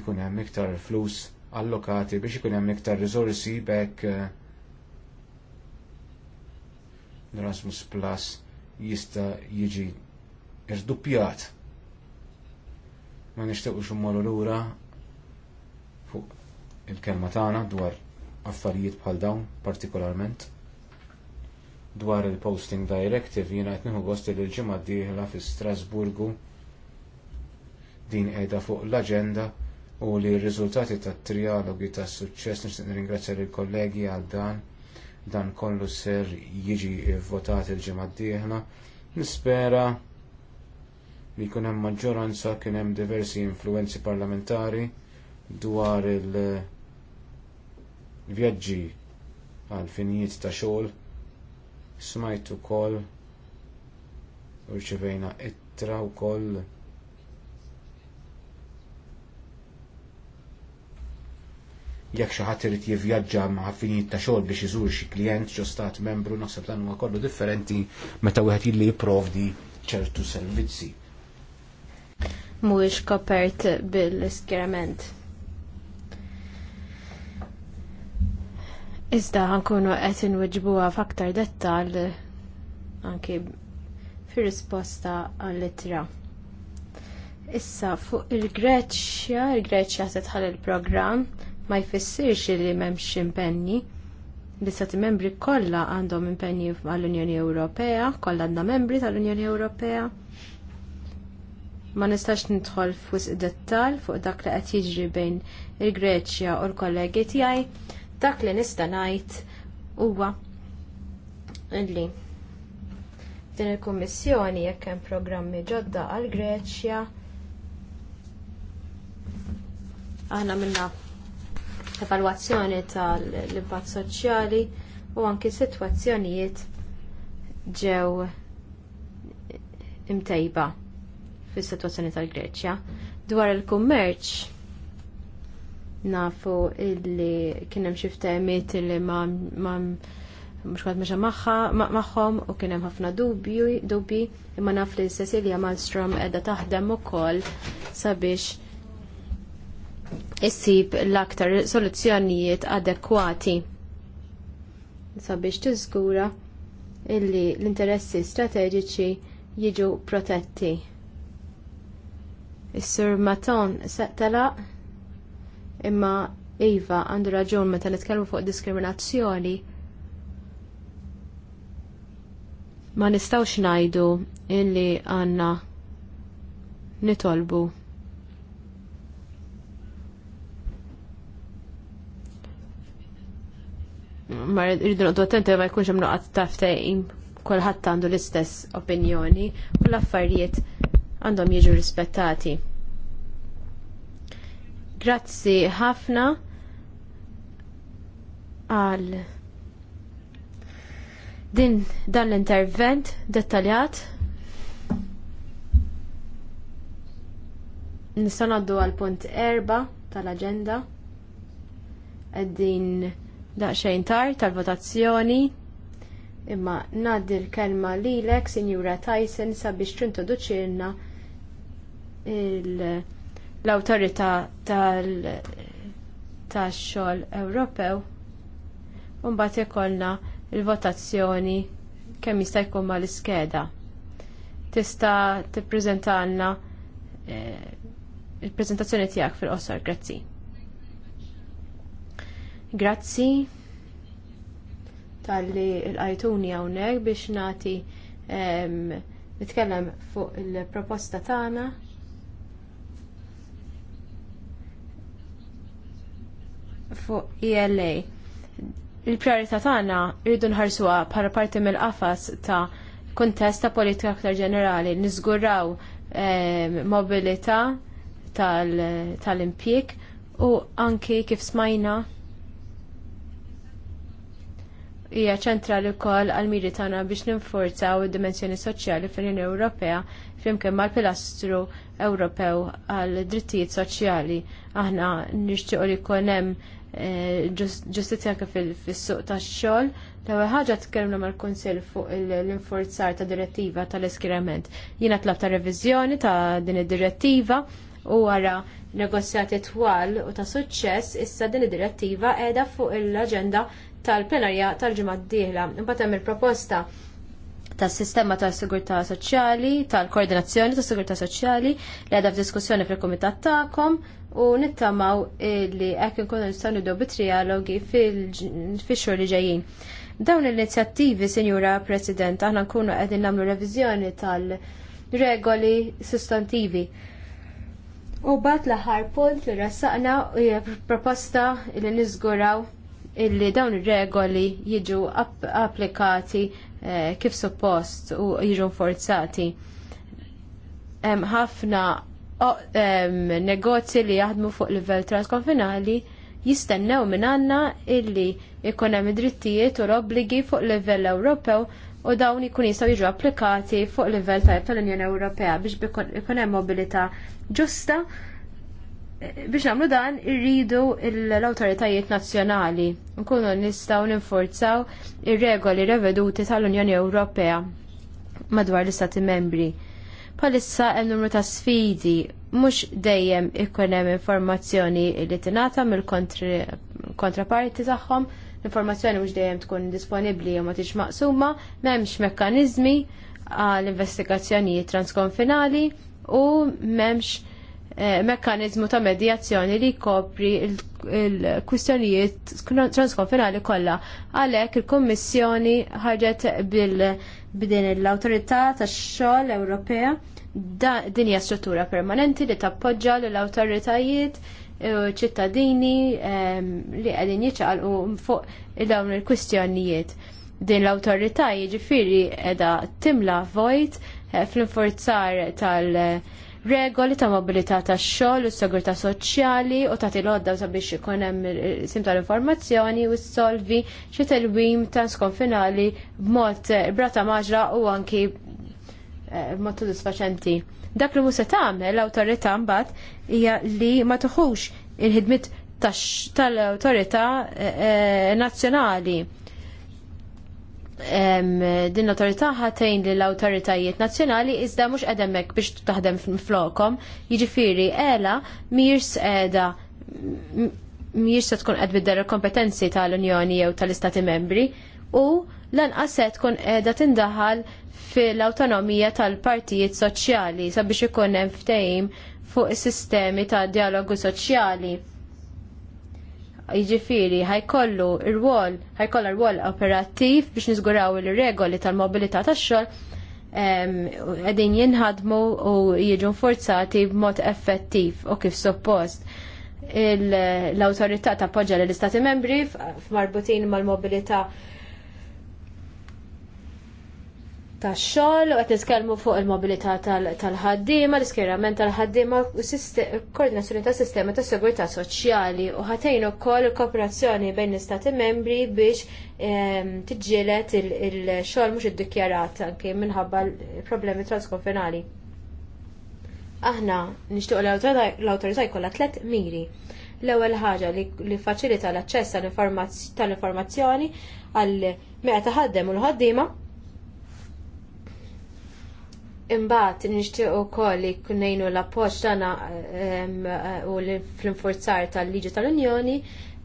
ikun hemm iktar flus allokati biex ikun hemm iktar riżorsi bekk eh, l-Erasmus Plus jista jiġi irduppjat. Ma nixtiequx immorru lura fuq il-kelma tagħna dwar affarijiet bħal dawn partikolarment dwar il-Posting Directive jiena qed nieħu gost li l-ġimgħa d-dieħla fi Strasburgu din qiegħda fuq l-aġenda u li r-riżultati tat-trialogi tas suċċess nixtieq nirringrazzja lill kollegi għal dan dan kollu ser jiġi vvotat il-ġimgħa d-dieħla. Nispera li jkun hemm maġġoranza kien hemm diversi influenzi parlamentari dwar il-vjaġġi għal finijiet ta' xogħol smajtu kol u rċivejna ittra u kol jekk xi ħadd irid jivvjaġġa ma' affinijiet ta' xogħol biex iżur xi klijent xi stat membru naħseb dan huwa kollu differenti meta wieħed jilli jipprovdi ċertu servizzi. Mhuwiex kopert bil-iskjerament. Iżda ħankunu qed inwiġbuha f'aktar dettal anki fir-risposta għall-ittra. Issa fuq il-Greċja, il-Greċja se tħall il-programm ma jfissirx li m'hemmx impenni. Bissat membri kollha għandhom impenni għall-Unjoni Ewropea, kollha għandna membri tal-Unjoni Ewropea. Ma nistax nidħol fuq dettal fuq dak li qed jiġri bejn il-Greċja u l-kollegi tiegħi Dak li nista' ngħid huwa illi din il-Kummissjoni jekk hemm programmi ġodda għal Greċja aħna minna evalwazzjoni tal-impatt soċjali u anki sitwazzjonijiet ġew imtejba fis-sitwazzjoni tal-Greċja dwar il-kummerċ nafu illi kienem xiftemiet illi ma mux għad meġa maħħom u kienem ħafna dubi imma naf li Cecilia Malmstrom edda taħdem u kol sabiex issib l-aktar soluzzjonijiet adekwati sabiex tiżgura illi l-interessi strateġiċi jiġu protetti. Is-Sur Maton telaq Imma Iva għandu raġun meta nitkellmu fuq diskriminazzjoni ma nistawx najdu illi għanna nitolbu ma rridu noqdu attenti ma jkunx hemm noqgħod taftejn kulħadd għandu l-istess opinjoni u l-affarijiet għandhom jiġu rispettati. Grazzi ħafna għal din dan l-intervent dettaljat Nista' ngħaddu għal punt erba tal agenda qegħdin daqsxejn tar tal-votazzjoni imma ngħaddi l-kelma lilek Sinjura Tyson sabiex tintroduċilna il- l awtorità tax-xogħol Ewropew u mbagħad ikollna l-votazzjoni kemm jista' jkun mal-iskeda. Tista' tippreżentalna eh, il-preżentazzjoni tiegħek fil-qosor, grazzi. Grazzi tal-li l ajtuni hawnhekk biex nagħti ehm, nitkellem fuq il-proposta tagħna. fuq ELA. Il-priorità tagħna rridu nħarsuha bħala parti mill-qafas ta' kuntest ta' politika aktar ġenerali, niżguraw ehm, mobilità tal-impjek u anki kif smajna hija ċentrali wkoll għall miri tagħna biex ninforzaw id-dimensjoni soċjali fl-Unjoni Ewropea flimkien mal-pilastru Ewropew għal drittijiet soċjali. Aħna nixtiequ li jkun hemm Eh, ġustizzja kif fis-suq tax-xogħol. L-ewwel ħaġa tkellmna mal-Kunsill fuq l-infurzar ta' direttiva tal eskirament Jiena tlab ta' reviżjoni ta' din id-direttiva u wara negozjati twal u ta' suċċess issa din id-direttiva qiegħda fuq l-aġenda tal-plenarja tal-ġimgħa d-dieħla. Mbagħad hemm il-proposta tas sistema ta' sigurtà soċjali, tal-koordinazzjoni ta' sigurtà soċjali li għadha f'diskussjoni fil-kumitat tagħkom u nittamaw li hekk inkunu nistgħu do bit-trialogi fix-xhur li ġejjin. Dawn l-inizjattivi, Sinjura President, aħna nkunu għedin nagħmlu reviżjoni tal-regoli sostantivi. U bat l-aħħar punt li rassaqna hija proposta li niżguraw illi dawn ir-regoli jiġu applikati eh, kif suppost u jiġu forzati. Hemm ħafna Oh, negozji li jaħdmu fuq livell transkonfinali jistennew minn għanna illi ikun hemm drittijiet u l-obbligi fuq livell Ewropew u dawn ikun jistgħu jiġu applikati fuq livell tajb tal-Unjoni Ewropea biex ikun hemm mobilità ġusta biex nagħmlu dan irridu l-awtoritajiet nazzjonali nkunu nistgħu ninforzaw ir-regoli reveduti tal-Unjoni Ewropea madwar l-Istati membri Palissa hemm numru ta' sfidi mhux dejjem ikun hemm informazzjoni li tingħata mill-kontraparti tagħhom, l-informazzjoni mhux dejjem tkun disponibbli jew ma tix maqsuma, m'hemmx mekkaniżmi għal investigazzjonijiet transkonfinali u m'hemmx eh, mekkaniżmu ta' medjazzjoni li jkopri il-kwistjonijiet transkonfinali kollha. Għalhekk il-Kummissjoni ħarġet bil- b'din l-Awtorità tax-xogħol Ewropea din hija struttura permanenti li tappoġġa lill awtoritajiet eh, ċittadini ehm, li qegħdin jiċċaqalqu fuq dawn il-kwistjonijiet. Din l-awtorità jiġifieri qiegħda timla vojt eh, fl-infurzar tal- regoli ta' mobilità tax-xogħol u s-segurtà soċjali u tagħti lodda sabiex ikun hemm eh, sim tal-informazzjoni u s-solvi xi telwim ta' skonfinali b'mod eh, brata maġra u anki eh, b'mod sodisfaċenti. Dak li mhux se tagħmel l-awtorità mbagħad hija li ma tuħux il-ħidmit tal-awtorità nazzjonali din l-autorità ħatejn li l-autoritajiet nazzjonali iżda mhux qed biex taħdem flokom, jiġifieri ela mirs qiegħda mhijiex se tkun qed il kompetenzi tal-Unjoni jew tal-Istati Membri u lanqas se tkun qiegħda tindaħal fil-awtonomija tal-partijiet soċjali sabiex ikun hemm ftehim fuq is-sistemi ta' dialogu soċjali Jiġifieri ħajkollu r-wol, ħajkollha rwol operattiv biex niżguraw il-regoli tal-mobilità tax-xogħol qegħdin jinħadmu u jiġu forzati b'mod effettiv u kif suppost l-autorità tappoġġa l istati membri f'marbutin mal-mobilità tax-xogħol u għet nitkellmu fuq il-mobilità tal-ħaddiema, l-iskjerament tal-ħaddiema u koordinazzjoni tas sistema tas segurità soċjali u ħatejn ukoll kooperazzjoni bejn l-istati membri biex ehm, tiġġielet il-xogħol mhux iddikjarat anke minħabba l-problemi transkonfinali. Aħna nixtieq l-awtorità jkollha tliet miri l-ewwel ħaġa li faċilita l-aċċess tal-informazzjoni għal meqta ħaddem u l-ħaddiema Imbagħad nixtieq ukoll li kunnejnu l-appoġġ tagħna u fl-infurzar tal-Liġi tal-Unjoni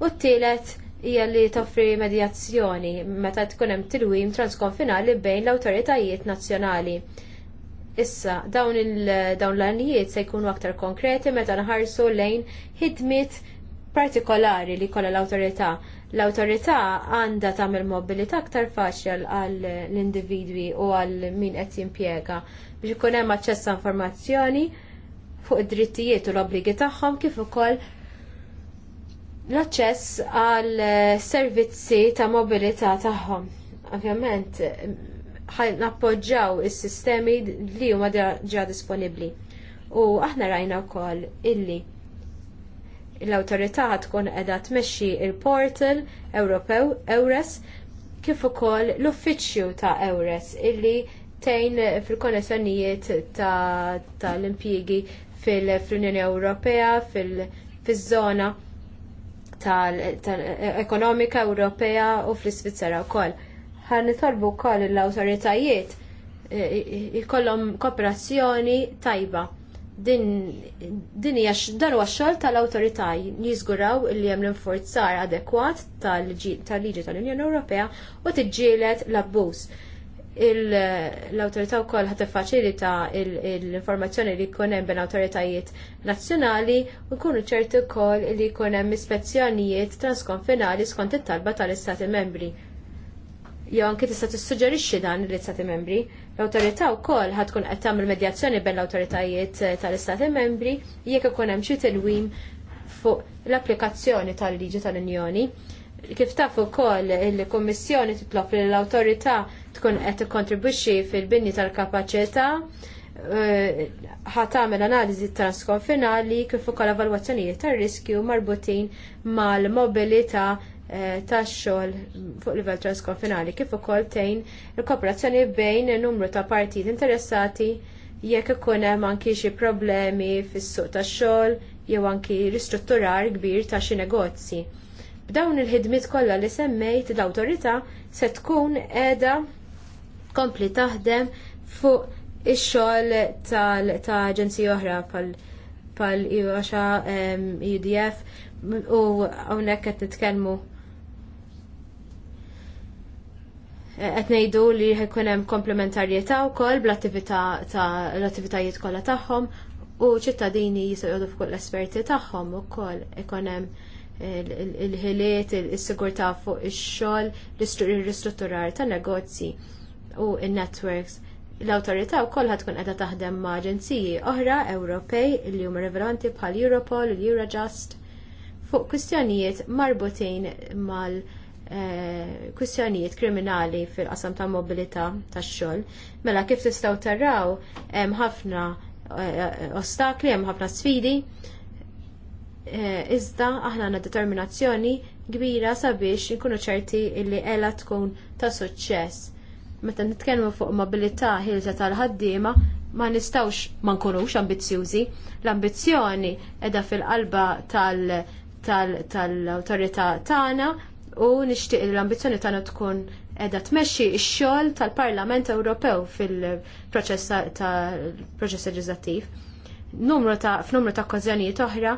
u t-tielet hija li toffri medjazzjoni meta tkun hemm tilwim transkonfinali bejn l-awtoritajiet nazzjonali. Issa, dawn il dawn l-għanijiet se jkunu aktar konkreti meta nħarsu lejn ħidmiet partikolari li kolla l-autorità. L-autorità għanda tagħmel mobilità aktar faċli għal l-individwi u għal min qed jimpjega biex ikun hemm aċċess informazzjoni fuq id-drittijiet u l-obbligi tagħhom kif ukoll l-aċċess għal servizzi ta' mobilità tagħhom. Ovvjament nappoġġaw is-sistemi li huma diġà disponibbli. U aħna rajna wkoll illi l-awtorità tkun qiegħda tmexxi l portal Ewropew Eures kif ukoll l-uffiċċju ta' Eures illi tgħin fil-konnessjonijiet tal-impjiegi fil-Unjoni Ewropea fiż-żona tal-ekonomika Ewropea u fl-Iżvizzera wkoll. Ħan nitolbu wkoll l-awtoritajiet eh, ikollhom kooperazzjoni tajba din hija dan huwa x-xogħol tal-awtorità jiżguraw li hemm l-inforzar adekwat tal-liġi tal-Unjoni Ewropea u tiġġieled l-abbuż. L-awtorità wkoll ħad tiffaċilita l-informazzjoni li jkun hemm bejn awtoritajiet nazzjonali u jkunu ċerti wkoll li jkun hemm ispezzjonijiet transkonfinali skont it-talba tal-Istati Membri. Jew anke tista' tissuġġerixxi dan lill istati Membri L-autorità wkoll ħad tkun qed tagħmel medjazzjoni bejn l-awtoritajiet eh, tal-Istati membri jekk ikun hemm xi tilwim fuq l-applikazzjoni tal-liġi tal-Unjoni. Kif taf ukoll il-Kummissjoni titlob li l-awtorità tkun qed tikkontribwixxi fil-binni tal-kapaċità eh, ħatamel analiżi transkonfinali kif ukoll evalwazzjonijiet tar-riskju marbutin mal-mobilità Eh, tax-xogħol fuq livell transkonfinali kif ukoll tgħin il-kooperazzjoni bejn numru ta' partit interessati jekk ikun hemm anki xi problemi fis-suq tax-xogħol jew anki ristrutturar kbir ta' xi negozji. B'dawn il-ħidmiet kollha li semmejt l-awtorità se tkun qiegħda kompli taħdem fuq ix-xogħol ta' aġenziji oħra pal pal iwaxa UDF u hawnhekk qed nitkellmu qed ngħidu li jkun hemm komplementarjetà wkoll bl-attività ta' l-attivitajiet kollha tagħhom u ċittadini jisqgħu fuq l-esperti tagħhom ukoll ikun hemm il-ħiliet, is-sigurtà fuq ix-xogħol, l-istrutturar tan negozji u il networks L-awtorità wkoll ħad tkun edha taħdem ma' aġenziji oħra Ewropej li huma rilevanti bħal Europol, il Eurojust fuq kwistjonijiet marbutin mal- Eh, kwistjonijiet kriminali fil-qasam ta' mobilità tax-xogħol. Mela kif tistgħu taraw hemm ħafna eh, ostakli, hemm ħafna sfidi. Eh, iżda aħna għandna determinazzjoni kbira sabiex inkunu ċerti li ela tkun ta' suċċess. Meta nitkellmu fuq mobilità ħilsa tal-ħaddiema, ma nistawx ma nkunux ambizzjużi. L-ambizzjoni edha fil-qalba tal- tal tagħna u nixtieq l-ambizzjoni tagħna tkun qiegħda tmexxi x-xogħol tal-Parlament Ewropew fil-proċess tal-proċess leġislattiv. Numru ta' f'numru ta' okkażjonijiet oħra,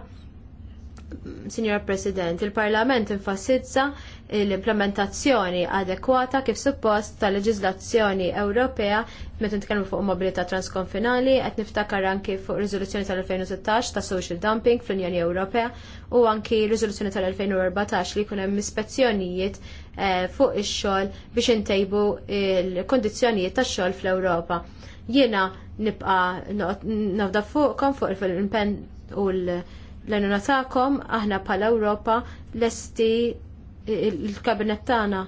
Signor President, il-Parlament infassizza l-implementazzjoni adekwata kif suppost tal leġiżlazzjoni Ewropea meta nitkellmu fuq mobilità transkonfinali qed niftakar anki fuq riżoluzzjoni tal-2016 ta' social dumping fl-Unjoni Ewropea u anki riżoluzzjoni tal-2014 li jkun hemm ispezzjonijiet eh, fuq ix-xogħol biex intejbu l-kondizzjonijiet tax-xogħol fl-Ewropa. Jiena nibqa' nafda fuqkom fuq il-impenn u l lenuna takom aħna bħala Ewropa lesti il-kabinet tagħna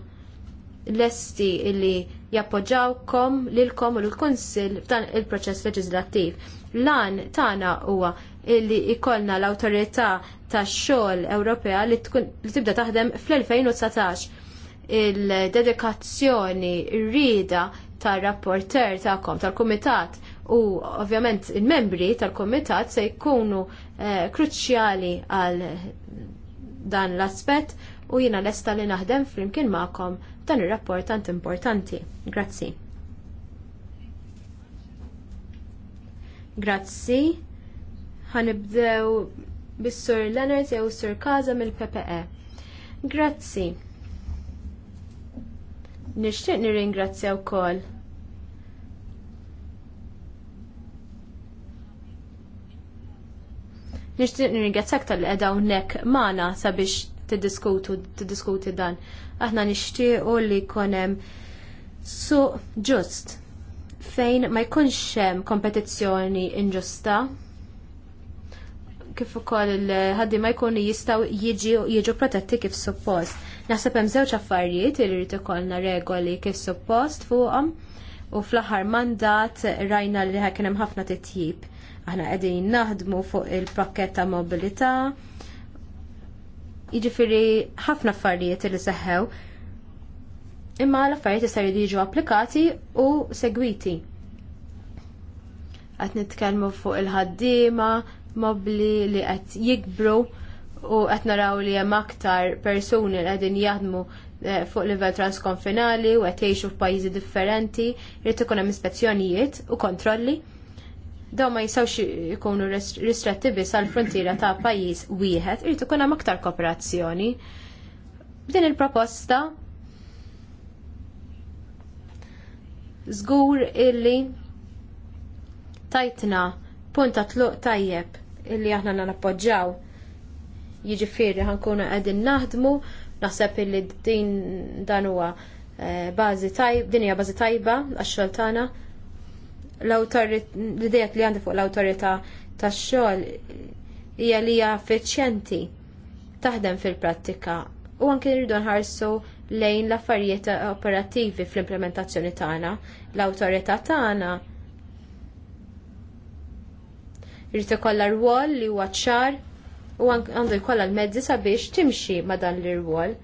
lesti illi jappoġġawkom lilkom u l-Kunsill f'dan il-proċess leġislattiv. Lan tagħna huwa illi ikollna l-awtorità tax-xogħol Ewropea li tibda taħdem fl-2019 il-dedikazzjoni rrida tar-rapporter tagħkom tal-kumitat u ovvjament il-membri tal-kumitat se jkunu eh, kruċjali għal dan l-aspett u jiena lesta li naħdem flimkien magħkom dan ir rapportant importanti. Grazzi. Grazzi. Ħanibdew bis-Sur Leonard jew Sur Kaza mill-PPE. Grazzi. Nixtieq nirringrazzja wkoll nishtiq nirringrazzjak tal-qeda unnek maħna sabiex tiddiskuti dan. Aħna nixtiequ li jkun hemm suq ġust fejn ma jkunx hemm kompetizzjoni inġusta kif ukoll il-ħaddi ma jkunu jistgħu jiġu protetti kif suppost. Naħseb hemm żewġ affarijiet li jrid ikollna regoli kif suppost fuqhom u fl-aħħar mandat rajna li kien hemm ħafna titjib. Aħna qegħdin naħdmu fuq il-pakkett ta' mobilità, Jiġifieri ħafna affarijiet li seħħew imma l-affarijiet issa jridu jiġu applikati u segwiti. Qed nitkellmu fuq il-ħaddiema, mobli li qed jikbru u qed naraw li hemm aktar persuni li qegħdin jaħdmu eh, fuq livell transkonfinali u qed jgħixu f'pajjiżi differenti, jrid ikun hemm ispezzjonijiet u kontrolli daw ma jistgħux ikunu ristrettivi sal-frontiera ta' pajjiż wieħed, irid ikun hemm aktar kooperazzjoni. B'din il-proposta żgur illi tajtna punta tluq tajjeb illi aħna nappoġġaw. Jiġifieri ħankunu qegħdin naħdmu, naħseb illi din dan huwa eh, bażi tajb, din hija bażi tajba għax-xoltana l-idejat li għandi fuq l-autorità tax-xogħol hija li hija effiċjenti taħdem fil-prattika u anke rridu nħarsu lejn l-affarijiet operattivi fl-implementazzjoni tagħna. L-awtorità tagħna jrid ikollha rwol li huwa ċar u għandu jkollha l-mezzi sabiex timxi ma' dan l-irwol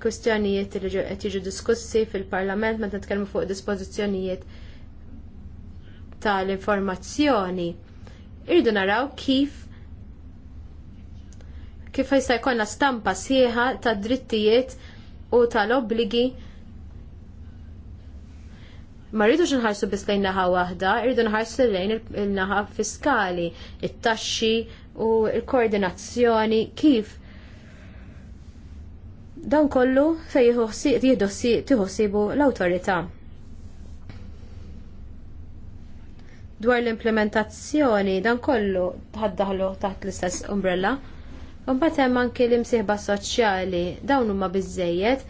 kwistjonijiet li qed jiġu diskussi fil-Parlament meta nitkellmu fuq dispożizzjonijiet tal-informazzjoni. Irridu naraw kif kif jista' jkollna stampa sieħa tad drittijiet u tal-obbligi ma rridux nħarsu biss lejn naħa waħda, rridu nħarsu lejn il-naħa fiskali, it-taxxi u l-koordinazzjoni kif Dan kollu se tiħossibu l autorita Dwar l-implementazzjoni dan kollu tħaddaħlu taħt l-istess umbrella. Mbagħad hemm anke l-imsieħba soċjali dawn huma biżejjed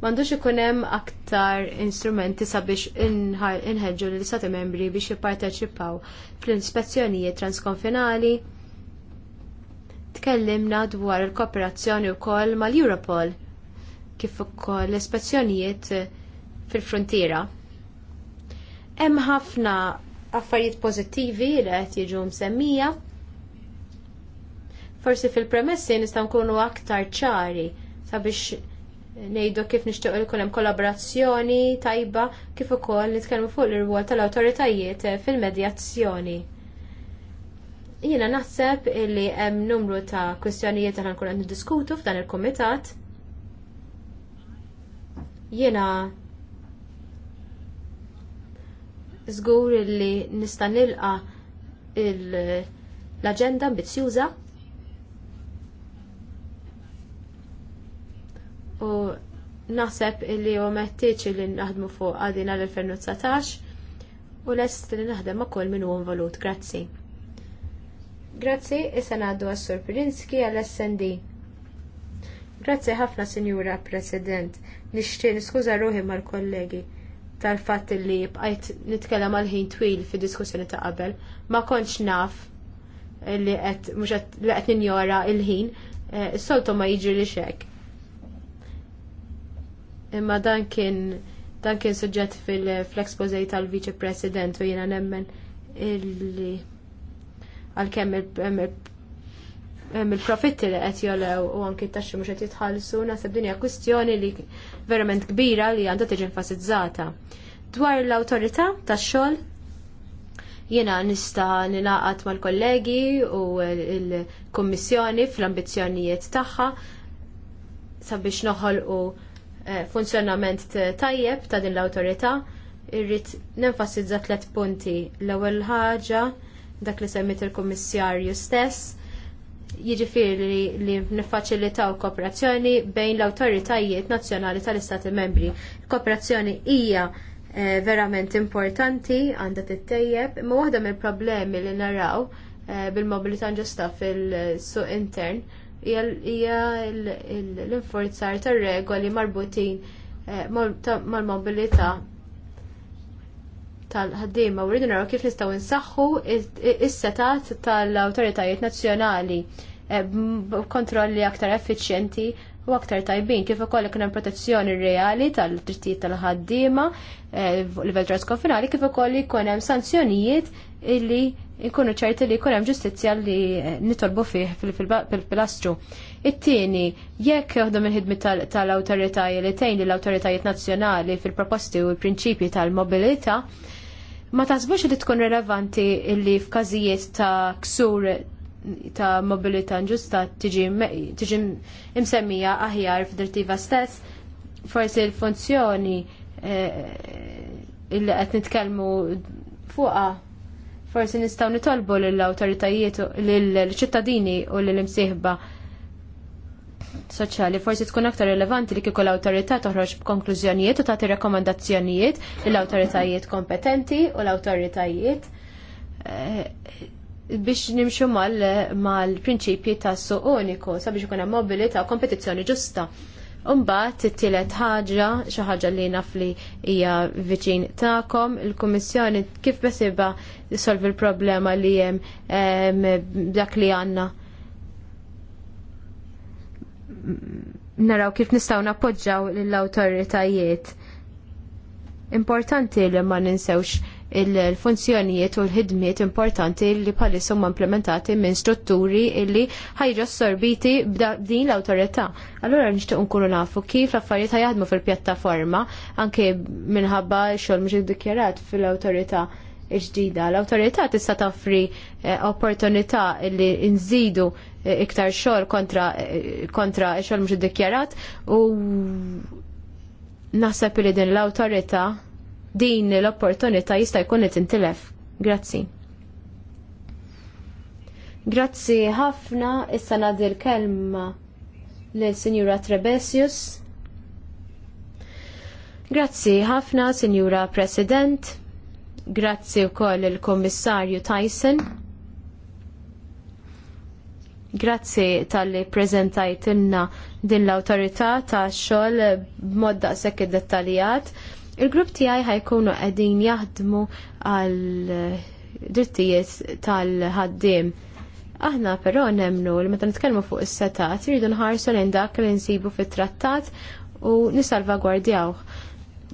M'għandux ikun hemm aktar instrumenti sabiex inħeġġu l istati membri biex jipparteċipaw fl-inspezzjonijiet transkonfinali tkellimna dwar il-kooperazzjoni wkoll mal-Europol kif ukoll l-ispezzjonijiet fil-frontiera. Hemm ħafna affarijiet pożittivi li qed jiġu msemmija. Forsi fil-premessi n'istgħu nkunu aktar ċari sabiex ngħidu kif nixtieq li hemm kollaborazzjoni tajba kif ukoll nitkellmu fuq ir-rwol tal-awtoritajiet fil-medjazzjoni. Jiena naħseb li hemm numru ta' kwistjonijiet li nkun qed niddiskutu f'dan il-kumitat. Jiena żgur li nista' nilqa l-aġenda ambizzjuża u naħseb illi huwa meħtieġ li naħdmu fuq għadina l-2019 u lest li naħdem ma' kol minn u involut. Grazzi. Grazzi, issa għaddu għas-Sur Pirinski għall-SND. Grazzi ħafna, Sinjura President. Nixtieq niskuża ruħi mal-kollegi tal-fatt li bqajt nitkellem għal ħin twil fid diskussjoni ta' qabel. Ma kontx naf li qed mhux li qed ninjora il-ħin, eh, soltu ma jiġri li xek. Imma dan kien dan kien suġġett fil-exposé tal-Viċi President u jiena nemmen illi għalkemm il-profitti li qed jolew u anki t taxi mhux qed jitħallsu naħseb din hija kwistjoni li verament kbira li għandha tiġi enfasizzata. Dwar l-awtorità tax-xogħol jiena nista nilaqat mal-kollegi u l-Kummissjoni fl-ambizzjonijiet tagħha sabiex noħolqu eh, funzjonament tajjeb ta' din l-awtorità irrit nenfasizza tlet punti. L-ewwel ħaġa dak li semmit il-Kummissarju stess, jiġifieri li niffaċilitaw kooperazzjoni bejn l-awtoritajiet nazzjonali tal-Istati membri. Kooperazzjoni hija eh, verament importanti għandha tittejjeb, imma waħda mill-problemi li naraw eh, bil-mobilità ġusta fil-suq intern hija l-inforzar tar regoli marbutin eh, mal-mobilità tal-ħaddiema u rridu naraw kif nistgħu nsaħħu is-setat tal-awtoritajiet nazzjonali eh, b'kontrolli aktar effiċjenti u aktar tajbin kif ukoll ikun hemm protezzjoni reali tal-drittijiet tal-ħaddiema eh, livell transkonfinali kif ukoll jkun hemm sanzjonijiet illi jkunu ċerti li jkun hemm ġustizzja li eh, nitolbu fih fil-pilastru. It-tieni, jekk joħdom il-ħidmi tal-awtoritajiet li tgħin lill-awtoritajiet nazzjonali fil-proposti u l-prinċipji tal-mobilità, ma tasbux li tkun relevanti illi f'każijiet ta' ksur ta' mobilità ġusta tiġi imsemmija aħjar f'dirtiva stess, forsi l-funzjoni eh, illi qed nitkellmu fuqha forsi nistgħu nitolbu lill awtoritajiet lill ċittadini u lill imsieħba soċjali forsi tkun aktar rilevanti li kieku l-awtorità toħroġ konklużjonijiet u tagħti rakkomandazzjonijiet lill-awtoritajiet kompetenti u l-awtoritajiet eh, biex nimxu mal-prinċipji ta' suq uniku sabiex ikun hemm mobilità u kompetizzjoni ġusta. Umbagħad it-tielet ħaġa xi ħaġa li naf li hija viċin tagħkom, il-Kummissjoni kif besiba solvi l-problema li hemm eh, dak li għandna naraw kif nistgħu napoġġaw lill-awtoritajiet. Importanti li ma ninsewx il-funzjonijiet u l-ħidmiet importanti li bħalissa huma implementati minn strutturi illi ħajġu assorbiti b'din l-awtorità. Allura nixtieq nkunu nafu kif l-affarijiet ħajjaħdmu fil-pjattaforma anke minħabba xogħol mhux iddikjarat fil-awtorità ġdida. L-autorità tista' tafri eh, opportunità li nżidu eh, iktar xogħol kontra eh, kontra xogħol mhux iddikjarat u naħseb li din l-autorità din l-opportunità jista' jkun qed intilef. Grazzi. Grazzi ħafna, issa nagħdi l-kelma lill-Sinjura Trebesius. Grazzi ħafna, Sinjura President. Grazzi wkoll il-Kommissarju Tyson. Grazzi tal-li inna din l-autorità ta' xogħol b'mod daqshekk dettalijat. Il-grupp tiegħi ħajkunu qegħdin jaħdmu għal drittijiet tal-ħaddiem. Aħna però nemnu li meta nitkellmu fuq is-setat iridu nħarsu lejn dak li nsibu fit-trattat u nisalvagwardjawh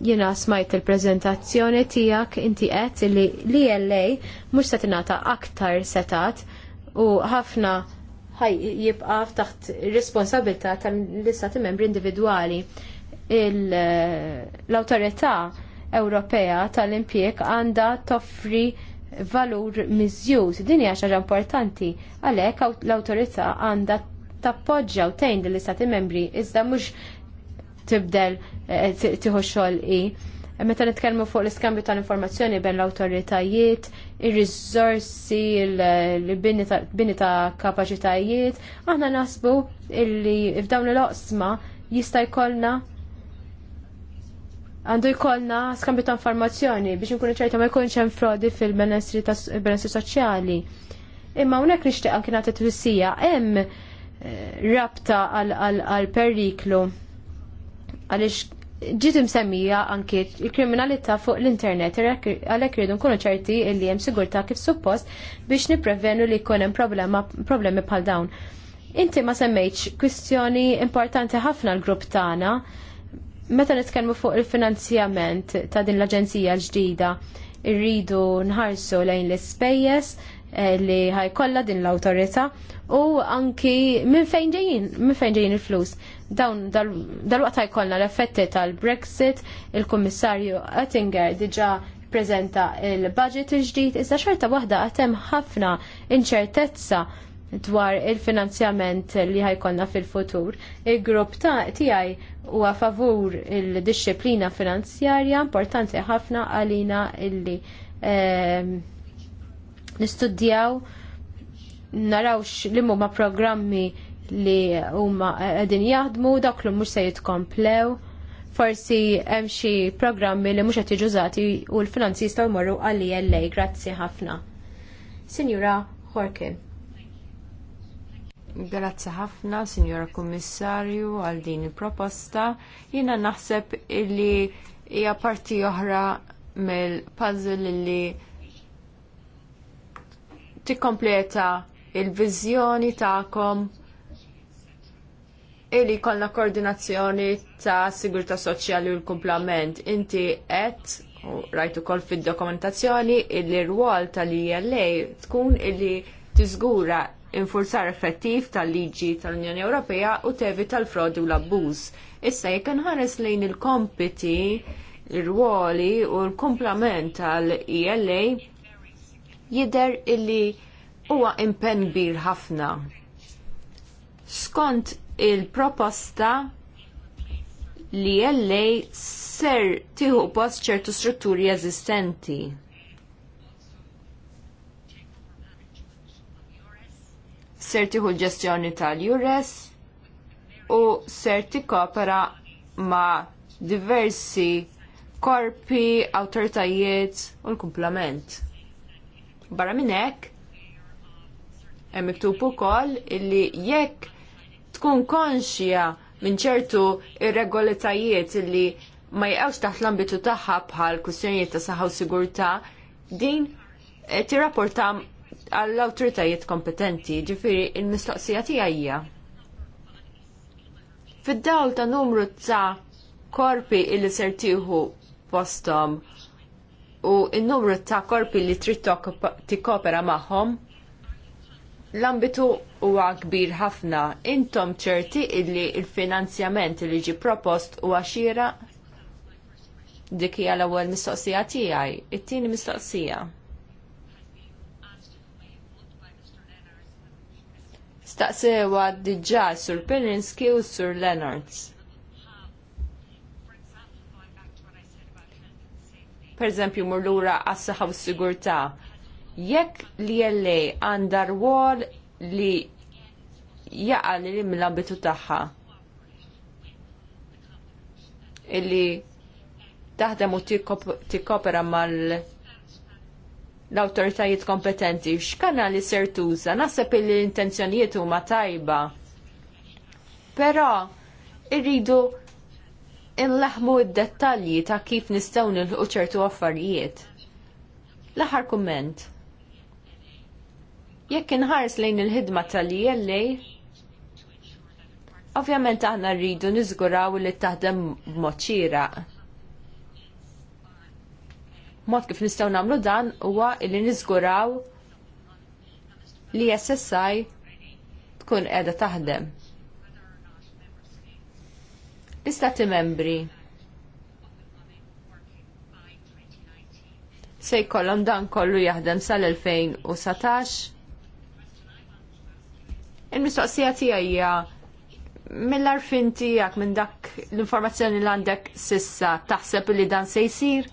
Jiena smajt il-prezentazzjoni tiegħek inti għet li li ela mhux se tingħata aktar setat u ħafna ħaj jibqa' taħt responsabilità tal-istati membri individwali. Eh, l-awtorità Ewropea tal-impjeg għandha toffri valur miżjuż. Din hija xaġa importanti għalhekk l-awtorità għandha tappoġġja u tgħin lill istati membri iżda mhux tibdel eh, tieħu xogħol i. Meta nitkellmu fuq l-iskambju tal-informazzjoni bejn l-awtoritajiet, ir-riżorsi, l-bini ta' kapaċitajiet, aħna nasbu illi f'dawn l-oqsma jista' jkollna għandu jkollna skambju ta' informazzjoni biex nkunu ċerta ma jkunx hemm frodi fil-benessri soċjali. Imma hawnhekk nixtieq anke nagħti twissija hemm eh, rabta għal periklu għaliex ġiet msemmija anke il-kriminalità fuq l-internet għalhekk irridu nkunu ċerti li hemm sigurtà kif suppost biex nipprevenu li jkun hemm problemi bħal dawn. Inti ma semmejtx kwistjoni importanti ħafna l-grupp tagħna meta nitkellmu fuq il-finanzjament ta' din l-aġenzija l-ġdida, irridu nħarsu lejn l-ispejjeż eh, li ħajkollha din l-awtorità u anki minn fejn ġejjin, minn fejn ġejjin il-flus dawn dal waqta jkollna l-effetti tal-Brexit, il-Kummissarju Oettinger diġa prezenta il-budget il-ġdid, iżda xorta waħda għatem ħafna inċertezza dwar il-finanzjament li ħajkonna fil-futur. Il-grupp ta' tijaj u favur il-disciplina finanzjarja importanti ħafna għalina illi ehm, nistudjaw narawx li ma programmi li huma qegħdin jaħdmu dak li mhux se jitkomplew. Forsi hemm xi programmi li mhux qed jiġużati u l-finanzi jistgħu jmorru għal-ILA. E Grazzi ħafna. Sinjura Horkin. Grazzi ħafna, Signora Kummissarju, għal din il-proposta. Jiena naħseb illi hija parti oħra mill-puzzle li tikkompleta il-vizjoni ta'kom Eli kolna koordinazzjoni ta' sigurta soċjali u l-kumplament. Inti et u rajtu kol fid dokumentazzjoni illi r-wol tal-ILA tkun illi tiżgura infurzar effettiv tal-liġi tal-Unjoni Ewropea u tevi tal-frodi u l-abbuż. Issa jekk nħares lejn il-kompiti, ir-ruoli u l komplament tal-ILA jider illi huwa impenn ħafna. Skont il-proposta li LA ser tieħu post ċertu strutturi eżistenti. Ser tieħu l-ġestjoni tal-Jures u ser tikkopera ma' diversi korpi, awtoritajiet u l-kumplament. Barra minn hekk, hemm miktub ukoll illi jekk tkun konxja minn ċertu irregolitajiet li ma jgħawx taħt l-ambitu tagħha bħal kwistjonijiet ta' saħħa u sigurtà, din tirrapporta għall-awtoritajiet kompetenti, ġifiri l mistoqsija tiegħi hija. Fid-dawl ta' numru ta' korpi illi sertiħu postom u n-numru ta' korpi li trid tikkopera magħhom, l-ambitu huwa kbir ħafna. Intom ċerti illi il-finanzjament li ġi propost huwa xira dik hija l-ewwel mistoqsija tiegħi, it-tieni mistoqsija. Staqsewa diġà sur Pelinski u sur Leonards. Per eżempju, mur lura għas-saħħa u s-sigurtà. Jekk li għandar wall li jaqa li li mill-ambitu tagħha illi taħdem u tikkopera mal l-autoritajiet kompetenti, x'kanali ser tuża, naħseb li l-intenzjonijiet huma tajba. Però irridu inlaħmu id-dettalji ta' kif nistgħu nilħu ċertu affarijiet. L-aħħar kumment. Jekk inħares lejn il-ħidma tal-ILA, ovvjament aħna rridu niżguraw li taħdem b'mod xieraq. Mod kif nistgħu nagħmlu dan huwa li niżguraw li SSI tkun qiegħda taħdem. L-istati membri se jkollhom dan kollu jaħdem sal-2017 Il-mistoqsija tiegħi hija mill-arfin tijak minn dak l-informazzjoni li għandek sissa taħseb li dan se jsir?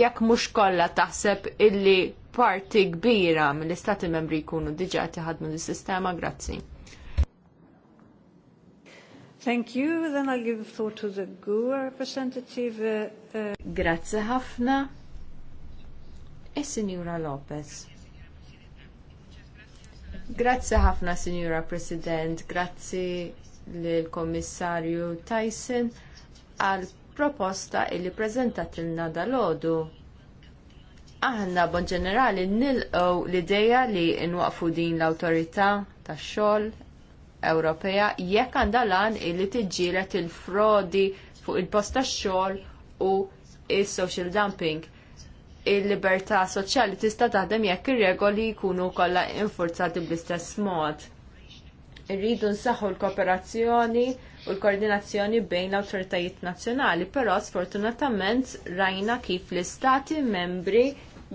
Jekk mhux kollha taħseb illi parti kbira mill-istati membri jkunu diġà tiħadmu l-sistema, grazzi. Thank you. Then I'll give the floor to the GUA e representative. Uh, uh... Grazie ħafna. E signora Lopez. Grazzi ħafna, Signora President, grazzi l kommissarju Tyson għal proposta illi prezentatilna dal-ħodu. Aħna bon ġenerali nilqgħu l-ideja li nwaqfu din l awtorità tax-xogħol Ewropea jekk għandha lan illi tiġielet il-frodi fuq il-post tax-xogħol u s social dumping il-libertà soċjali tista' taħdem jekk ir-regoli jkunu kollha infurzati bl-istess mod. Irridu nsaħħu l-kooperazzjoni u l-koordinazzjoni bejn l-awtoritajiet nazzjonali, però sfortunatament rajna kif l-istati membri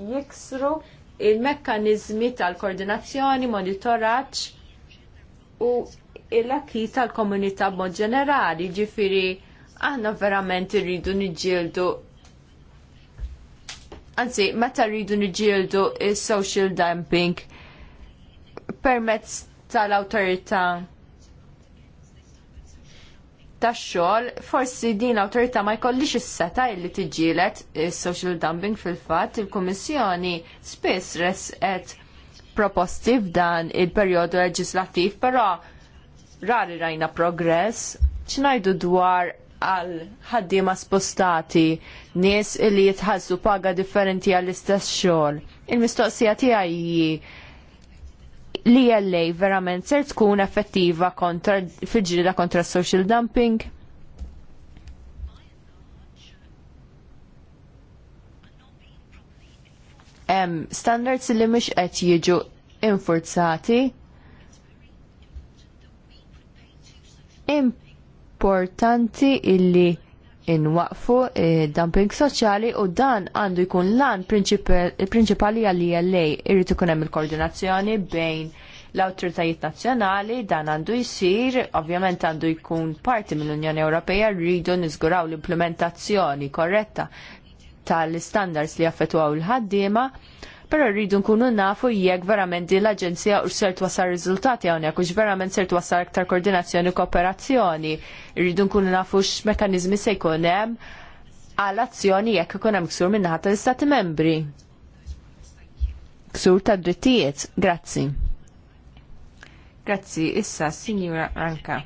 jiksru il-mekkaniżmi tal-koordinazzjoni, monitoraġġ u il-akki tal-komunità b'mod ġenerali, ġifiri aħna verament irridu niġġieldu anzi, meta rridu niġieldu il-social dumping permezz tal-autorità tax-xogħol, forsi din l-awtorità ma jkollix is-seta li tiġielet is-social dumping fil-fatt, il-Kummissjoni spiss resqet proposti f'dan il-perjodu leġislattiv, però rari rajna progress. X'ngħidu dwar għal ħaddiema spostati, nies li jitħassu paga differenti għall-istess xogħol. Il-mistoqsija tiegħi hi li LA verament ser tkun effettiva kontra fiġrida kontra social dumping? Um, standards li mhux qed jiġu infurzati importanti illi inwaqfu eh, dumping soċjali u dan għandu jkun lan prinċipali għall-ILA irrid ikun hemm il-koordinazzjoni bejn l-awtoritajiet nazzjonali dan għandu jsir, ovvjament għandu jkun parti mill-Unjoni Ewropea rridu niżguraw l-implementazzjoni korretta tal-standards li jaffetwaw il-ħaddiema pero rridu nkunu nafu jekk verament din l-Aġenzija u ser wasar riżultati hawnhekk u verament ser wasar aktar koordinazzjoni u kooperazzjoni. Rridu nkunu nafu x'mekkaniżmi se jkun hemm għal azzjoni jekk ikun hemm ksur min-naħa tal-Istati Membri. Ksur tad drittijiet. Grazzi. Grazzi, issa, Sinjura Anka.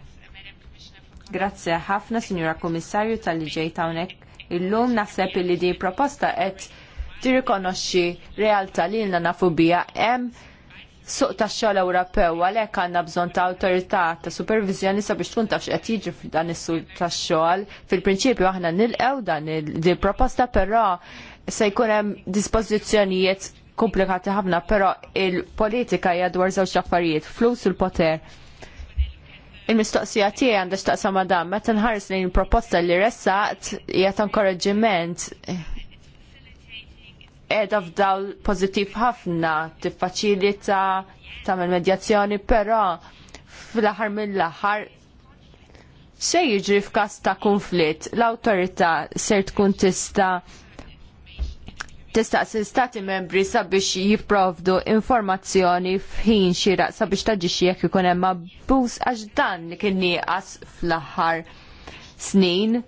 Grazzi ħafna, Sinjura Komissarju, tal liġej ġejt hawnhekk illum naħseb li di proposta et tirrikonoxxi realtà li lna nafu biha hemm suq tax xogħol Ewropew għalhekk għandna bżonn ta' awtorità ta' supervizjoni sabiex tkun taf x'qed jiġri f'dan is-suq tax-xogħol. Fil-prinċipju aħna nilqew dan il-proposta però se jkun hemm dispożizzjonijiet komplikati ħafna, però il-politika hija dwar żewġ affarijiet, flus u l-poter. Il-mistoqsija tiegħi għandha x'taqsam madam, meta nħares lejn il-proposta li ressaqt hija ta' inkoraġġiment edha f'dawl pozittiv ħafna, tiffaċilita, tagħmel medjazzjoni, però fl-aħħar mill-aħħar se jiġri f'każ ta' konflitt, l-awtorità ser tkun tista' tistaqsi stati membri sabiex jipprovdu informazzjoni f'ħin xira sabiex taġixxi jekk ikun hemm abbuż għax dan li kien nieqas fl-aħħar snin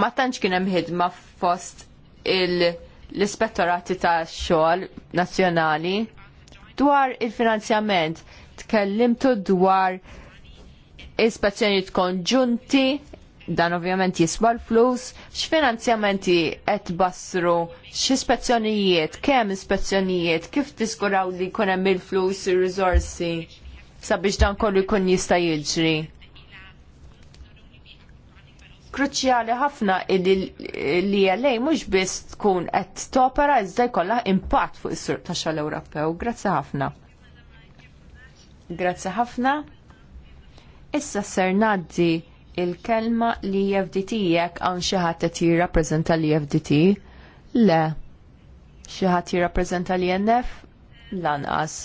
ma tantx kien hemm ħidma fost l-ispettorati tax xogħol nazzjonali dwar il-finanzjament tkellimtu dwar ispezzjoni konġunti dan ovvjament jiswa l-flus, x'finanzjamenti qed bassru, x'ispezzjonijiet, kemm ispezzjonijiet, kif tiskuraw li jkun hemm il-flus, ir-riżorsi sabiex dan kollu jkun jista' jiġri kruċjali ħafna li għalej mhux biss tkun qed topera iżda jkollha impatt fuq is-sur tax-xogħol Ewropew. Grazzi ħafna. Grazzi ħafna. Issa ser ngħaddi il-kelma li FDT jekk hawn xi ħadd qed jirrappreżenta li FDT. Le. Xi ħadd jirrappreżenta li NF? Lanqas.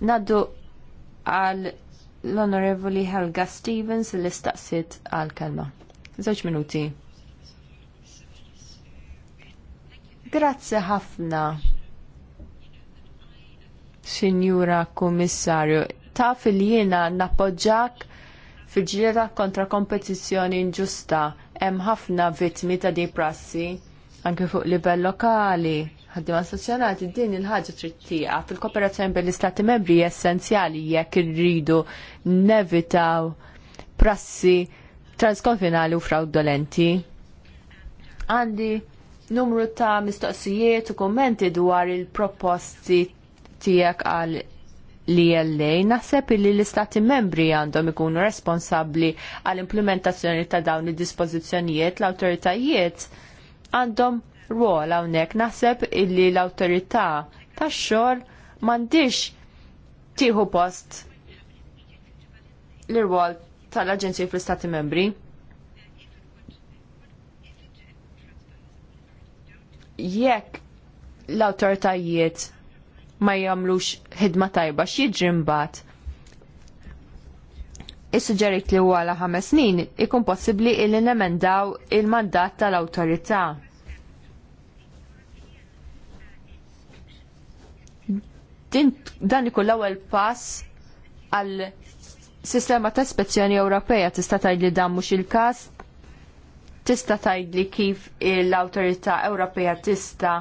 Naddu għal l-Onorevoli Helga Stevens li staqsit għal kelma. Żewġ minuti. Grazzi ħafna, Sinjura Kummissarju. Taf li jiena nappoġġak fil-ġlieda kontra kompetizzjoni inġusta hemm ħafna vittmi ta' di prassi anke fuq livell lokali ħaddima assoċjonati din il-ħaġa trid fil kooperazzjoni bejn l-istati membri essenzjali jekk irridu nevitaw prassi transkonfinali u fraudolenti. Għandi numru ta' mistoqsijiet u kommenti dwar il-proposti tiegħek għal l-ILA e naħseb li l-istati membri għandhom ikunu responsabbli għall implementazzjoni ta' dawn id-dispożizzjonijiet l-awtoritajiet għandhom rwol hawnhekk naħseb illi l-awtorità tax-xogħol m'għandix tieħu post l-rwol tal-Aġenzija fl-Istati Membri. Jekk l-awtoritajiet ma jagħmlux ħidma tajba x'jiġri mbagħad. suġġerit li wara ħames snin ikun possibbli li nemendaw il-mandat tal-awtorità. dan ikun l-ewwel pass għal sistema ta' ispezzjoni Ewropea tista' tgħidli dan mhux il-każ, tista' tgħidli kif l-Awtorità Ewropea tista'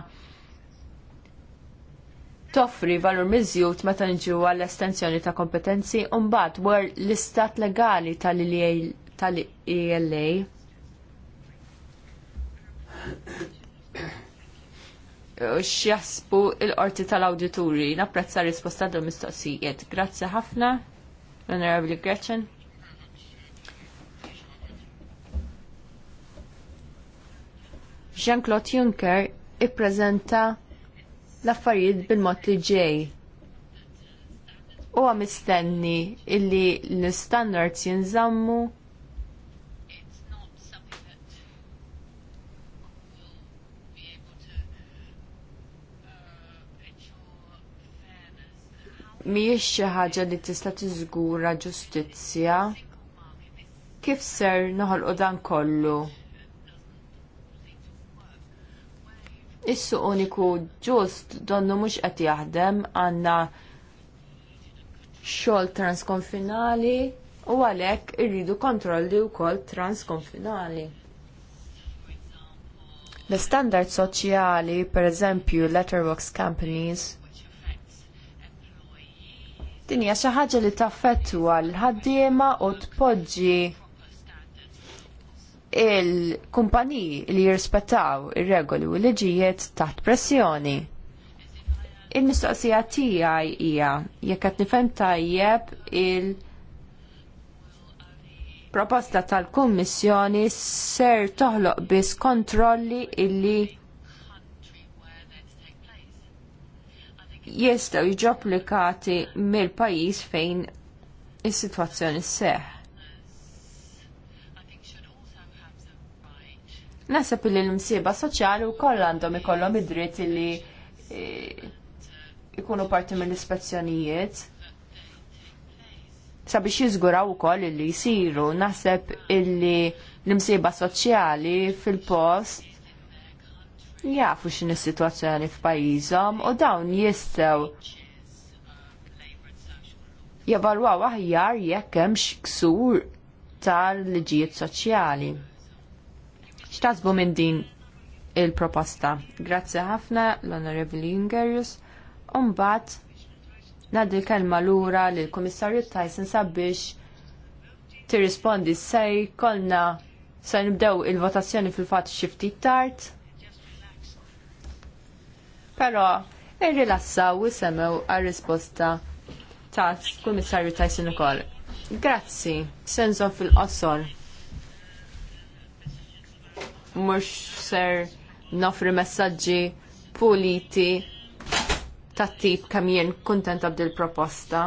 toffri valur miżjud meta nġu għall estensjoni ta' kompetenzi u mbagħad dwar l-istat legali tal-ELA. Eh, X'jaspu il-qorti tal-awdituri. Napprezza risposta għal mistoqsijiet. Grazzi ħafna, l-Onorabli Gretchen. Jean-Claude Juncker ippreżenta l-affarijiet bil-mod li ġej. Huwa mistenni illi l-standards jinżammu mhijiex xi ħaġa li tista' tiżgura ġustizzja. Kif ser noħolqu dan kollu? Issu uniku ġust donnu mhux qed jaħdem għandna xogħol transkonfinali u għalhekk irridu kontrolli wkoll transkonfinali. L-standard soċjali, per eżempju, letterbox companies, Din hija xi ħaġa li taffettwa l-ħaddiema u tpoġġi il-kumpaniji li jirrispettaw ir-regoli u l-liġijiet taħt pressjoni. Il-mistoqsija tiegħi hija jekk qed nifhem tajjeb il- proposta tal-Kummissjoni ser toħloq biss kontrolli illi jistgħu jġu applikati mill-pajjiż fejn is-sitwazzjoni sseħħ. Nasab li l-msiba soċjali u koll għandhom ikollhom id-dritt li e, ikunu parti mill-ispezzjonijiet. Sabiex jiżguraw ukoll li jsiru naħseb illi l-imsiba soċjali fil-post jafu xin is-sitwazzjoni f'pajjiżhom u dawn jistgħu javalwaw aħjar jekk hemm ksur tal-liġijiet soċjali. X'tasbu minn din il-proposta? Grazzi ħafna l-Onorevoli Ingerius. Umbat, nadi kelma lura lill komissarju Tyson sabiex tirrispondi sej kolna se nibdew il-votazzjoni fil-fatt xi ftit tard però irrilassaw u semmew għar-risposta ta' kummissarju Tyson ukoll. Grazzi, senżon fil-qosor. Mhux ser nofri messaġġi puliti ta' tip kemm jien kuntenta b'dil proposta.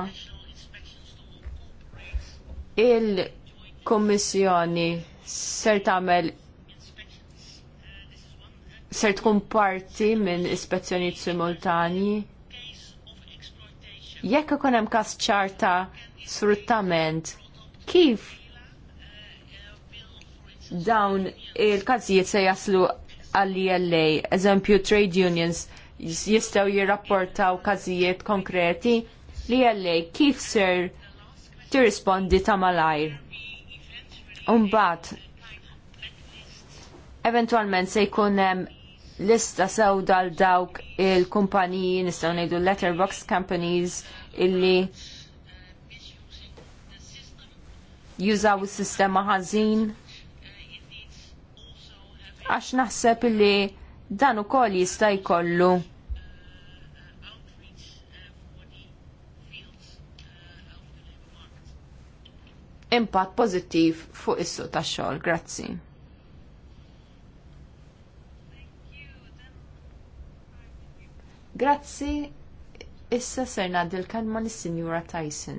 il komissjoni ser tagħmel ser tkun parti minn ispezzjonijiet simultani. Jekk ikun hemm każ ċarta sfruttament, kif dawn il-każijiet se jaslu għall-ILA, eżempju trade unions jistgħu jirrapportaw każijiet konkreti li għalla e kif ser tirrispondi ta' malajr. Umbat, eventualment se jkun hemm lista sewda għal dawk il-kumpaniji nistgħu ngħidu letterbox companies illi jużaw is-sistema ħażin għax naħseb illi dan ukoll jista' jkollu impatt pożittiv fuq is-suq tax-xogħol. Grazzi. Grazzi, issa ser ngħaddi kan ma lis-Sinjura Tyson.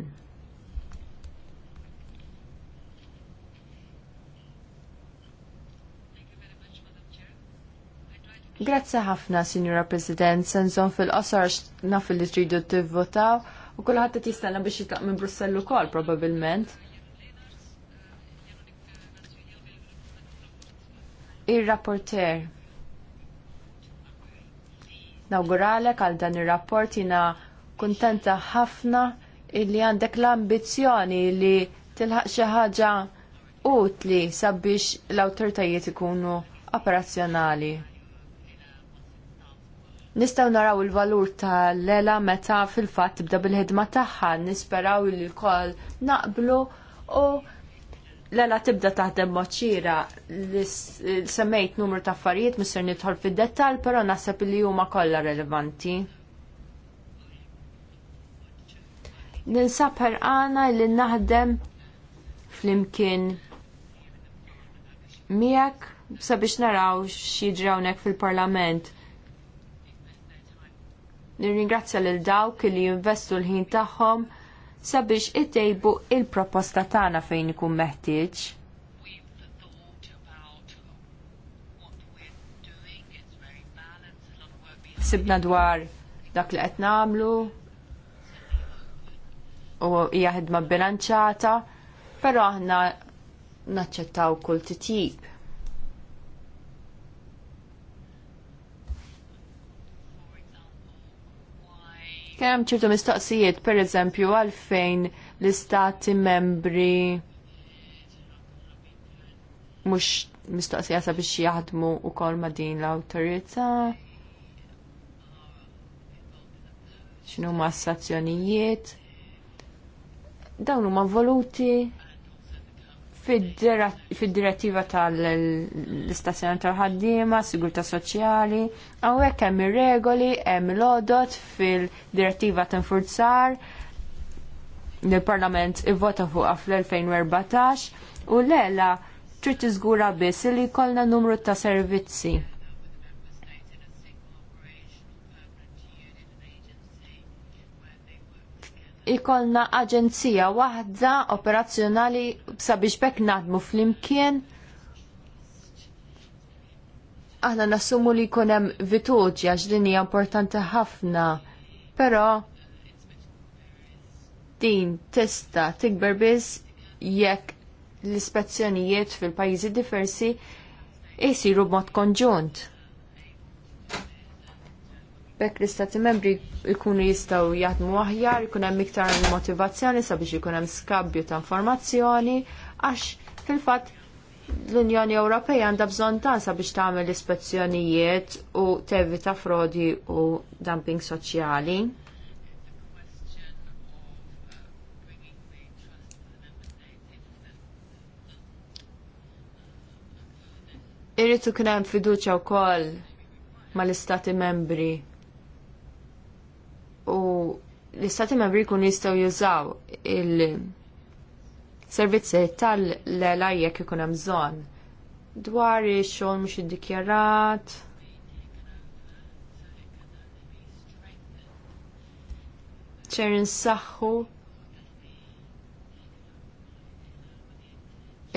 Grazzi ħafna, Sinjura President, senżon fil-qosor naf li tridu tivvotaw u kulħadd qed istanna biex jitlaq minn Brussell ukoll probabbilment. Ir-rapporter nawguralek għal dan ir-rapport jina kuntenta ħafna illi għandek l-ambizjoni li tilħaq xi ħaġa utli sabiex l-awtoritajiet ikunu operazzjonali. Nistaw naraw il-valur ta' lela meta fil-fat tibda bil-ħidma tagħha, nisperaw il-kol naqblu u l-għala tibda taħdem moċira li semmejt numru ta' affarijiet misser nidħol fid dettal pero naħseb li huma kollha relevanti. Ninsab għana li naħdem flimkien miegħek sabiex naraw x'jiġri hawnhekk fil-Parlament. Nirringrazzja lil dawk li jinvestu l-ħin tagħhom sabiex itejbu il-proposta tagħna fejn ikun meħtieġ. Sibna dwar dak li qed nagħmlu u hija ħidma bilanċata, però aħna naċċettaw kull titjib. kem ċertu mistoqsijiet, per eżempju, għalfejn l-istati membri mhux mistoqsija sabiex jaħdmu wkoll ma' din l-awtorità. X'inhuma s-sazzjonijiet? Dawn huma voluti fid-direttiva tal-istazzjonar tal-ħaddiema, sigurta soċjali, għawek hemm ir-regoli, hemm l-odot fil-direttiva tinfurzar il-Parlament ivvota fuqha fl-2014 u lela trid tiżgura biss li jkollna numru ta' servizzi ikolna aġenzija waħda operazzjonali sabiex bekk naħdmu flimkien. Aħna nassumu li jkun hemm vituġi għax din hija importanti ħafna, però din tista tikber biss jekk l-ispezzjonijiet fil-pajjiżi diversi jsiru b'mod konġunt bekk l-istati membri jkunu jistgħu jaħdmu aħjar, jkun hemm iktar motivazzjoni sabiex ikun hemm skambju ta' informazzjoni għax fil-fatt l-Unjoni Ewropea għandha bżonn ta' sabiex tagħmel ispezzjonijiet u tevita frodi u dumping soċjali. Irrid ikun hemm fiduċja wkoll mal-istati membri u l-istati membri kun jistaw jużaw il-servizzi tal-lajjek ikun hemm bżonn dwar ix-xogħol mhux iddikjarat. ċer insaħħu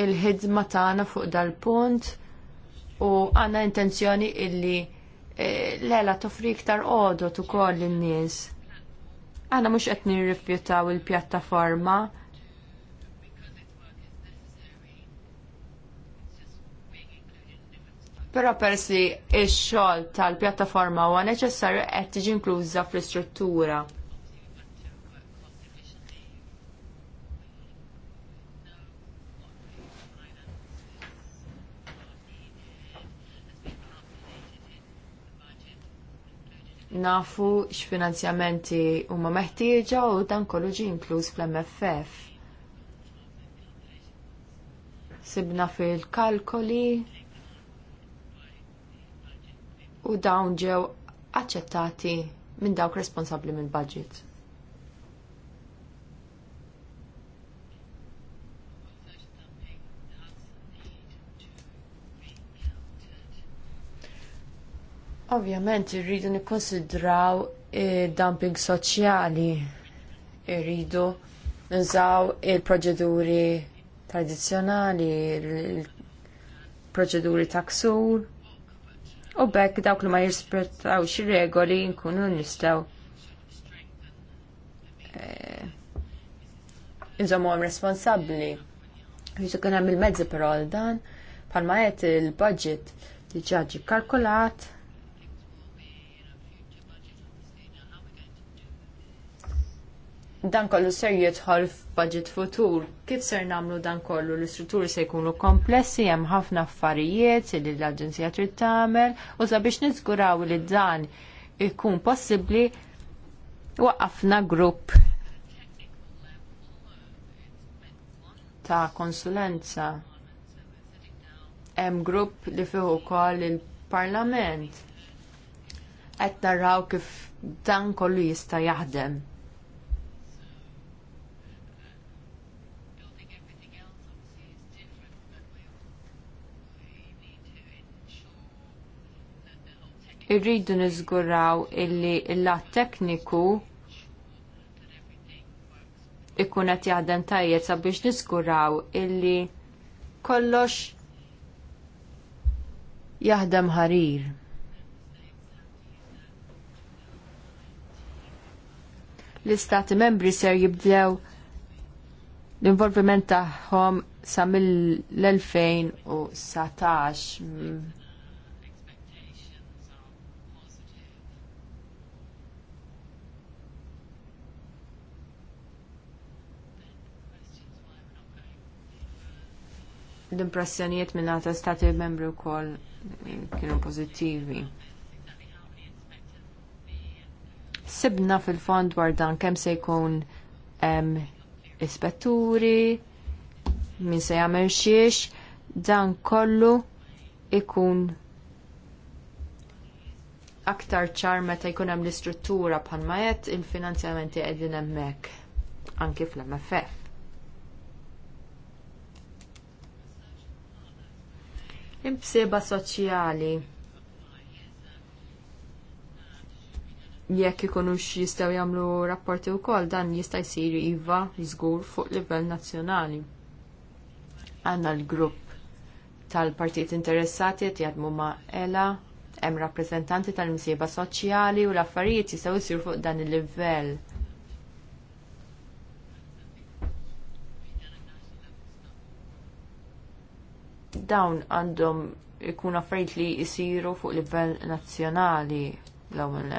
il-ħidma tagħna fuq dal-punt u għandna intenzjoni illi eh, l lela tofri iktar għodot ukoll lin-nies. Għana mux qed nirrifjutaw il-pjattaforma. Però peress li x-xogħol tal-pjattaforma huwa neċessarju qed tiġi inkluża fl-istruttura. nafu x'finanzjamenti huma meħtieġa u dan kollu ġie inkluż fl-MFF. Sibna fil-kalkoli u dawn ġew aċċettati minn dawk responsabbli mill-budget. Ovvjament irridu nikkonsidraw dumping soċjali, irridu nżaw il-proċeduri tradizzjonali, il-proċeduri taksur, u bekk dawk li ma jirrispettawx ir-regoli nkunu nistgħu eh, nżommu għam responsabli. Jisu kien hemm il-mezzi però għal dan, palma qed il-budget diġaġi kalkulat dan kollu ser jidħol f'budget futur. Kif ser nagħmlu dan kollu l-istrutturi se jkunu komplessi hemm ħafna affarijiet li l-Aġenzija trid tagħmel u sabiex niżguraw li dan ikun possibbli waqafna grupp ta' konsulenza. Hemm grupp li fih ukoll il-Parlament qed naraw kif dan kollu jista' jaħdem. irridu niżguraw illi l-lat tekniku ikun qed jaħdem tajjeb sabiex niskuraw illi kollox jaħdem ħarir. L-istati membri ser jibdew l-involviment tagħhom sa mill-2019 l-impressjonijiet minn għata stati membri wkoll kienu pożittivi. Sibna fil-fond dwar dan kemm se jkun hemm ispetturi, min se jagħmel xiex, dan kollu ikun aktar ċar meta jkun hemm l-istruttura bħalma qed il-finanzjamenti qegħdin hemmhekk anki fl-MFF. imsiba soċjali. Jekk ikunux jistgħu jagħmlu rapporti wkoll dan jista' jsir iva żgur fuq livell nazzjonali. Għandna l-grupp tal-partijiet interessati qed jaħdmu ma' ELA, hemm rappreżentanti tal-imsieba soċjali u l-affarijiet jistgħu jsiru fuq dan il-livell. dawn għandhom ikun affarijiet li jisiru fuq livell nazzjonali l-ewwel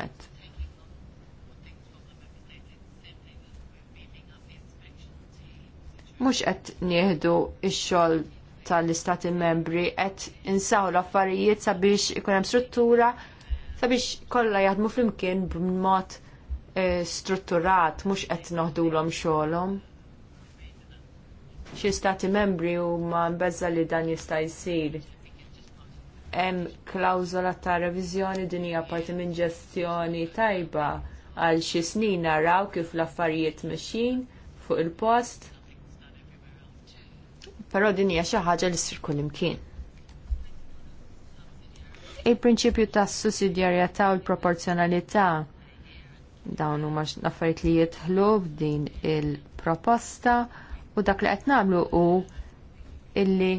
Mux Mhux qed nieħdu x-xogħol tal-istati membri qed insaw l-affarijiet sabiex ikun hemm struttura sabiex kollha jaħdmu flimkien b'mod eh, strutturat mhux qed noħdulhom xogħolhom xi stati membri huma mbeżza li dan jista' jsir. Hemm klawżola ta' reviżjoni din hija parti minn ġestjoni tajba għal xi snin naraw kif l-affarijiet mexjin fuq il-post. Però din hija xi ħaġa li ssir kull imkien. Il-prinċipju ta' sussidjarjetà u l-proporzjonalità dawn huma affarijiet li jidħlu f'din il-proposta. il proposta u dak li qed nagħmlu hu illi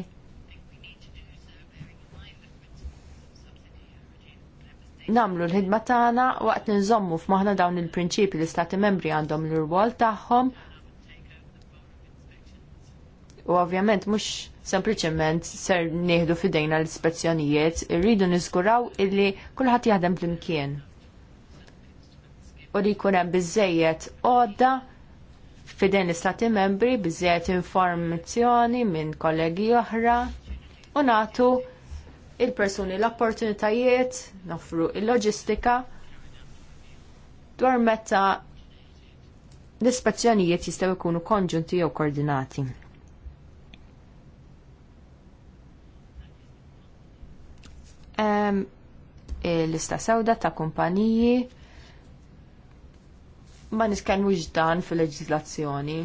namlu l-ħidma tagħna waqt nżommu f'maħna dawn il-prinċipi li stati membri għandhom l rwol tagħhom u ovvjament mhux sempliċement ser nieħdu fidejna l-ispezzjonijiet, irridu niżguraw illi kulħadd jaħdem flimkien. U li jkun hemm biżejjed għodda fidejn l-istati membri biżżejjed informazzjoni minn kollegi oħra u nagħtu il-persuni l-opportunitajiet, nofru il-loġistika dwar meta l-ispezzjonijiet jistgħu jkunu konġunti jew koordinati. l ista sewda ta' kumpaniji ma niskan dan fil-leġislazzjoni.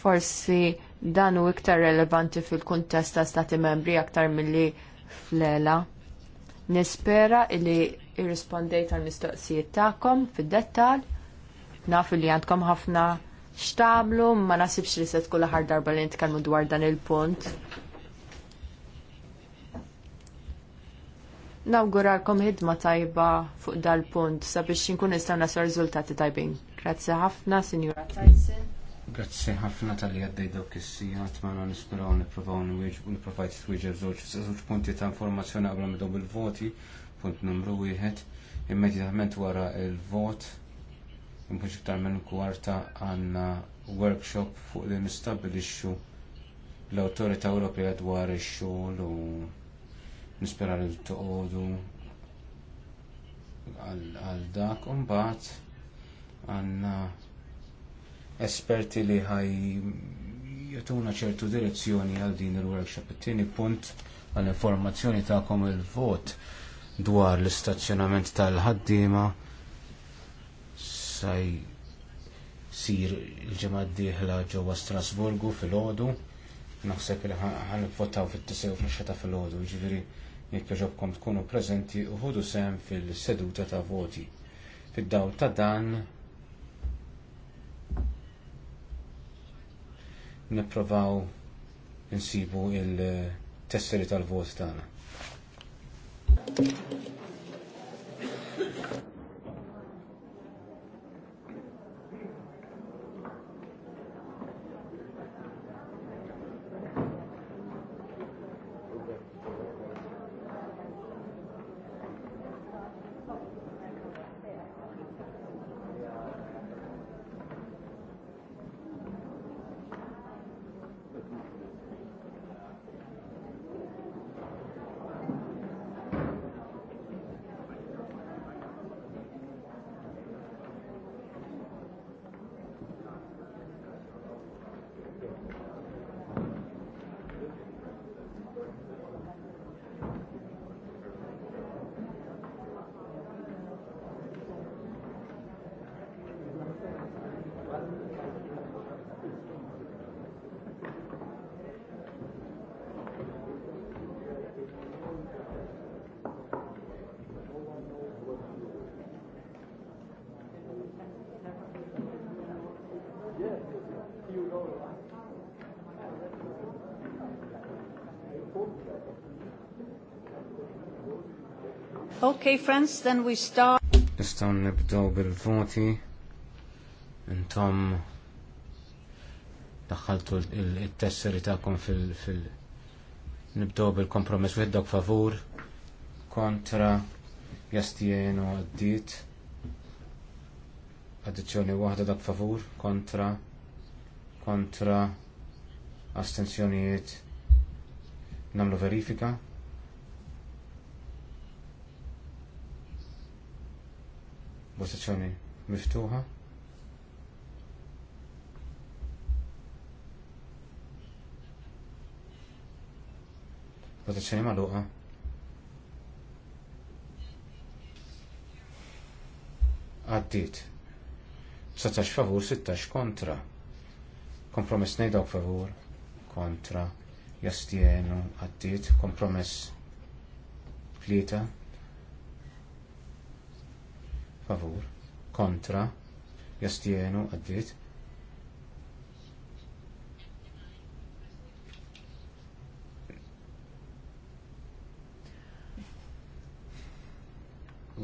Forsi dan u iktar relevanti fil-kuntest ta' stati membri aktar milli ela Nispera illi irrispondejt għal mistoqsijiet tagħkom fid-dettal. Naf li għandkom ħafna xtablu, ma nasibx li se tkun l-aħħar darba li nitkellmu dwar dan il-punt. nawguralkom ħidma tajba fuq dal-punt sabiex inkun nistgħu naslu riżultati tajbin. Grazzi ħafna, Sinjura Tyson. Grazzi ħafna tal-li għaddej dawk is-sijat ma nisperaw nippruvaw nipprovajt twieġeb żewġ żewġ punti ta' informazzjoni qabel ma il-voti, punt numru wieħed, immedjatament wara il-vot impuġ iktar minn kwarta għanna workshop fuq li nistabilixxu l-Awtorità Ewropea dwar ix-xogħol u nispera li toqodu għal dak un bat għandna esperti li ħaj jatuna ċertu direzzjoni għal din il-workshop. It-tieni punt għall informazzjoni tagħkom il-vot dwar l-istazzjonament tal-ħaddiema saj sir il-ġemad diħla ġewwa Strasburgu fil-ħodu, naħseb li ħan votaw fit-tisew fil-xeta fil-ħodu, ġifiri jekk tkunu preżenti uħudu sehem sem fil-seduta ta' voti. Fid-daw ta' dan nipprovaw insibu il-tesseri tal-vot tagħna. Okay, friends, then we start. Nistaw nibdow bil-voti. Intom daħħaltu il-tesseri taqom fil- fil nibdow bil-kompromess wieħed favur kontra jastijenu għaddit. Addizzjoni waħda dak favur kontra kontra astenzjonijiet namlu verifika. Votazzjoni miftuħa. Votazzjoni magħluqa. Għaddit. 19 favur, 16 kontra. Kompromess nejdawk favur, kontra, jastienu, għaddit, kompromess tlieta favur, kontra, jastienu għaddit.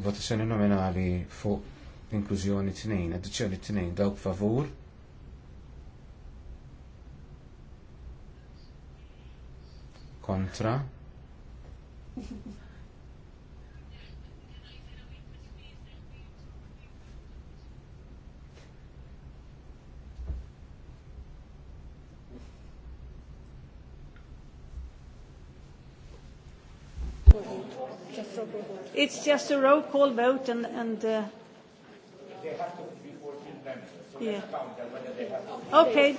Votazzjoni nominali fuq inklużjoni t-nejn, addizzjoni t-nejn, dawk favur, kontra, [laughs] It's just a roll call vote and... and uh, they have to be 14 members, so yeah. Okay,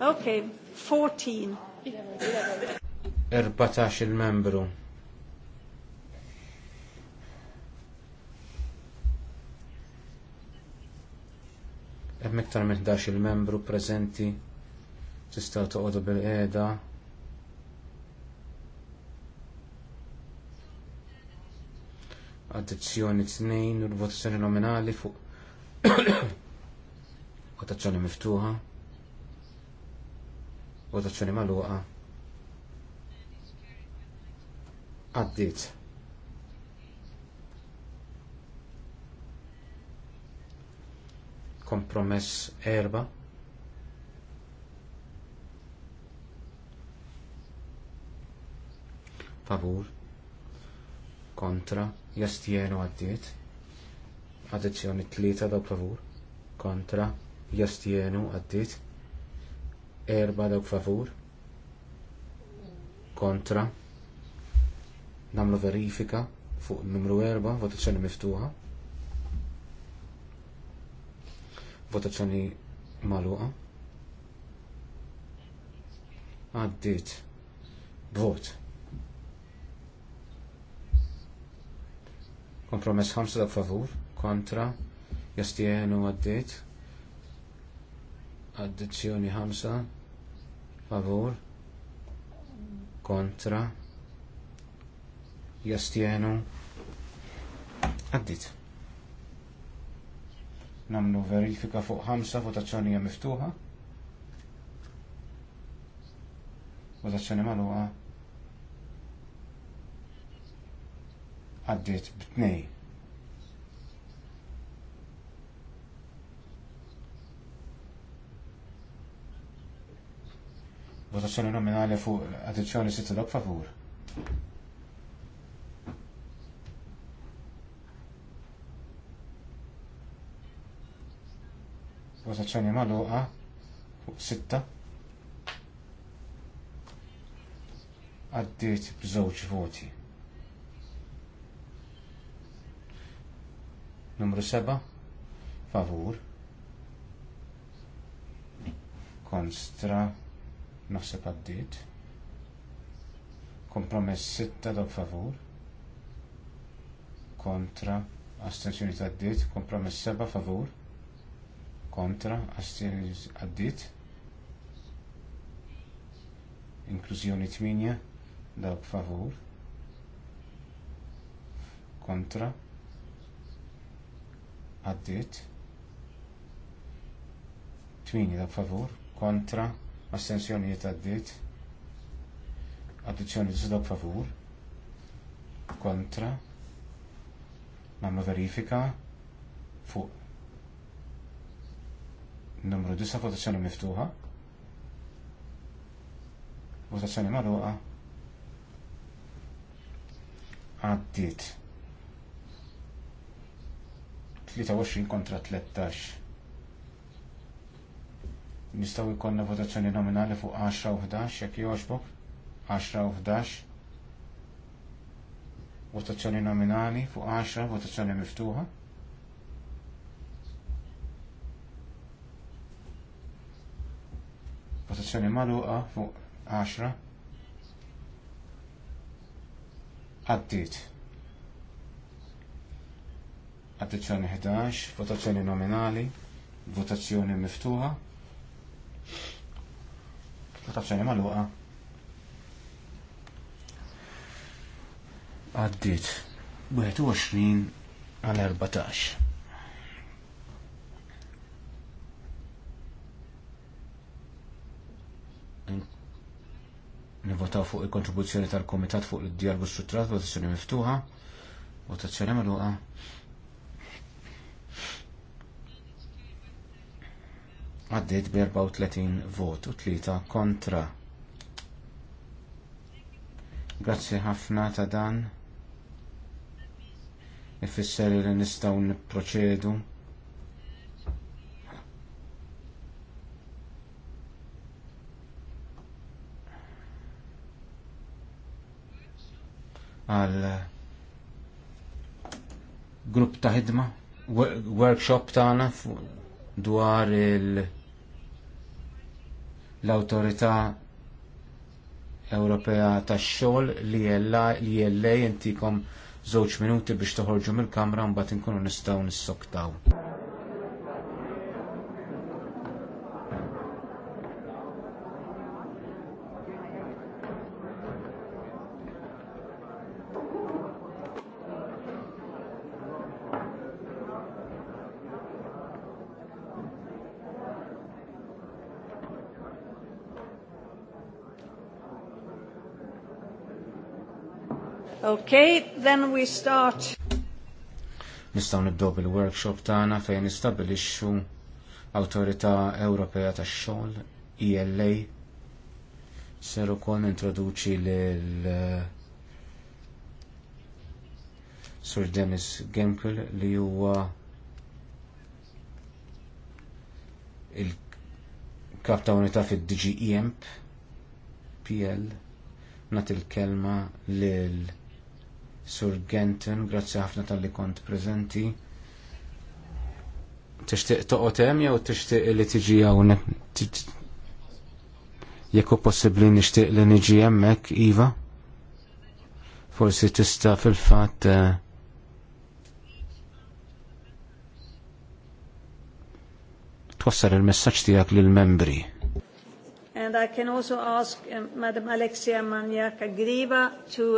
okay, 14. 14 il-membru. Hemm iktar minn 11 il-membru preżenti tistgħu toqgħodu bil-qiegħda addizzjoni t-snejn u l-votazzjoni nominali fuq [coughs] votazzjoni miftuħa votazzjoni maluqa. għaddiet. kompromess erba favur kontra jastienu għaddiet. Addizzjoni tlieta dawk favur kontra jastienu għaddiet. Erba dawk favur kontra namlu verifika fuq numru erba votazzjoni miftuħa votazzjoni maluqa. għaddit Vot. Kompromess ħamsa da' favur, kontra, jastienu għaddit. Addizzjoni ħamsa favur, kontra, jastienu għaddit. Namlu verifika fuq ħamsa votazzjoni hija miftuħa. Votazzjoni magħluqa għaddit b'tnej. Votazzjoni nominali fuq addizzjoni sitt dok favur. Votazzjoni maluqa fuq sitta. Għaddiet b'żewġ voti. Numru 7. Favur. Konstra. Naħseb għaddit. Kompromess 6 dok favur. Kontra. Astenzjoni għaddit. Kompromess 7 favur. Kontra. Astenzjoni għaddit. Inklużjoni 8 dawk favur. Kontra għaddit. Twini dak favur kontra astensjonijiet għaddit. Addizzjoni dak favur kontra namlu verifika fuq numru 9 votazzjoni miftuħa votazzjoni magħluqa għaddiet 23 kontra 13. Nistaw ikonna votazzjoni nominali fuq 10 u 11, jek joġbok, 10 u 11. Votazzjoni nominali fuq 10, votazzjoni miftuħa. Votazzjoni maluqa fuq 10. Għaddit. Attenzjoni 11, votazzjoni nominali, votazzjoni miftuħa, votazzjoni magħluqa. Għaddit 21 għal 14. Nivotaw fuq il-kontribuzzjoni tal-Komitat fuq id djarbu strutturat, votazzjoni miftuħa, votazzjoni magħluqa. għaddiet bi 34 vot u 3 kontra. Grazzi ħafna ta' dan. Ifisser li nistgħu nipproċedu. għal grupp ta' ħidma, workshop tagħna dwar il- l-autorità Ewropea tax-xogħol li jella intikom żewġ minuti biex toħorġu mill-kamra mbagħad inkunu nistgħu nissoktaw. Okay, then we start. Nistaw nibdow bil-workshop tagħna fejn nistabilixxu Awtorità Ewropea tax-xogħol ELA ser ukoll introduċi lil uh, Sir Dennis Gemkel li huwa il-kap ta' unità fid dgemp PL natil il-kelma lil Sur Genten, grazzi ħafna tal-li kont prezenti. Tixtieq toqgħod hemm jew tixtieq li tiġi hawnhekk jekk possibbli nixtieq li niġi hemmhekk, Iva? Forsi tista' fil-fatt eh, twassal il-messaġġ tiegħek lill-membri. And I can also ask eh, Madam Alexia Maniaka Griva to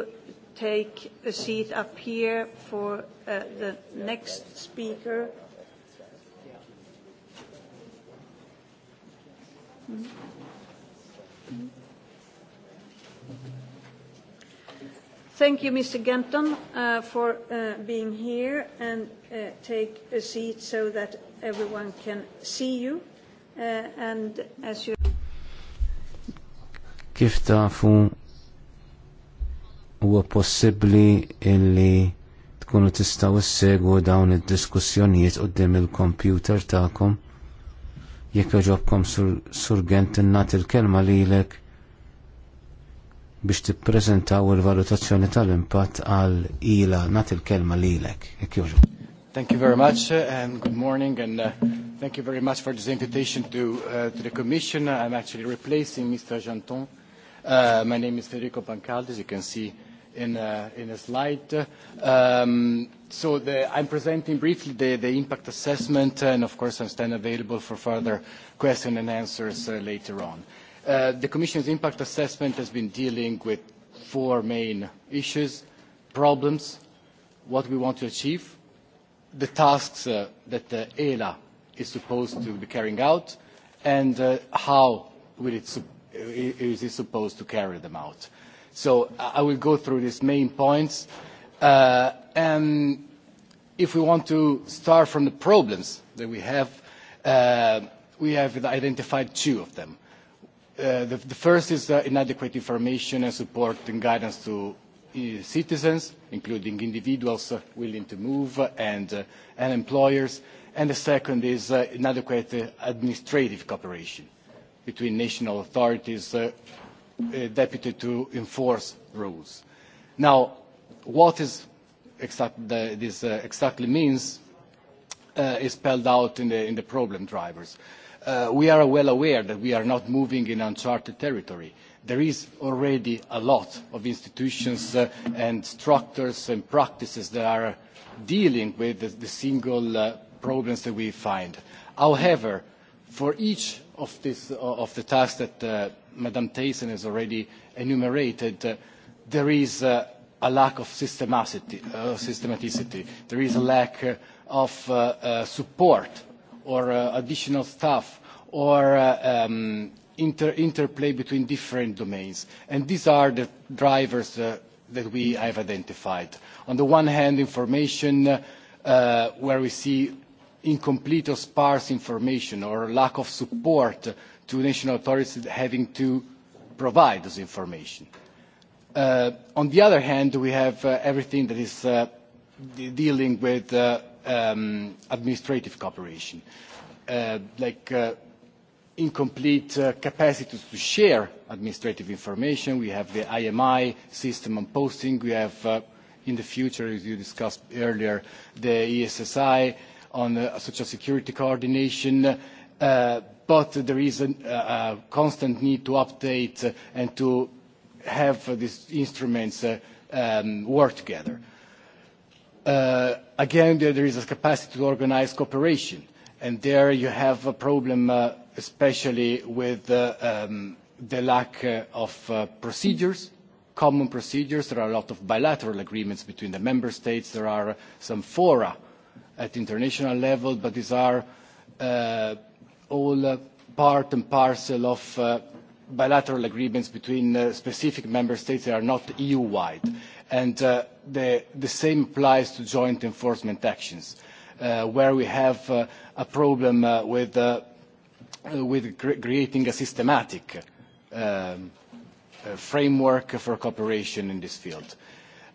take a seat up here for uh, the next speaker. Thank you, Mr. Genton, uh, for uh, being here and uh, take a seat so that everyone can see you. Uh, and as you Kif tafu huwa possibbli illi tkunu tistaw issegwu dawn id-diskussjonijiet quddiem il-kompjuter tagħkom jekk joġobkom surgent innat il-kelma lilek biex tippreżentaw il-valutazzjoni tal-impatt għal ila nat il-kelma lilek jekk joġob. Thank you very much, uh, and good morning, and uh, thank you very much for this invitation to, uh, to the Commission. I'm actually replacing Mr. Janton. Uh, my name is Federico Pancaldi, as you can see in a, uh, in a slide. Um, so the, I'm presenting briefly the, impact assessment, uh, and of course I stand available for further questions and answers uh, later on. the Commission's impact assessment has been dealing with four main issues, problems, what we want to achieve, the tasks that ELA is supposed to be carrying out, and how will it, is it supposed to carry them out. So I will go through these main points. Uh, and if we want to start from the problems that we have, uh, we have identified two of them. Uh, the, the first is uh, inadequate information and support and guidance to uh, citizens, including individuals uh, willing to move uh, and, uh, and employers. And the second is uh, inadequate uh, administrative cooperation between national authorities uh, Uh, deputy to enforce rules. Now, what is exact, the, this uh, exactly means uh, is spelled out in the, in the problem drivers. Uh, we are well aware that we are not moving in uncharted territory. There is already a lot of institutions uh, and structures and practices that are dealing with the, the single uh, problems that we find. However, for each of, this, uh, of the tasks that uh, Madam Thyssen has already enumerated, uh, there is uh, a lack of systematicity, uh, systematicity. There is a lack uh, of uh, uh, support or uh, additional staff or uh, um, inter interplay between different domains. And these are the drivers uh, that we have identified. On the one hand, information uh, where we see incomplete or sparse information or lack of support to national authorities having to provide this information. Uh, on the other hand, we have uh, everything that is uh, dealing with uh, um, administrative cooperation, uh, like uh, incomplete uh, capacity to share administrative information. We have the IMI system on posting. We have, uh, in the future, as you discussed earlier, the ESSI on uh, social security coordination. Uh, but there is a, a uh, uh, constant need to update uh, and to have these instruments um, work together. Uh, again, there, there is a capacity to organize cooperation, and there you have a problem, uh, especially with uh, um, the lack uh, of uh, procedures, common procedures. There are a lot of bilateral agreements between the member states. There are some fora at international level, but these are uh, all uh, part and parcel of uh, bilateral agreements between uh, specific member states that are not EU-wide. And uh, the, the same applies to joint enforcement actions, uh, where we have uh, a problem uh, with, uh, uh with cre creating a systematic um, uh, framework for cooperation in this field.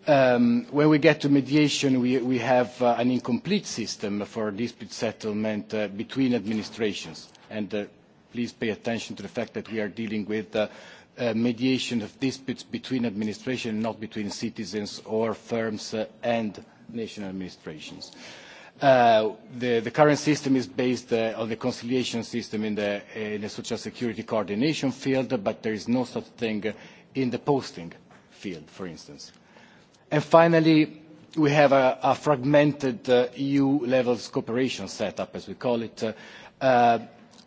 Um, when we get to mediation, we, we have uh, an incomplete system for dispute settlement uh, between administrations. And uh, please pay attention to the fact that we are dealing with uh, uh, mediation of disputes between administration, not between citizens or firms uh, and national administrations. Uh, the, the current system is based uh, on the conciliation system in the, in the social security coordination field, but there is no such thing in the posting field, for instance. And finally, we have a, fragmented uh, EU-level cooperation set up, as we call it. Uh, uh,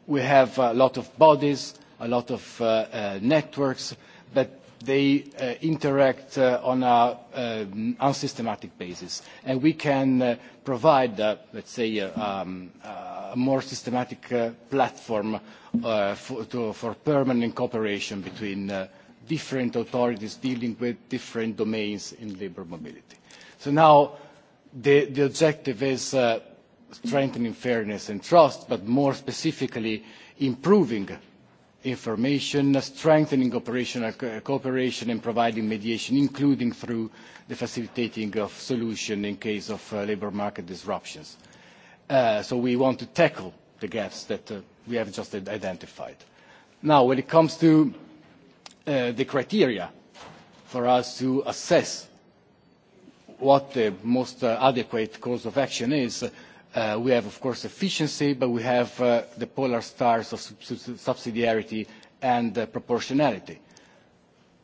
we have a lot of bodies, a lot of networks, but they interact on an unsystematic basis. And we can provide, let's say, um, a more systematic platform for, permanent cooperation between different authorities dealing with different domains in labour mobility. So now the, the objective is uh, strengthening fairness and trust, but more specifically improving information, strengthening operational co cooperation and providing mediation, including through the facilitating of solution in case of uh, labour market disruptions. Uh, so we want to tackle the gaps that uh, we have just identified. Now, when it comes to Uh, the criteria for us to assess what the most uh, adequate course of action is. Uh, we have, of course, efficiency, but we have uh, the polar stars of subsidiarity and uh, proportionality,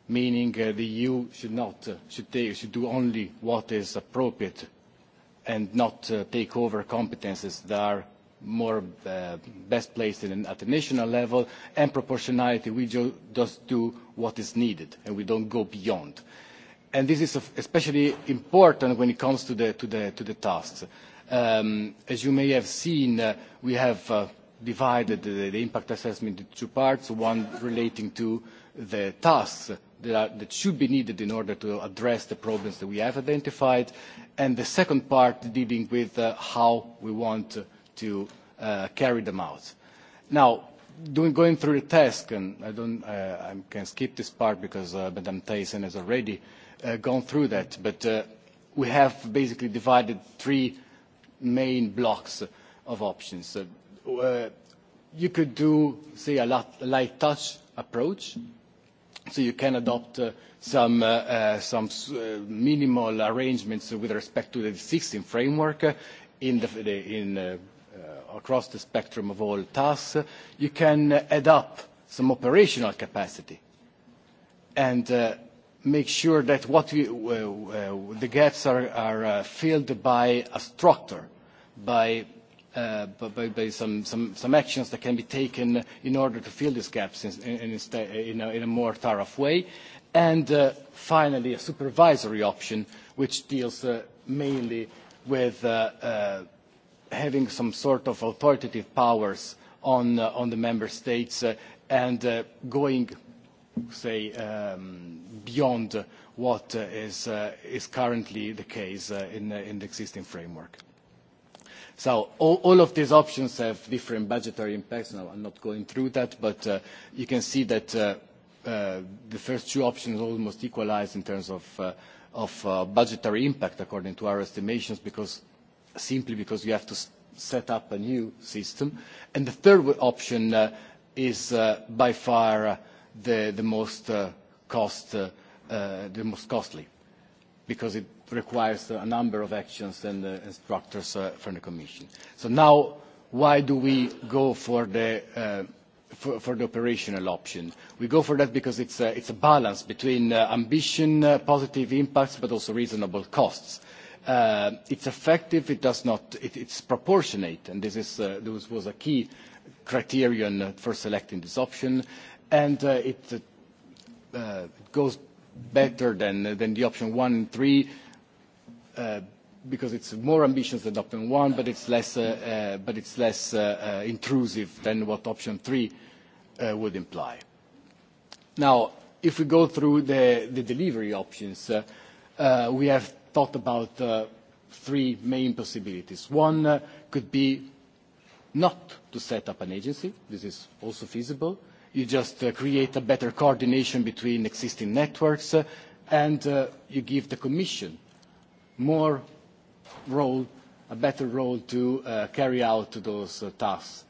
meaning uh, the EU should, not, uh, should, should do only what is appropriate and not uh, take over competences that are more uh, best placed in, at the national level, and proportionality, we do, just do what is needed, and we don't go beyond. And this is especially important when it comes to the, to the, to the tasks. Um, as you may have seen, uh, we have uh, divided the, the impact assessment into two parts, one relating to the tasks that, are, that should be needed in order to address the problems that we have identified, and the second part dealing with uh, how we want to uh, carry them out. Now, doing, going through the task, and I, don't, uh, I can skip this part because uh, Madame Thyssen has already uh, gone through that, but uh, we have basically divided three main blocks of options. Uh, you could do, say, a, lot, a light touch approach, so you can adopt uh, some, uh, uh, some uh, minimal arrangements with respect to the existing framework uh, in, the, in uh, across the spectrum of all tasks, you can add up some operational capacity and uh, make sure that what you, uh, uh, the gaps are, are uh, filled by a structure, by, uh, by, by some, some, some actions that can be taken in order to fill these gaps in, in, in, a, in a more thorough way. And uh, finally, a supervisory option, which deals uh, mainly with uh, uh, having some sort of authoritative powers on, uh, on the member states uh, and uh, going, say, um, beyond what uh, is, uh, is currently the case uh, in, uh, in the existing framework. So all, all of these options have different budgetary impacts. Now, I'm not going through that, but uh, you can see that uh, uh, the first two options almost equalize in terms of, uh, of uh, budgetary impact according to our estimations because simply because you have to set up a new system. And the third option uh, is uh, by far uh, the, the, most, uh, cost, uh, uh, the most costly because it requires a number of actions and uh, instructors uh, from the Commission. So now, why do we go for the, uh, for, for the operational option? We go for that because it's a, uh, it's a balance between uh, ambition, uh, positive impacts, but also reasonable costs. Uh, uh, it's effective, it does not, it, it's proportionate, and this, is, uh, was a key criterion uh, for selecting this option, and uh, it uh, uh goes better than, uh, than the option one and three, uh, because it's more ambitious than option one, but it's less, uh, uh, but it's less uh, intrusive than what option three uh, would imply. Now, if we go through the, the delivery options, uh, we have thought about uh, three main possibilities. One uh, could be not to set up an agency. This is also feasible. You just uh, create a better coordination between existing networks uh, and uh, you give the Commission more role, a better role to uh, carry out those uh, tasks.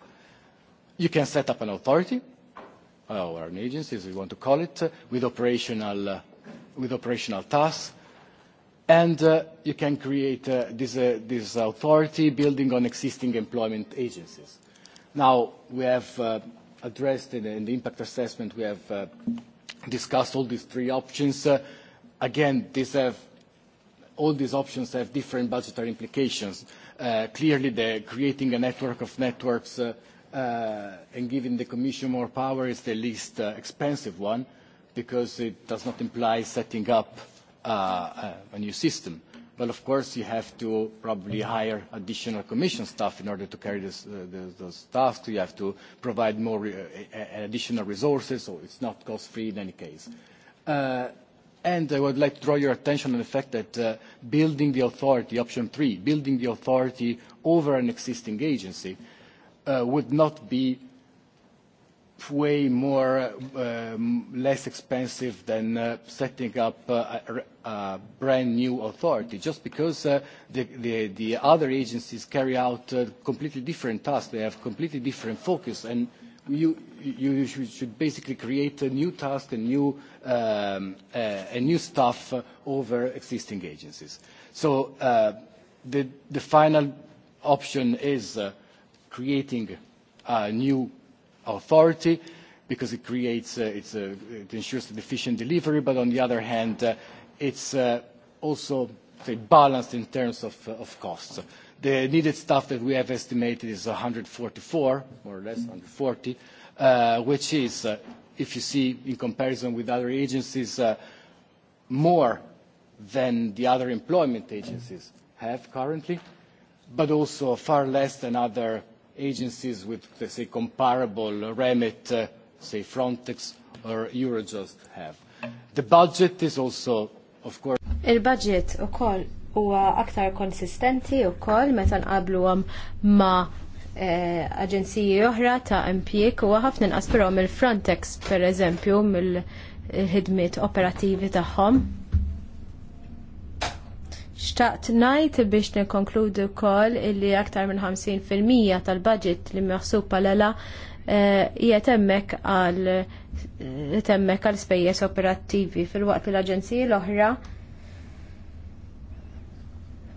You can set up an authority uh, or an agency, as you want to call it, uh, with operational, uh, with operational tasks and uh, you can create uh, this, uh, this authority building on existing employment agencies. Now, we have uh, addressed in, in the impact assessment, we have uh, discussed all these three options. Uh, again, these have, all these options have different budgetary implications. Uh, clearly, the creating a network of networks uh, uh, and giving the Commission more power is the least uh, expensive one because it does not imply setting up uh, Uh, uh, a new system. Well, of course, you have to probably hire additional commission staff in order to carry this, uh, the, those tasks. You have to provide more re uh, uh, additional resources, so it's not cost-free in any case. Uh, and I would like to draw your attention on the fact that uh, building the authority, option three, building the authority over an existing agency uh, would not be way more, um, less expensive than uh, setting up uh, uh, brand new authority just because uh, the, the, the other agencies carry out uh, completely different tasks. They have completely different focus and you, you should basically create a new task, a new, um, uh, a new staff uh, over existing agencies. So uh, the, the final option is uh, creating a new authority because it creates, uh, it's, uh, it ensures the efficient delivery, but on the other hand, uh, it's uh, also say, balanced in terms of, uh, of costs. The needed stuff that we have estimated is 144, more or less 140, uh, which is, uh, if you see in comparison with other agencies, uh, more than the other employment agencies have currently, but also far less than other agencies with, let's say, comparable remit, uh, say Frontex or Eurojust have. The budget is also Il-budget u koll huwa aktar konsistenti u koll meta nqablu ma' eh, aġenziji oħra ta' MPK u ħafna nqasbirhom il-Frontex per eżempju mill-ħidmiet operattivi tagħhom. Xtaqt ngħid biex nikkonkludu wkoll illi aktar minn 50% tal-budget li meħsub palala Eh, hija temmek għal eh, temmek għal spejjeż operattivi fil-waqt li l-aġenziji l-oħra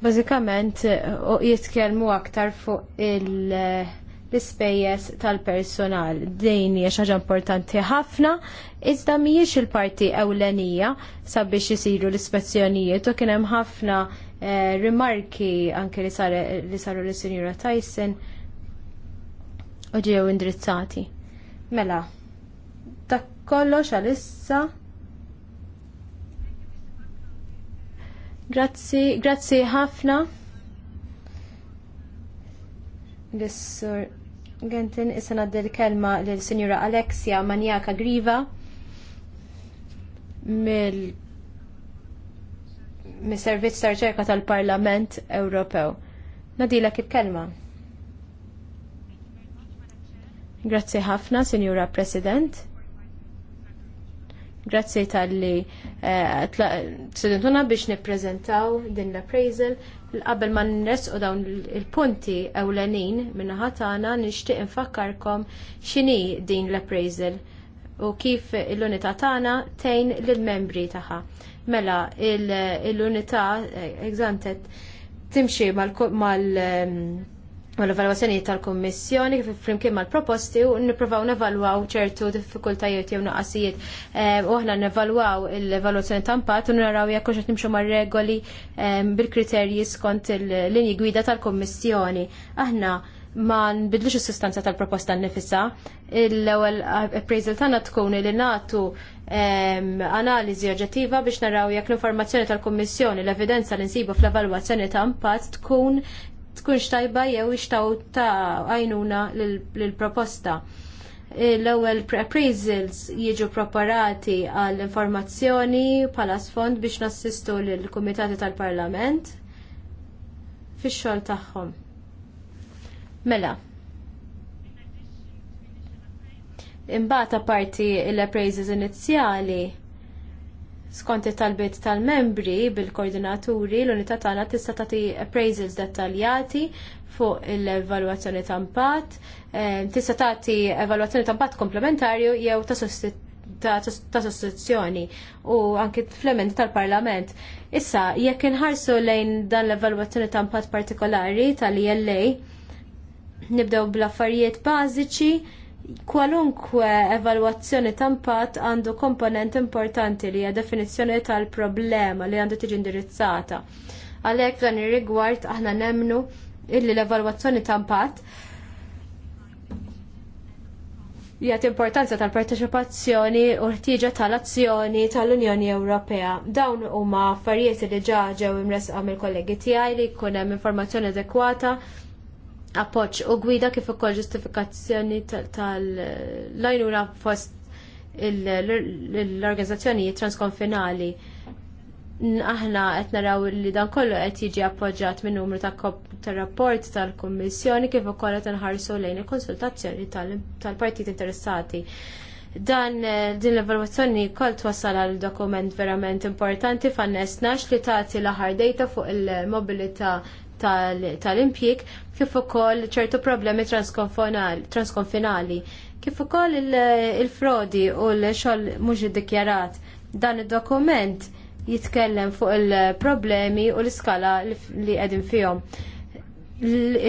bażikament eh, jitkellmu aktar fuq l-ispejjeż tal-personal. Din hija xi ħaġa importanti ħafna, iżda mhijiex il-parti ewlenija sabiex isiru l-ispezzjonijiet u kien hemm ħafna rimarki anke li saru l sinjura Tyson u ġew indirizzati. Mela, dak kollox għalissa. Grazzi, grazzi ħafna. Lissur Gentin, issa naddi l-kelma l-Sinjura Alexia Manjaka Griva mill mis-servizz ta' tal-Parlament Ewropew. Nadilek il-kelma. Grazzi ħafna, Sinjura President. Grazzi tal-li eh, sedentuna biex nipprezentaw din l-appraisal. Qabel ma nresqu dawn il-punti ewlenin minnaħa tagħna nixtieq infakkarkom x'inhi din l-appraisal u kif l-unità tagħna tejn lill-membri tagħha. Mela l-unità eh, eżantet timxi mal-, mal, mal l-evalwazzjoni tal-Kommissjoni kif flimkien mal-proposti u nipprovaw nevalwaw ċertu diffikultajiet jew naqasijiet eh, u aħna nevalwaw l-evalwazzjoni tal impatt u naraw jekk hux qed nimxu mar-regoli eh, bil-kriterji skont il-linji gwida tal-Kommissjoni. Aħna ma nbidlux is-sustanza tal-proposta nnifisha. L-ewwel appraisal tagħna tkun li nagħtu eh, analiżi oġġettiva biex naraw jekk l-informazzjoni tal-Kummissjoni l-evidenza li nsibu fl-evalwazzjoni ta' impatt tkun tkunx tajba jew ixtaw ta' għajnuna lill-proposta. L-ewwel appraisals jiġu preparati għall informazzjoni bħala sfond biex nassistu lill-Kumitati tal-Parlament fix-xogħol tagħhom. Mela. Imbagħad apparti l-appraisals inizjali Skont it-talbiet tal-membri bil-koordinaturi l-unità tagħna tista' tagħti appraisals dettaljati fuq l-evalwazzjoni ta' impatt, eh, tista' tagħti evalwazzjoni ta' impatt komplementarju jew ta' ta' sostituzzjoni u anki fl-ement tal-parlament. Issa, jekk inħarsu lejn dan l-evalwazzjoni ta' impatt partikolari tal-ILA, nibdew bl-affarijiet bażiċi Kwalunkwe evalwazzjoni ta' impatt għandu komponent importanti li hija definizzjoni tal-problema li għandu tiġi indirizzata. Għalhekk dan ir-rigward aħna nemnu illi l-evalwazzjoni ta' impatt jgħat importanza tal-parteċipazzjoni u ħtieġa tal-azzjoni tal-Unjoni Ewropea. Dawn huma affarijiet li ġaġew imresqa mill-kollegi tiegħi li jkun hemm informazzjoni adekwata appoġġ u gwida kif ukoll ġustifikazzjoni tal-lajnuna fost l-organizzazzjonijiet transkonfinali. Aħna qed naraw li dan kollu qed jiġi appoġġjat minn numru ta' rapport tal-Kummissjoni kif ukoll qed inħarsu lejn il-konsultazzjoni tal-partit interessati. Dan eh, din l-evalwazzjoni kol twassal għal dokument verament importanti fan-nesnax li tagħti l-aħħar data fuq il-mobilità tal-impjik kif ukoll ċertu problemi transkonfinali. Kif ukoll il-frodi u l-xogħol mhux iddikjarat dan id-dokument jitkellem fuq il-problemi u l-iskala li qegħdin fihom.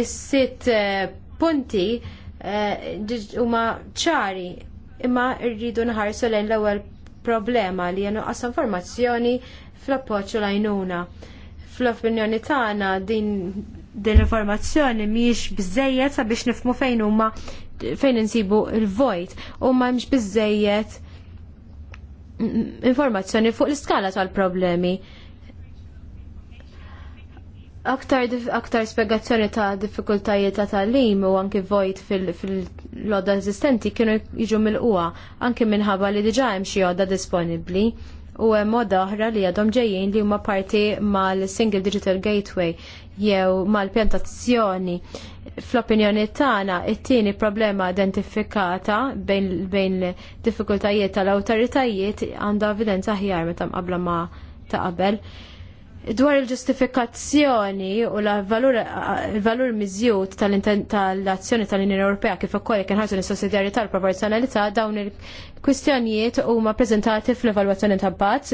Is-sitt eh, punti eh, huma ċari imma rridu nħarsu lejn l-ewwel problema li jenu informazzjoni formazzjoni fl-appoċċju lajnuna. Fl-opinjoni tagħna din din l informazzjoni mhijiex biżejjed sabiex nifmu fejn huma fejn insibu l vojt u ma mhix biżejjed informazzjoni fuq l-iskala tal-problemi. Aktar, aktar spiegazzjoni ta' diffikultajiet ta' tal-lim u anki vojt fil-loda fil eżistenti kienu jiġu mill-qwa anki minħabba li diġa hemm xi għodda disponibbli u hemm moda oħra li għadhom ġejjin li huma parti mal-Single Digital Gateway jew mal-pjantazzjoni. Fl-opinjoni tagħna it-tieni problema identifikata bejn bejn diffikultajiet tal-awtoritajiet għandha evidenza aħjar meta mqabbla ma' ta' qabel. Dwar il-ġustifikazzjoni u l-valur miżjud tal-azzjoni tal-Unjoni Ewropea kif ukoll jekk inħarsu nis-sussidjarjetà l proporzjonalità dawn il-kwistjonijiet huma ppreżentati fl-evalwazzjoni ta' Bat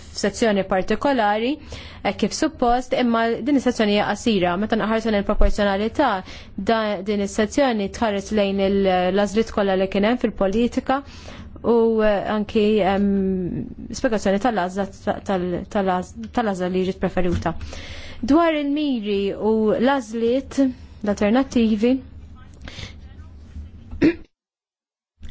f'sezzjoni partikolari e, kif suppost imma din is-sezzjoni hija qasira meta naħarsu il-proporzjonalità din is-sezzjoni tħares lejn l-għażliet kollha li kien hemm fil-politika u eh, anki spiegazzjoni tal tal tal-azza li ġiet preferuta. Dwar il-miri u l azlit l-alternativi, [clears throat]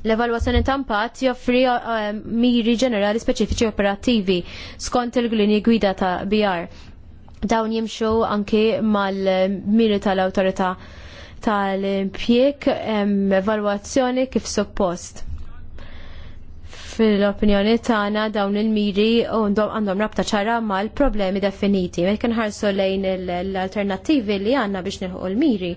L-evalwazzjoni ta' impatt joffri eh, miri ġenerali speċifiċi operattivi skont il-glini gwida ta' BR. Dawn jimxu anki mal-miri tal autorita tal-impjek evalwazzjoni kif suppost fil-opinjoni tagħna dawn il-miri għandhom rabta ċara mal-problemi definiti. Meta kien ħarsu lejn l-alternattivi li għandna biex nilħu l-miri.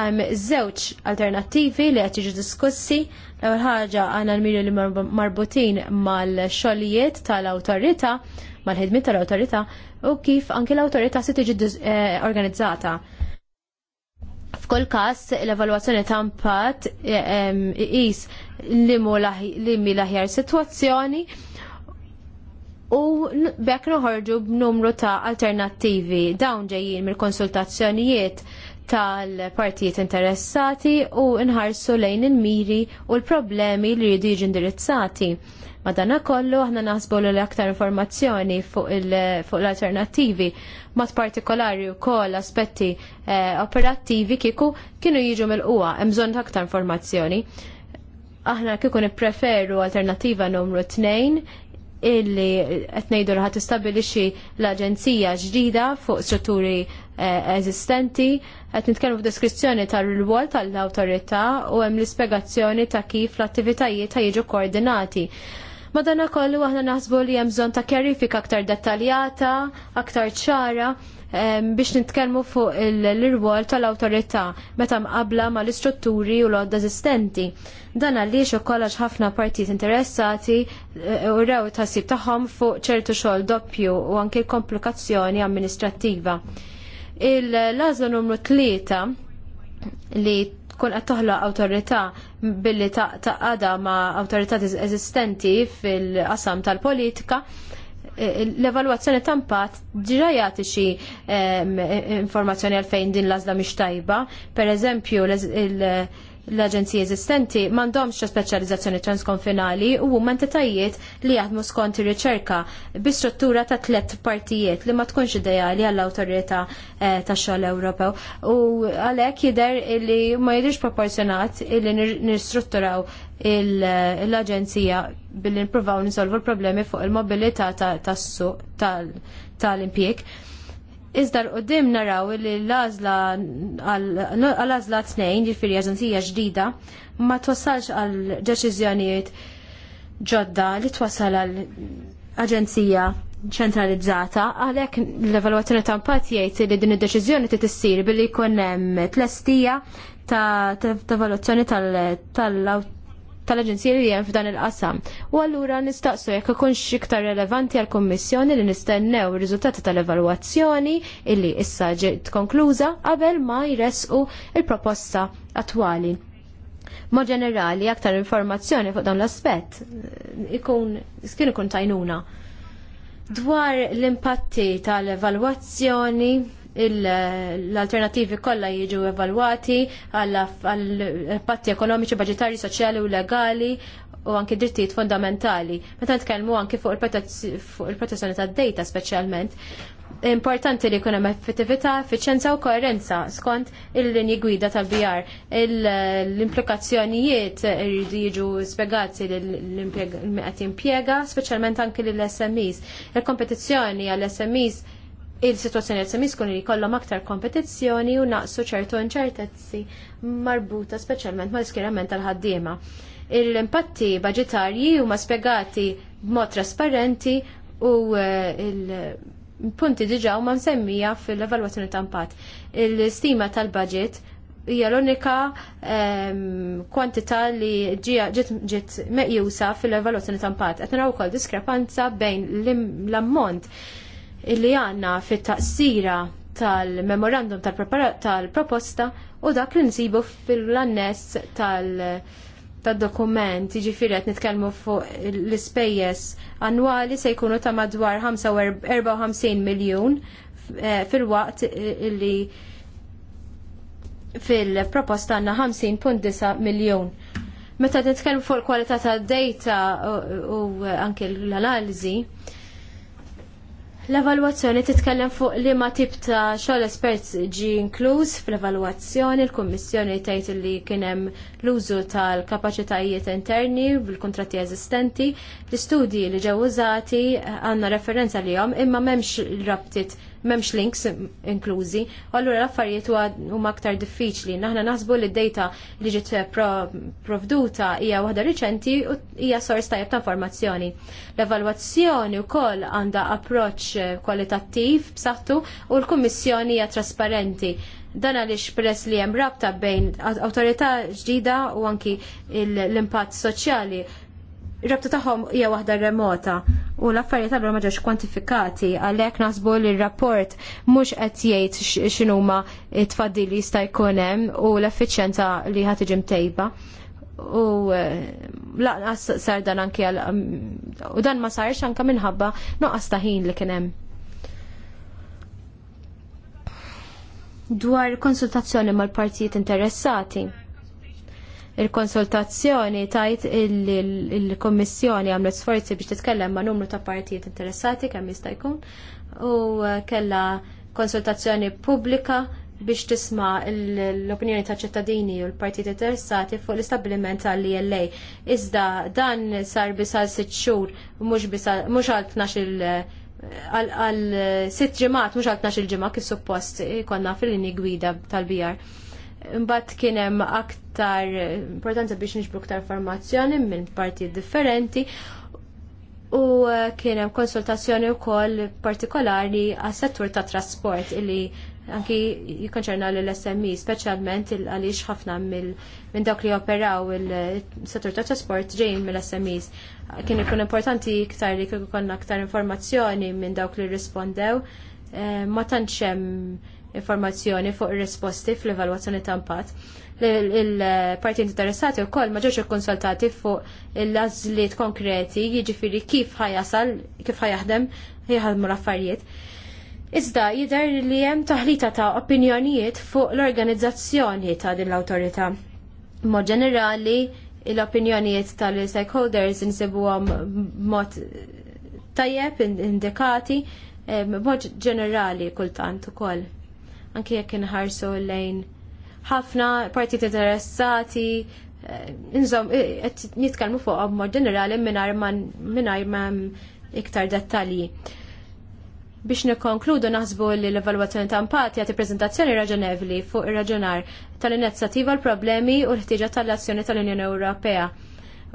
Għam żewġ alternattivi li qed diskussi l-ewwel ħaġa għandna l-miri li marbutin mal-xogħlijiet tal-awtorità, mal-ħidmiet tal-awtorità u kif anki l-awtorità se tiġi eh, organizzata. F'kull każ l-evalwazzjoni ta' impatt eh, li mi laħjar situazzjoni u bekk noħorġu b'numru ta' alternattivi dawn ġejjin mill-konsultazzjonijiet tal-partijiet interessati u nħarsu lejn il-miri u l-problemi li jridu jiġi indirizzati. Madana kollu aħna naħsbu l aktar informazzjoni fuq l-alternativi mat partikolari u koll aspetti eh, operattivi kiku kienu jiġu mill-qwa, emżon aktar informazzjoni aħna kieku preferu alternativa numru 2 illi qed ngħidu li ħadd l-aġenzija ġdida fuq strutturi eh, eżistenti, qed nitkellmu f'deskrizzjoni tar-rwol tal-awtorità u hemm l-ispjegazzjoni ta' kif l-attivitajiet jiġu koordinati. Madana kollu aħna naħsbu li hemm bżonn ta' kjarifika aktar dettaljata, aktar ċara biex nitkellmu fuq l-irwol tal-awtorità meta mqabla mal istrutturi u l-għodda eżistenti. Dan għaliex ukoll għax ħafna partijiet interessati eh, u rew tħassib tagħhom fuq ċertu xogħol doppju u anke komplikazzjoni amministrattiva. Il-lażla numru tlieta li tkun qed toħloq awtorità billi taqada ma' awtorità eżistenti fil-qasam tal-politika l evaluazzjoni ta' impatt ġira jagħti xi ehm, informazzjoni għalfejn din l-għażla mhix tajba. Pereżempju, l aġenzija eżistenti m'għandhomx speċjalizzazzjoni transkonfinali u huma entitajiet li jaħdmu skont ir-riċerka bi struttura ta' tliet partijiet li ma tkunx ideali għall-awtorità eh, tax-xogħol Ewropew. U għalhekk jidher li ma jidhirx proporzjonat li nirstrutturaw l-aġenzija billi nippruvaw nisolvu l-problemi fuq il-mobilità tas-suq tal-impjeg. Ta Iżda l-qoddim naraw li l-azla għal-azla t-snejn, ġifiri aġenzija ġdida, ma twassalx għal deċiżjonijiet ġodda li twassal għal aġenzija ċentralizzata, għalek l-evaluazzjoni ta' impatt jgħid li din id-deċiżjoni trid issir billi jkun hemm tlestija ta' evaluazzjoni tal-awt tal-Aġenzija li hemm f'dan il-qasam. U allura nistaqsu jekk ikunx iktar relevanti għall kummissjoni li nistennew ir-riżultati tal-evalwazzjoni illi issa ġiet konkluża qabel ma jresqu il-proposta attwali. Ma ġenerali, aktar informazzjoni fuq dawn l-aspett eh, ikun kien ikun tajnuna dwar l-impatti tal-evalwazzjoni l-alternativi kollha jiġu evalwati għall-patti ekonomiċi, budgetari, soċjali u legali u anki drittijiet fondamentali. Meta nitkellmu anki fuq il-protezzjoni tad-data speċjalment, importanti li jkun hemm effettività, effiċjenza u koerenza skont il-linji gwida tal-BR. L-implikazzjonijiet irridu jiġu spjegati l-impjega, speċjalment anki lill smes Il-kompetizzjoni għall smes il-situazzjoni qed semiskun li jkollhom aktar kompetizzjoni u naqsu ċertu inċertezzi marbuta speċjalment mal skirament tal-ħaddiema. Il-impatti budgetarji huma spjegati b'mod trasparenti u eh, il-punti diġa huma msemmija fil-evalwazzjoni ta' impatt. Il-stima tal-budget hija l-unika ehm, kwantità li ġiet meqjusa fil-evalwazzjoni ta' impatt. Qed naraw ukoll diskrepanza bejn l-ammont illi għanna fit-taqsira tal-memorandum tal-proposta u dak li nsibu fil-anness tal-dokument, ġifiri għet nitkelmu fuq l-spejjes annwali se jkunu ta' madwar 54 miljon eh, fil-waqt li fil-proposta għanna 50.9 miljon. Meta nitkellmu fuq il-kwalità tad-data u anke l-analiżi, L-evalwazzjoni titkellem fuq li ma tip ta' xogħol esperts ġi inkluż fl-evalwazzjoni, l-Kummissjoni tgħid li kien hemm l-użu tal-kapaċitajiet interni bil-kontratti eżistenti, l-istudji li ġew użati eh, għandna referenza li jom imma m'hemmx rabtiet m'hemmx links inklużi, u allura l-affarijiet huma aktar diffiċli. Naħna naħsbu li d-data li ġiet provduta hija waħda riċenti u hija sors tajjeb ta' informazzjoni. L-evalwazzjoni wkoll għandha approċċ kwalitattiv b'saħħtu u l-Kummissjoni hija trasparenti Dan għaliex press li hemm rabta bejn awtorità ġdida u anki l-impatt soċjali. Rabta tagħhom hija waħda remota u l-affarijiet allura ma ġewx kwantifikati għalhekk nasbu li r-rapport mhux qed jgħid x'inhuma t-tfaddil li jista' jkun hemm u l-effiċjenza li ħad tiġi mtejba u eh, laqas sar dan anki għal u dan ma sarx anka minħabba noqqas ta' ħin li kien hemm. dwar konsultazzjoni mal-partijiet interessati. Il-konsultazzjoni tajt il-Kommissjoni għamlet sforzi biex titkellem ma' numru ta' partijiet interessati kemm jista' jkun u uh, kella konsultazzjoni pubblika biex tisma l-opinjoni ta' ċittadini u l-partijiet interessati fuq l-istabbiliment tal ila Iżda dan sar bisal sitt xhur mhux għal 12 għal sitt ġimgħat mhux għal il ġimgħa kif suppost konna fil-lini gwida tal-bijar. Imbagħad kien hemm aktar importanza biex niġbru aktar informazzjoni minn partijiet differenti u eh, kien hemm konsultazzjoni wkoll partikolari għas settur tat trasport illi anki jikonċerna l-SMI, e, specialment għaliex ħafna minn dawk li operaw il-settur ta' trasport ġejjin mill-SMEs. Kien ikun importanti iktar li kieku aktar informazzjoni minn dawk li rispondew. Eh, ma tantx hemm informazzjoni fuq ir-risposti fl-evalwazzjoni ta' impatt. Il-parti interessati wkoll ma ġewx ikkonsultati fuq il lażliet konkreti, jiġifieri kif ħajasal, kif ħajaħdem, ħajħadmu l-affarijiet. Iżda jidher li hemm taħlita ta' opinjonijiet fuq l-organizzazzjoni ta' din l-awtorità. Mod ġenerali, l-opinjonijiet tal-stakeholders insibuhom mod tajjeb indikati eh, b'mod ġenerali kultant ukoll. Anke jekk inħarsu lejn ħafna partit interessati, eh, inżom, eh, qed nitkellmu fuq mod ġenerali mingħajr ma iktar dettalji. Biex nikkonkludu naħsbu li l-evalwazzjoni ta' impatt jagħti preżentazzjoni raġonevli fuq ir-raġunar tal-inizjattiva l-problemi u l ħtiġa tal-azzjoni tal-Unjoni Ewropea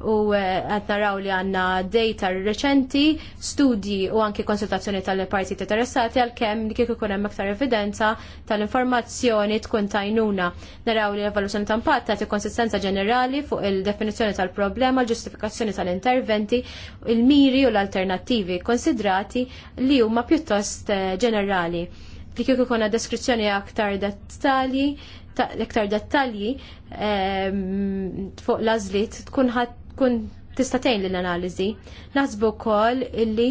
u eh, għattaraw li għanna data reċenti, studji u anki konsultazzjoni tal-partit interessati għal kem li kieku hemm aktar evidenza tal-informazzjoni tkun tajnuna. Naraw li l-evoluzzjoni ta' impatt ta' konsistenza ġenerali fuq il-definizjoni tal-problema, l-ġustifikazzjoni tal-interventi, il-miri u l-alternativi konsidrati li huma pjuttost eh, ġenerali. Li kieku kuna deskrizzjoni aktar dettali l-iktar dettalji ehm, fuq lażlit tkun ħadd kun tista' l-analizi. analiżi kol wkoll illi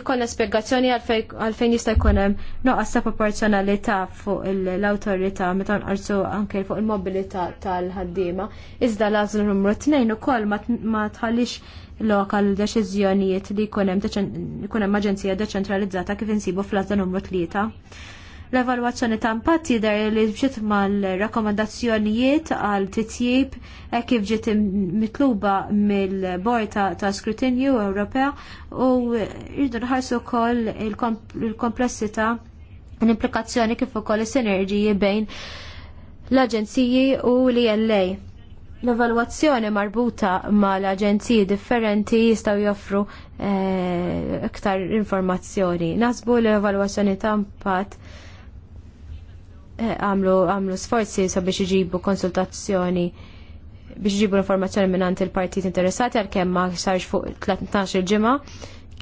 jkollna spjegazzjoni għalfejn jista' jkun hemm noqas ta' proporzjonalità fuq l-awtorità meta nqarsu anke fuq il-mobilità tal-ħaddiema. Iżda l-għażlu numru tnejn ukoll ma tħallix lokal deċiżjonijiet li jkun hemm aġenzija deċentralizzata kif insibu fl-għażla numru tlieta. L-evalwazzjoni ta' impatt jidher li ġiet mal-rakkomandazzjonijiet għal titjib e kif ġiet mitluba mill-Bord ta' Skrutinju Ewropea u jridu nħarsu wkoll il-komplessità l-implikazzjoni kif ukoll is-sinerġiji bejn l-aġenziji u l-ILA. L-evalwazzjoni marbuta ma l-aġenziji differenti jistaw joffru eh, iktar informazzjoni. Nasbu l-evalwazzjoni ta' impatt Eh, għamlu għamlu sforzi sabiex iġibu konsultazzjoni biex iġibu informazzjoni minn għant il-partit interessati għal kemm ma sarx fuq 13 il-ġimgħa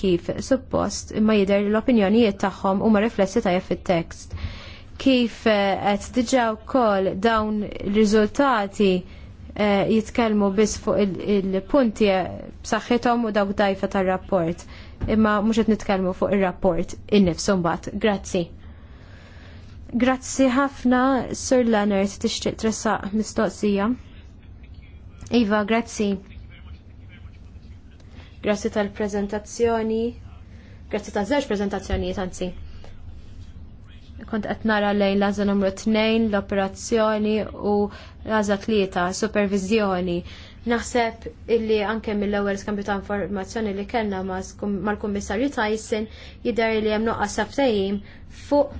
kif suppost imma jidher l-opinjonijiet tagħhom huma riflessi tajjeb fit-tekst. Kif eh, qed diġà wkoll dawn ir-riżultati eh, jitkellmu biss fuq il-punti b'saħħithom u dawk dajfa tar-rapport imma mhux qed nitkellmu fuq ir-rapport innifsu mbagħad. Grazzi. Grazzi ħafna, Sir Leonard, tixtieq tressaq mistoqsija. Iva, grazzi. Grazzi tal-prezentazzjoni. Grazzi ta' żewġ prezentazzjonijiet anzi. Kont qed nara lejn laża numru tnejn, l-operazzjoni u laża tlieta, supervizjoni. Naħseb illi anke mill-ewwel skambju ta' informazzjoni li kellna mal-Kummissarju Tyson jidher li hemm noqqas ftehim fuq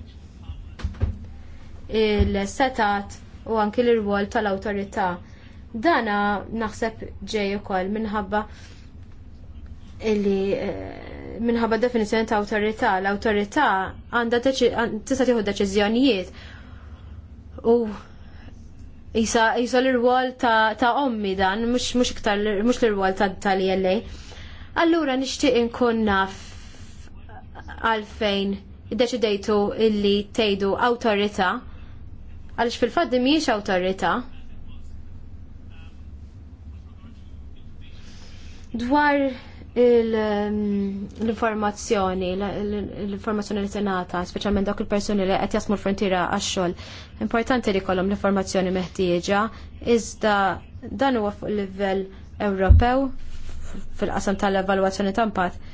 il-setat u anki l-rwol tal-awtorità. Dana naħseb ġej ukoll minħabba illi eh, minħabba definizjoni ta' awtorità. L-awtorità għandha tista' tieħu deċiżjonijiet u jisa l-rwol ta' ommi dan, mhux iktar mhux l-rwol tal-jellej. Allura nixtieq inkun naf għalfejn deċidejtu illi tgħidu awtorità għaliex fil-fatt di mhijiex awtorità. Dwar um, l-informazzjoni, l-informazzjoni li tenata, speċjalment dak il-persuni li qed jasmu l frontira għax-xogħol, importanti li jkollhom l-informazzjoni meħtieġa, iżda dan huwa fuq livell Ewropew fil-qasam tal-evalwazzjoni ta' impatt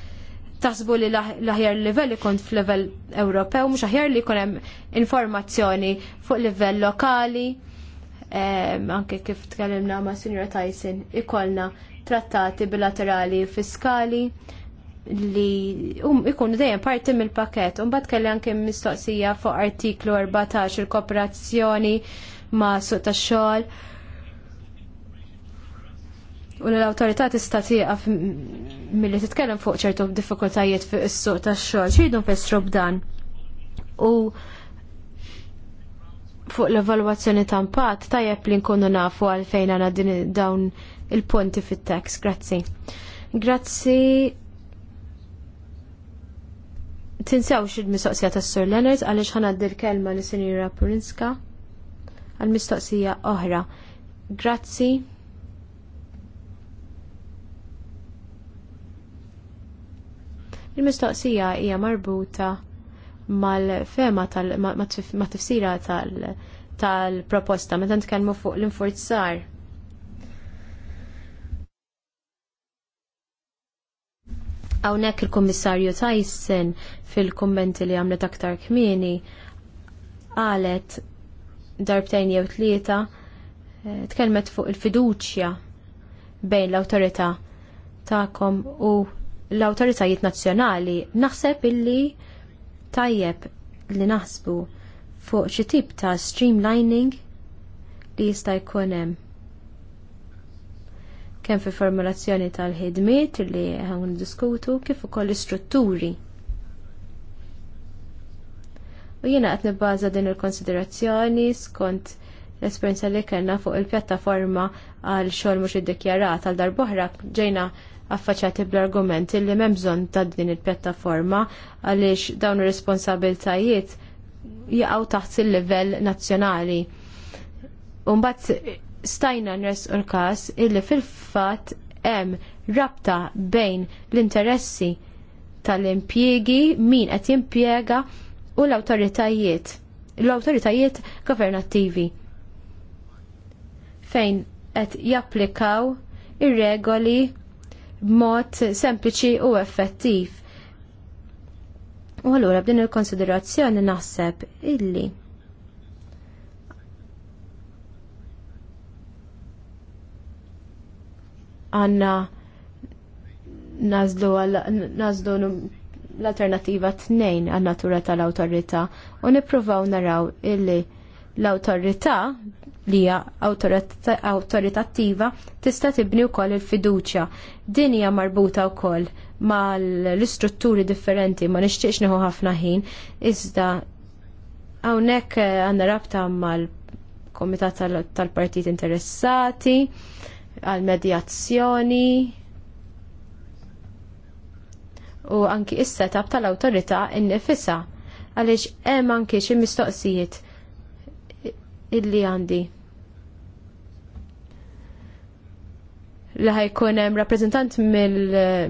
taħsbu li l-aħjar livell ikun f'livell Ewropew, mhux aħjar li jkun hemm informazzjoni fuq livell lokali. Anke kif tkellimna ma' Sinjora Tyson, ikollna trattati bilaterali fiskali li um ikun dejjem parti mill Un Umbagħad kelli anke mistoqsija fuq artiklu 14 il-kooperazzjoni ma' suq tax-xogħol u l-autorità tista' tieqaf milli titkellem fuq ċertu diffikultajiet fuq is-suq tax-xogħol xridu fissru b'dan. U fuq l-evalwazzjoni ta' impatt tajjeb li nkunu nafu għalfejn għandna dawn il-punti fit text Grazzi. Grazzi tinsewx il-mistoqsija tas Sir Leonard għaliex ħanaddi l-kelma li Sinjura Purinska għal mistoqsija oħra. Grazzi. Il-mistoqsija hija marbuta mal-fema ma' tifsira tal-proposta, meta nitkellmu fuq l-infurzar. Hawnhekk il-Kummissarju Tyson fil-kummenti li għamlet aktar kmieni qalet darbtejn jew tlieta eh, tkellmet fuq il-fiduċja bejn l-awtorità tagħkom u l-awtoritajiet nazzjonali. Naħseb illi tajjeb li naħsbu fuq xi tip ta' streamlining li jista' jkun hemm. Kemm fi formulazzjoni tal-ħidmiet li hawn diskutu kif ukoll istrutturi. U jiena qed nibbaża din il-konsiderazzjoni skont l-esperjenza li kellna fuq il-pjattaforma għal xogħol mhux iddikjarat għal darboħra ġejna affaċċati bl-argument li m'hemm bżonn ta' din il-pjattaforma għaliex dawn ir-responsabiltajiet jaqgħu taħt il-livell nazzjonali. mbagħad stajna nres u l-każ illi fil-fatt hemm rabta bejn l-interessi tal-impjiegi, min qed jimpjega u l-awtoritajiet, l-awtoritajiet governattivi fejn qed japplikaw ir-regoli mod sempliċi u effettiv. U allura b'din il-konsiderazzjoni naħseb illi għanna nazlu l-alternativa t-nejn għan natura tal-autorita u nipruvaw naraw illi l-autorita li hija awtoritattiva tista' tibni wkoll il-fiduċja. Din hija marbuta wkoll mal-istrutturi differenti ma nixtieqx nieħu ħafna ħin iżda hawnhekk eh, għandna rabta mal kumitat tal-partit interessati għal-medjazzjoni u anki is-setup tal-awtorità innifisha għaliex hemm anki xi mistoqsijiet illi għandi. li kunem hemm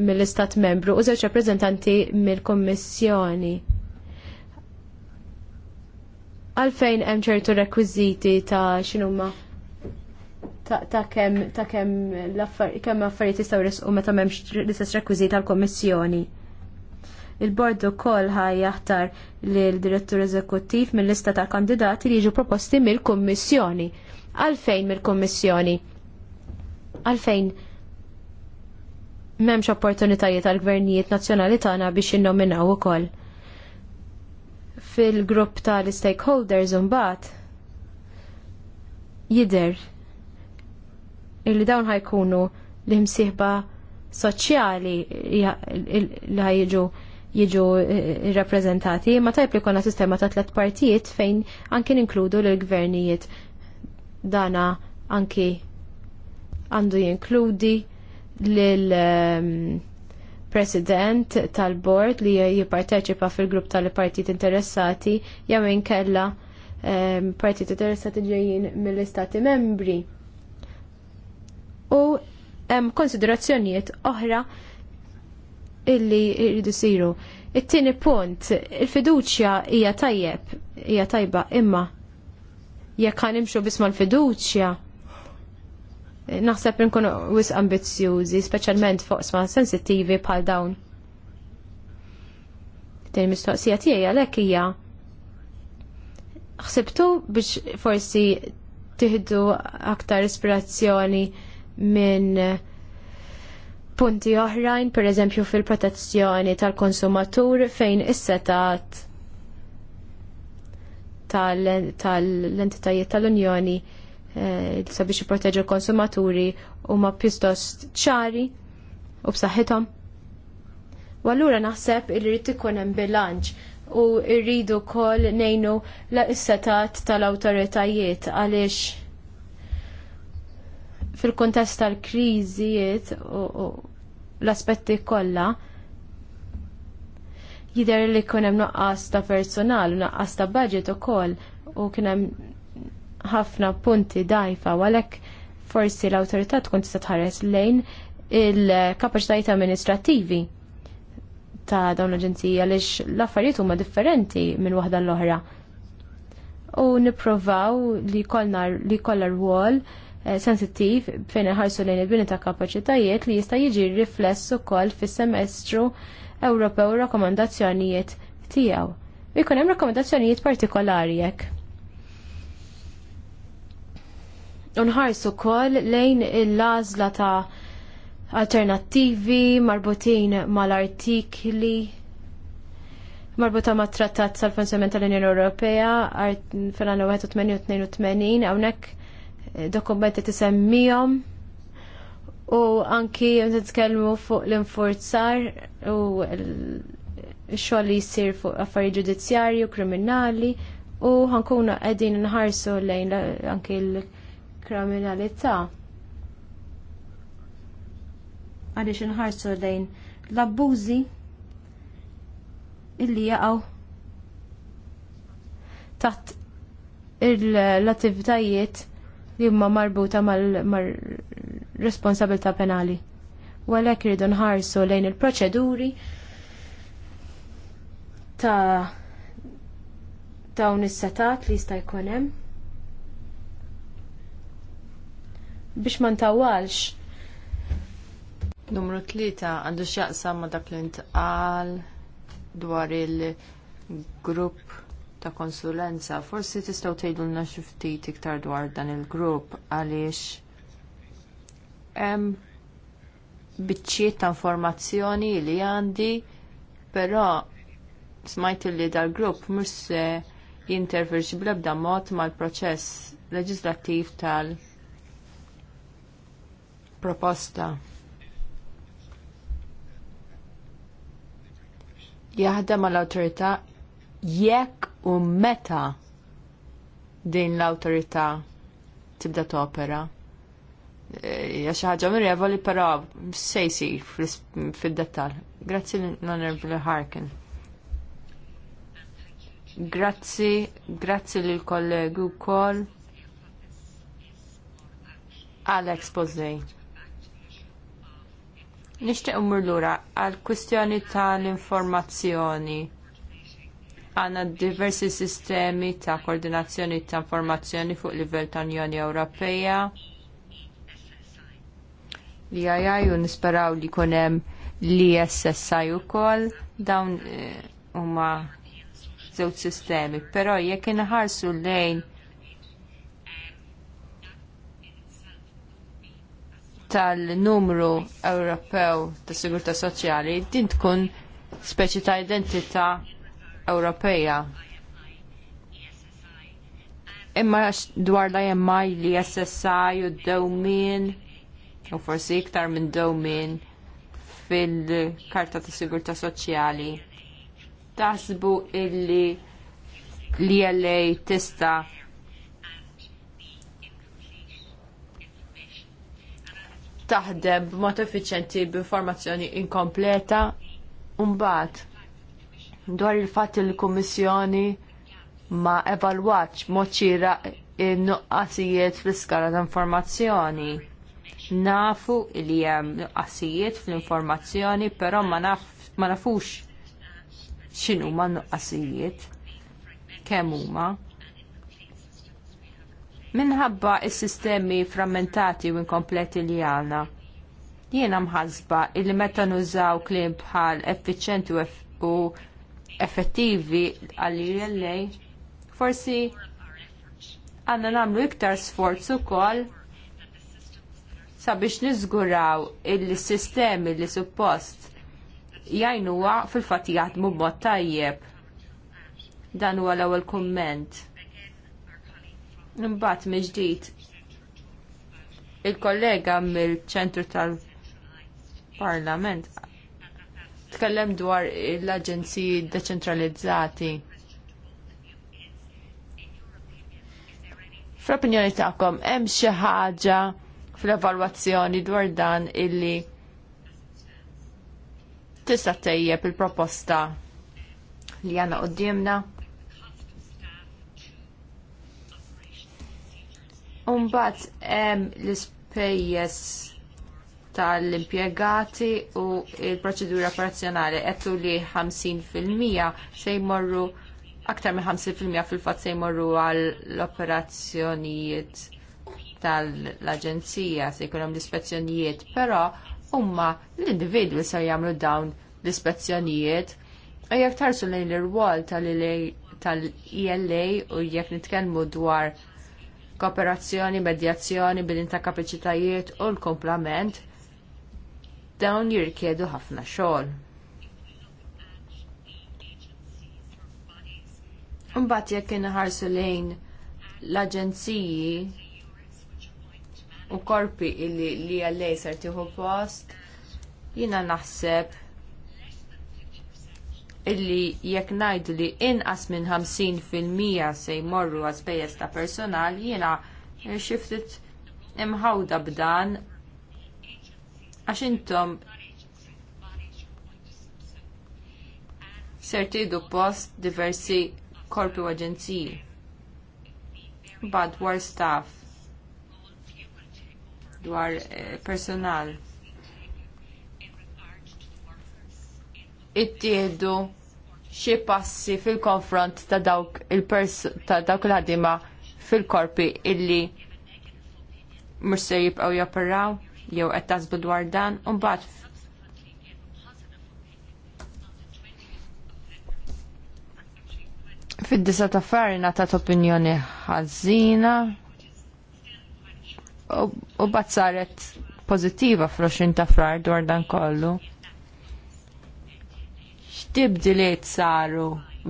mill-Istat Membru u żewġ rappreżentanti mill-Kommissjoni. Għalfejn hemm ċertu rekwiżiti ta' x'inhuma ta', kem kemm l-affarijiet kemm affarijiet jistgħu risqu meta m'hemmx l-istess rekwiziti tal-Kommissjoni. Il-bord ukoll ħaj jaħtar lill direttur eżekuttiv mill-lista ta' kandidati li jiġu proposti mill-Kummissjoni. Għalfejn mill-Kummissjoni? Għalfejn m'hemmx opportunitajiet għall gvernijiet nazzjonali tagħna biex jinnominaw ukoll. Fil-grupp tal-stakeholders imbagħad jider illi dawn ħajkunu l imsieħba soċjali li ħajġu jiġu eh, rappresentati, ma tajb li konna sistema ta' tlet partijiet fejn anki ninkludu l-gvernijiet. Dana anki għandu jinkludi l-president ehm, tal-bord li jipparteċipa fil-grupp tal-partit interessati jew kella ehm, partijiet interessati ġejjin mill-istati membri. U konsiderazzjonijiet oħra illi jridu siru. It-tieni punt, il-fiduċja hija tajjeb, hija tajba, imma jekk ħanimxu bisma l-fiduċja, naħseb nkunu wis ambizzjużi, speċjalment fuq sma sensittivi bħal dawn. Tieni mistoqsija tiegħi għalhekk hija ħsibtu biex forsi tiħdu aktar ispirazzjoni minn punti oħrajn, per eżempju fil-protezzjoni tal-konsumatur fejn is-setat tal-entitajiet tal-Unjoni eh, sabiex jipproteġu l-konsumaturi huma pjuttost ċari u b'saħħithom. U allura naħseb irrid ikun hemm bilanċ u rridu wkoll ngħinu l setat tal-awtoritajiet għaliex fil-kontest tal-kriżijiet u, u l-aspetti kollha jidher li kien hemm noqqas ta' personal, noqqas ta' budget ukoll u kien hemm ħafna punti dajfa għalhekk forsi l-awtorità tkun tista' tħares lejn il-kapaċitajiet amministrattivi ta' dawn l-aġenzija għaliex l-affarijiet huma differenti minn waħda l-oħra. U nipprovaw li kollna li kollha rwol Eh, sensittiv fejn ħarsu lejn il-bini ta' kapaċitajiet li jista' jiġi rifless ukoll fis-semestru Ewropew rakkomandazzjonijiet tiegħu. Ikun hemm rakkomandazzjonijiet partikolari jekk. Unħarsu ukoll lejn il-lażla ta' alternattivi marbutin mal-artikli marbuta ma' trattat tal-funzjament tal-Unjoni Ewropea, art 1982, hawnhekk dokumenti tisemmijom u anki titkellmu fuq l-infurzar u l-xogħol li jsir fuq affarijiet ġudizzjarju, u kriminali u ħankunu qegħdin nħarsu lejn anki l-kriminalità. Għaliex inħarsu lejn l-abbużi illi jaqgħu taħt l-attivitajiet li huma marbuta mal-responsabilità penali. U għalhekk nħarsu lejn il-proċeduri ta' dawn is-setat li jista' jkun hemm. Biex ma ntawalx. Numru tlieta għandu x'jaqsam ma dak li ntqal dwar il-grupp ta' konsulenza, forsi tistgħu tgħidulna xi ftit iktar dwar dan il-grupp għaliex hemm biċċiet ta' informazzjoni li għandi, però smajt li dal-grupp mhux se jinterferx bl-ebda mod mal-proċess leġislattiv tal-proposta. jaħdem mal awtorità jekk u meta din l-awtorità tibda topera. Ja eh, xi ħaġa mirevoli però sejsi jsir fid-dettall. Grazzi l-Onorevole Harkin. Grazzi, grazzi lill kollegu wkoll għal expose. Nishtiq umur lura għal kwistjoni tal-informazzjoni għanna diversi sistemi ta' koordinazzjoni ta' informazzjoni fuq livell ta' Unjoni Ewropea li għajaj u nisperaw li kunem li SSI u kol dawn eh, huma żewġ sistemi, però jekk inħarsu lejn tal-numru Ewropew ta' Sigurtà Soċjali din tkun speċi ta' identità Ewropeja. Imma dwar l-IMI li SSI u dawmin u forsi iktar minn dawmin fil-karta ta' sigurta soċjali. Taħsbu illi li għalej tista taħdem b'mod effiċenti b'informazzjoni inkompleta u mbagħad dwar il-fatt il kommissjoni ma evalwatx mod il nuqqasijiet fl-iskala ta' informazzjoni. Nafu li hemm nuqqasijiet fl-informazzjoni, però ma, naf, ma nafux xinu ma nuqqasijiet kemm huma. Minħabba s-sistemi frammentati u inkompleti li għandna. Jiena mħasba illi meta nużaw kliem bħal effiċenti u effettivi għall-ILA, forsi għanna namlu iktar sforzu kol sabiex nizguraw il-sistemi li suppost jajnuwa fil-fat jaħdmu b'mod tajjeb. Dan huwa l-ewwel kumment. Imbagħad miġdid il-kollega mill-ċentru tal-Parlament tkellem dwar l-aġenziji deċentralizzati. Fl-opinjoni tagħkom hemm xi ħaġa fl-evalwazzjoni dwar dan illi tista' tejjeb il-proposta li għandna qudiemna. Umbat hemm l-ispejjeż tal-impjegati u l proċedura operazzjonali għettu li 50% se jmorru aktar minn 50% fil-fat se jmorru għall-operazzjonijiet tal-aġenzija se jkunem l-ispezzjonijiet, però umma l-individwi se jagħmlu dawn l-ispezzjonijiet u e jekk tarsu lejn l rwol tal-ELA u jekk nitkellmu dwar kooperazzjoni, medjazzjoni, bilin ta' kapaċitajiet u l-komplament, dawn jirkjedu ħafna xogħol. Imbagħad jekk inħarsu lejn l-aġenziji u korpi illi li għallej ser tieħu post, jiena naħseb illi jekk ngħidu li inqas minn 50% se jmorru għaspejjeż ta' personal jiena xiftit imħawda b'dan Għax intom sertidu post diversi korpi u aġenziji. Bad war staff, dwar eh, personal. Ittieħdu xi passi fil-konfront ta' dawk il ta' dawk il-ħadima fil-korpi illi mhux se japparaw jew qed tasbu dwar dan u mbagħad fid-disa ta' affarijiet ngħatat opinjoni ħażina u bat saret pozittiva fl-20 ta' frar dwar dan kollu. X'tibdiliet saru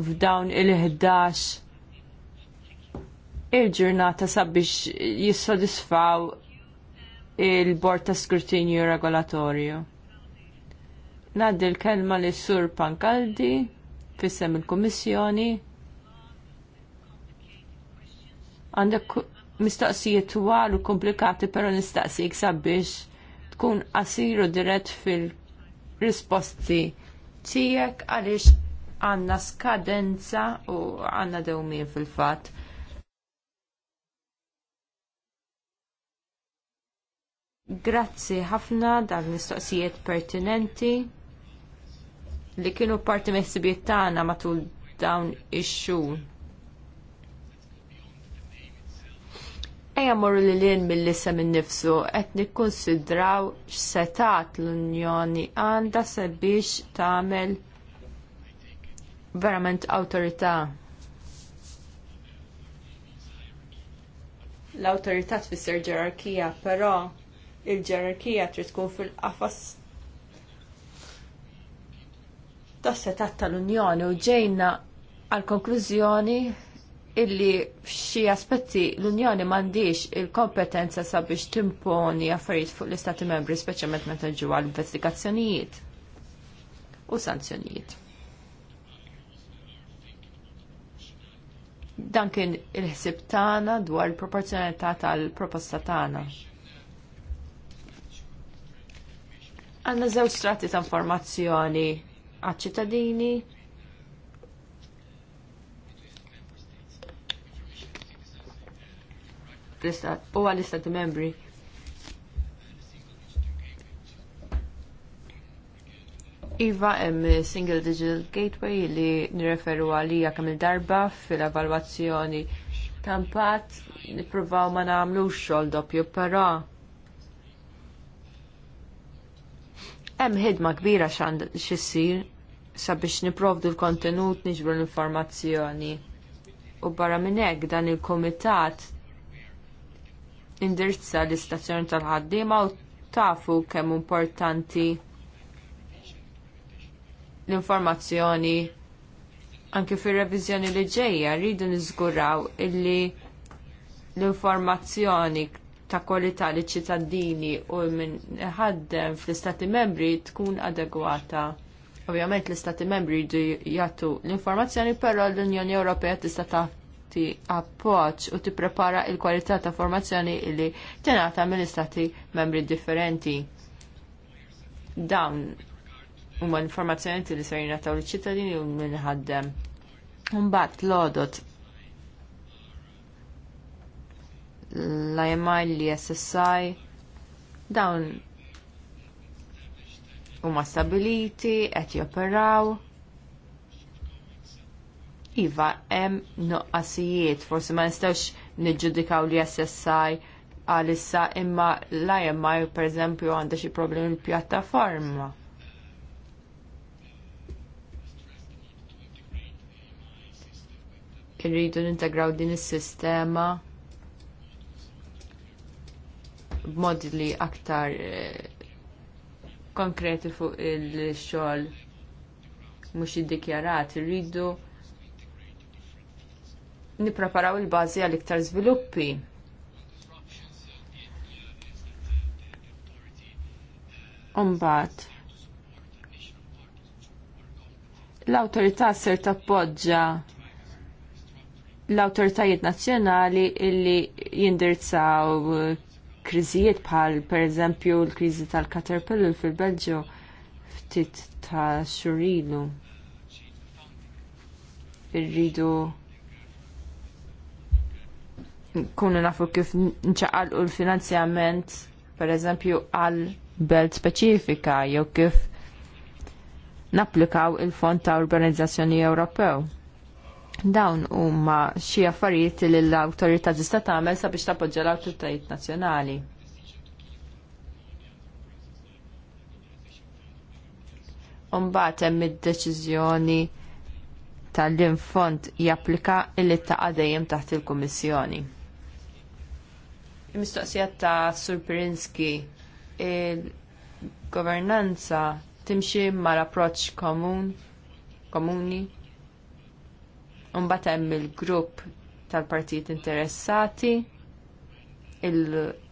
f'dawn il-11 il-ġurnata sabiex jissodisfaw il-Bord ta' Skrutinju Regolatorju. Naddi l-kelma li sur Pankaldi, fissem il-Komissjoni. Għandek mistaqsijiet twal u komplikati, pero nistaqsijek sabiex tkun asiru dirett fil-risposti tiegħek għaliex għandna skadenza u għandna dewmien fil fatt Grazzi ħafna dal-mistoqsijiet pertinenti li kienu parti meħsibiet tagħna matul dawn ix-xhur. Eja morru li l-in mill-lissa minn nifsu, qed nikkunsidraw x'setat l-Unjoni għandha sabiex tagħmel verament awtorità. L-awtorità tfisser ġerarkija, però il-ġerarkija trid tkun fil-qafas tas-setat tal-Unjoni u ġejna għal konklużjoni illi f'xi aspetti l-Unjoni m'għandix il-kompetenza sabiex timponi affarijiet fuq l-Istati membri, speċjalment meta ġew għal investigazzjonijiet u sanzjonijiet. Dan kien il-ħsib tagħna dwar il-proporzjonalità tal-proposta tagħna. Għanna zew strati ta' informazzjoni għal-ċittadini. U għal-istati membri. Iva hemm single digital gateway li nirreferu għalija kemm il-darba fil-evalwazzjoni tampat nippruvaw ma nagħmlux xogħol doppju, però Hemm ħidma kbira x'għand xissir sabiex niprovdu l-kontenut niġbru l-informazzjoni. U barra minn hekk dan il-kumitat indirizza l-istazzjoni tal-ħaddiema u tafu kemm importanti l-informazzjoni anke fir-reviżjoni li ġejja rridu niżguraw illi l-informazzjoni ta' kwalità li ċittadini u minn ħaddem fl-istati membri tkun adegwata. Ovvjament l-istati membri jdu jagħtu l-informazzjoni, però l-Unjoni Ewropea tista' tagħti appoġġ u tipprepara l kwalità ta' formazzjoni li tingħata mill-istati membri differenti. Dawn huma l-informazzjoni li ser jingħataw liċ-ċittadini u minn ħaddem. Mbagħad l l-IMI, l-SSI, dawn huma stabiliti, qed joperaw. Iva, hemm nuqqasijiet, forsi ma nistgħux niġġudikaw li SSI għalissa imma l-IMI pereżempju għandha xi problemi pjattaforma. Irridu nintegraw din is-sistema b'modli aktar eh, konkreti fuq il-xogħol mhux iddikjarat, irridu nippreparaw il-bażi għal iktar żviluppi. Umbat, l-autorità ser tappoġġa l-autoritajiet nazzjonali illi jindirizzaw kriżijiet bħal pereżempju l-kriżi tal-Caterpillar fil-Belġju ftit ta' xurilu. Irridu kunu nafu kif nċaqalqu l-finanzjament pereżempju għal belt speċifika jew kif napplikaw il-Fond ta' Urbanizzazzjoni Ewropew Dawn huma xi affarijiet li l-awtorità tista' tagħmel sabiex tappoġġja l-awtoritajiet nazzjonali. Umbat hemm id-deċiżjoni tal-infond japplika illi ta' dejjem taħt il-Kummissjoni. Il-mistoqsija ta' Sur Pirinski il-governanza timxi mal approċċ komun komuni Mbagħad hemm il-grupp tal-partijiet interessati il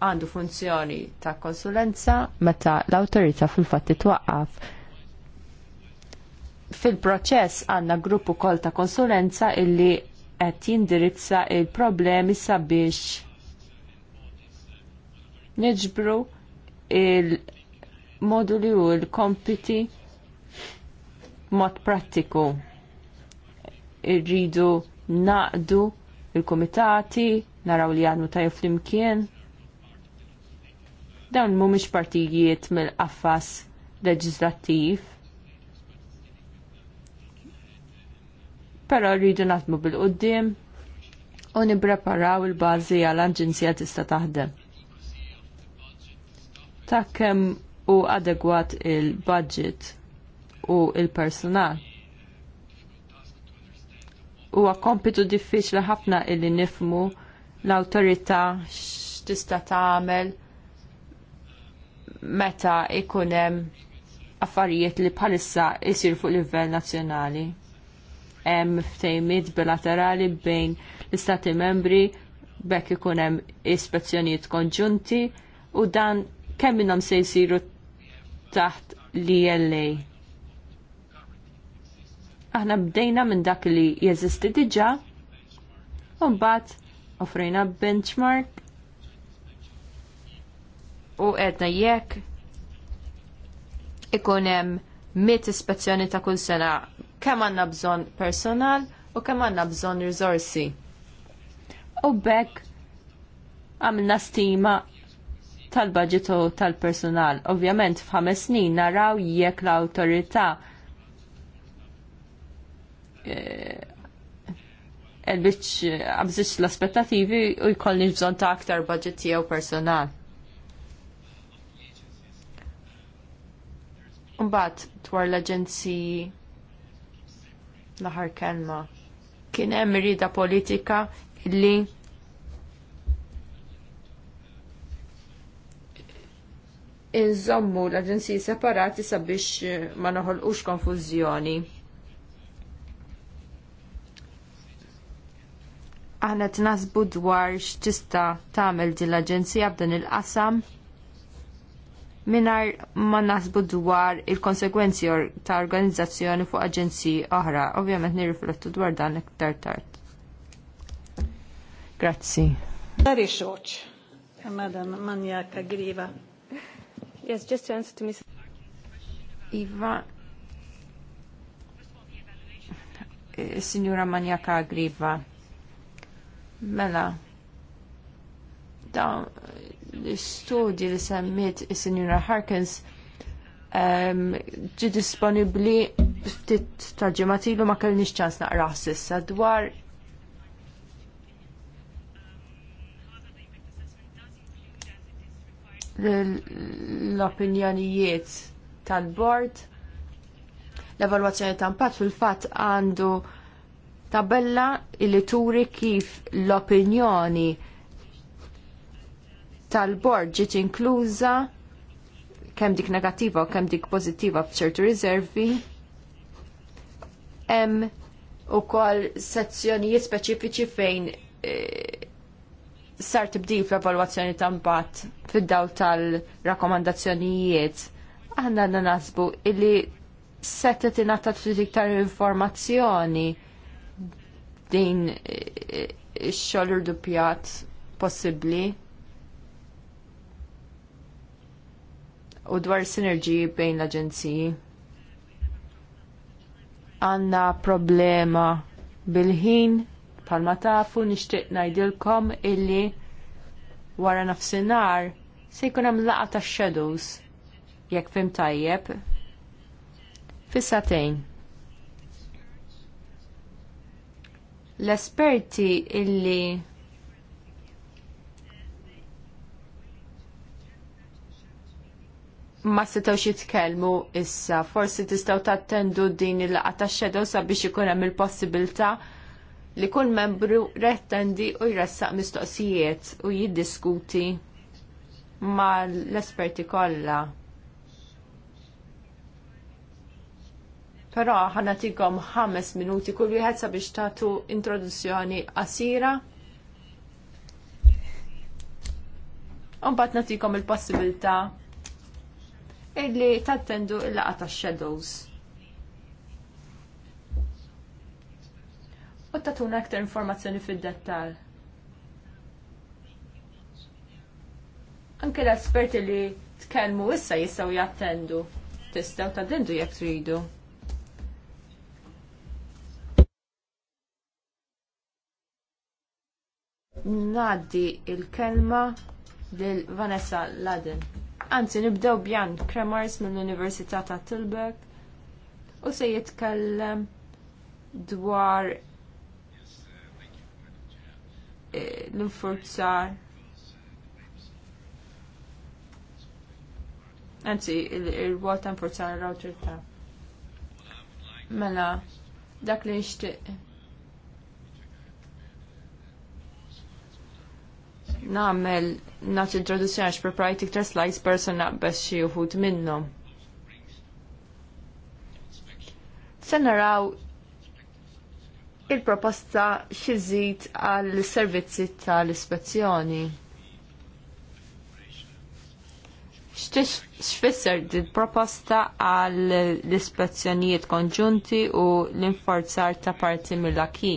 għandu funzjoni ta' konsulenza meta l-autorità fil-fatt twaqqaf. Fil-proċess għandna grupp ukoll ta' konsulenza illi qed jindirizza il-problemi sabiex niġbru il-moduli u l-kompiti mod prattiku irridu naqdu il-komitati, naraw li għadmu tajju flimkien. Dawn mhumiex partijiet mill-qaffas leġislattiv. Però rridu naħdmu bil-qoddim u nippreparaw il-bażi għall-Aġenzija tista' taħdem. Ta' kemm u adegwat il-budget u il-personal huwa kompitu diffiċli ħafna illi nifmu l-awtorità x'tista' tagħmel meta ikun hemm affarijiet li bħalissa jsir fuq livell nazzjonali. Hemm ftejmiet bilaterali bejn l-istati membri bekk ikun hemm ispezzjonijiet konġunti u dan kemm minnhom se jsiru taħt l-ELA Aħna bdejna minn dak li jeżisti diġà u mbagħad offrejna benchmark u għedna jekk ikun hemm mit ispezzjoni ta' kull sena kemm għandna bżonn personal u kemm għandna bżonn riżorsi. U bekk għamilna stima tal u tal-personal. Ovvjament f'ħames snin naraw jekk l-awtorità elbiċ eh, eh, għabżiċ l-aspettativi u jkolli bżon ta' aktar budget tiegħu personal. Umbat, dwar l-aġenziji l kelma. Kien hemm rida politika illi inżommu l-aġenziji separati sabiex eh, ma noħolqux konfużjoni. aħna t-nasbu dwar x'tista tagħmel din l-Aġenzija b'dan il-qasam minar ma nasbu dwar il-konsekwenzi ta' organizzazzjoni fuq aġenziji oħra. Ovvjament nirriflettu dwar dan iktar tard. Grazzi. Very short. Madam Manja Kagriva. Yes, just to answer to Ms. Iva, eh, Signora Manja Kagriva Mela, dan l-istudji li semmiet is-Sinjura Harkins ġi disponibbli ftit tarġimatilu ma kellniex ċans naqraħ sissa dwar l-opinjonijiet tal-bord l-evalwazzjoni ta' impatt fil-fatt għandu tabella li turi kif l-opinjoni tal-bord ġiet inkluża kemm dik negattiva u kemm dik pożittiva b'ċertu riservi. Hemm ukoll sezzjonijiet speċifiċi fejn eh, sar tibdil fl-evalwazzjoni ta' impatt fid-daw tal-rakkomandazzjonijiet. Aħna għandna nasbu illi setet ingħatat ftit iktar informazzjoni din eh, ix-xogħol irdupjat possibbli u dwar sinerġiji bejn l-aġenziji. Għanna problema bil-ħin, palma tafu nixtieq ngħidilkom illi wara nafsinhar se jkun hemm laqgħa ta' shadows jekk fim tajjeb. Fissatejn. L-esperti illi ma setawx jitkellmu issa, forsi tistgħu tattendu din il laqgħa tax xedow sabiex ikun hemm il-possibilità li kull membru rettendi u jressaq mistoqsijiet u jiddiskuti mal esperti kollha. Però ħanatigom ħames minuti kull wieħed sabiex tagħtu introduzzjoni qasira. Mbagħad nagħtikom il-possibilità illi tattendu il laqgħa tax-shadows. U tatuna aktar informazzjoni fid-dettall. anke l-esperti li tkellmu issa jistgħu jattendu. Tistgħu tadendu jekk tridu. ngħaddi l kelma lil Vanessa Laden. Anzi, nibdew Bjan Kremers mill-Università ta' Tilburg u se jitkellem dwar eh, l-infurzar Anzi, il-rwol ta' infurzar l-autorità. Mela, dak li nixtieq namel nat introduzzjoni x-preparajt iktar slides person naqbess xie uħut minnom. Sen naraw il-proposta xizit għal servizzi tal-ispezzjoni. Xfisser di proposta għal ispezzjonijiet konġunti u l-inforzar ta' parti mill-aki.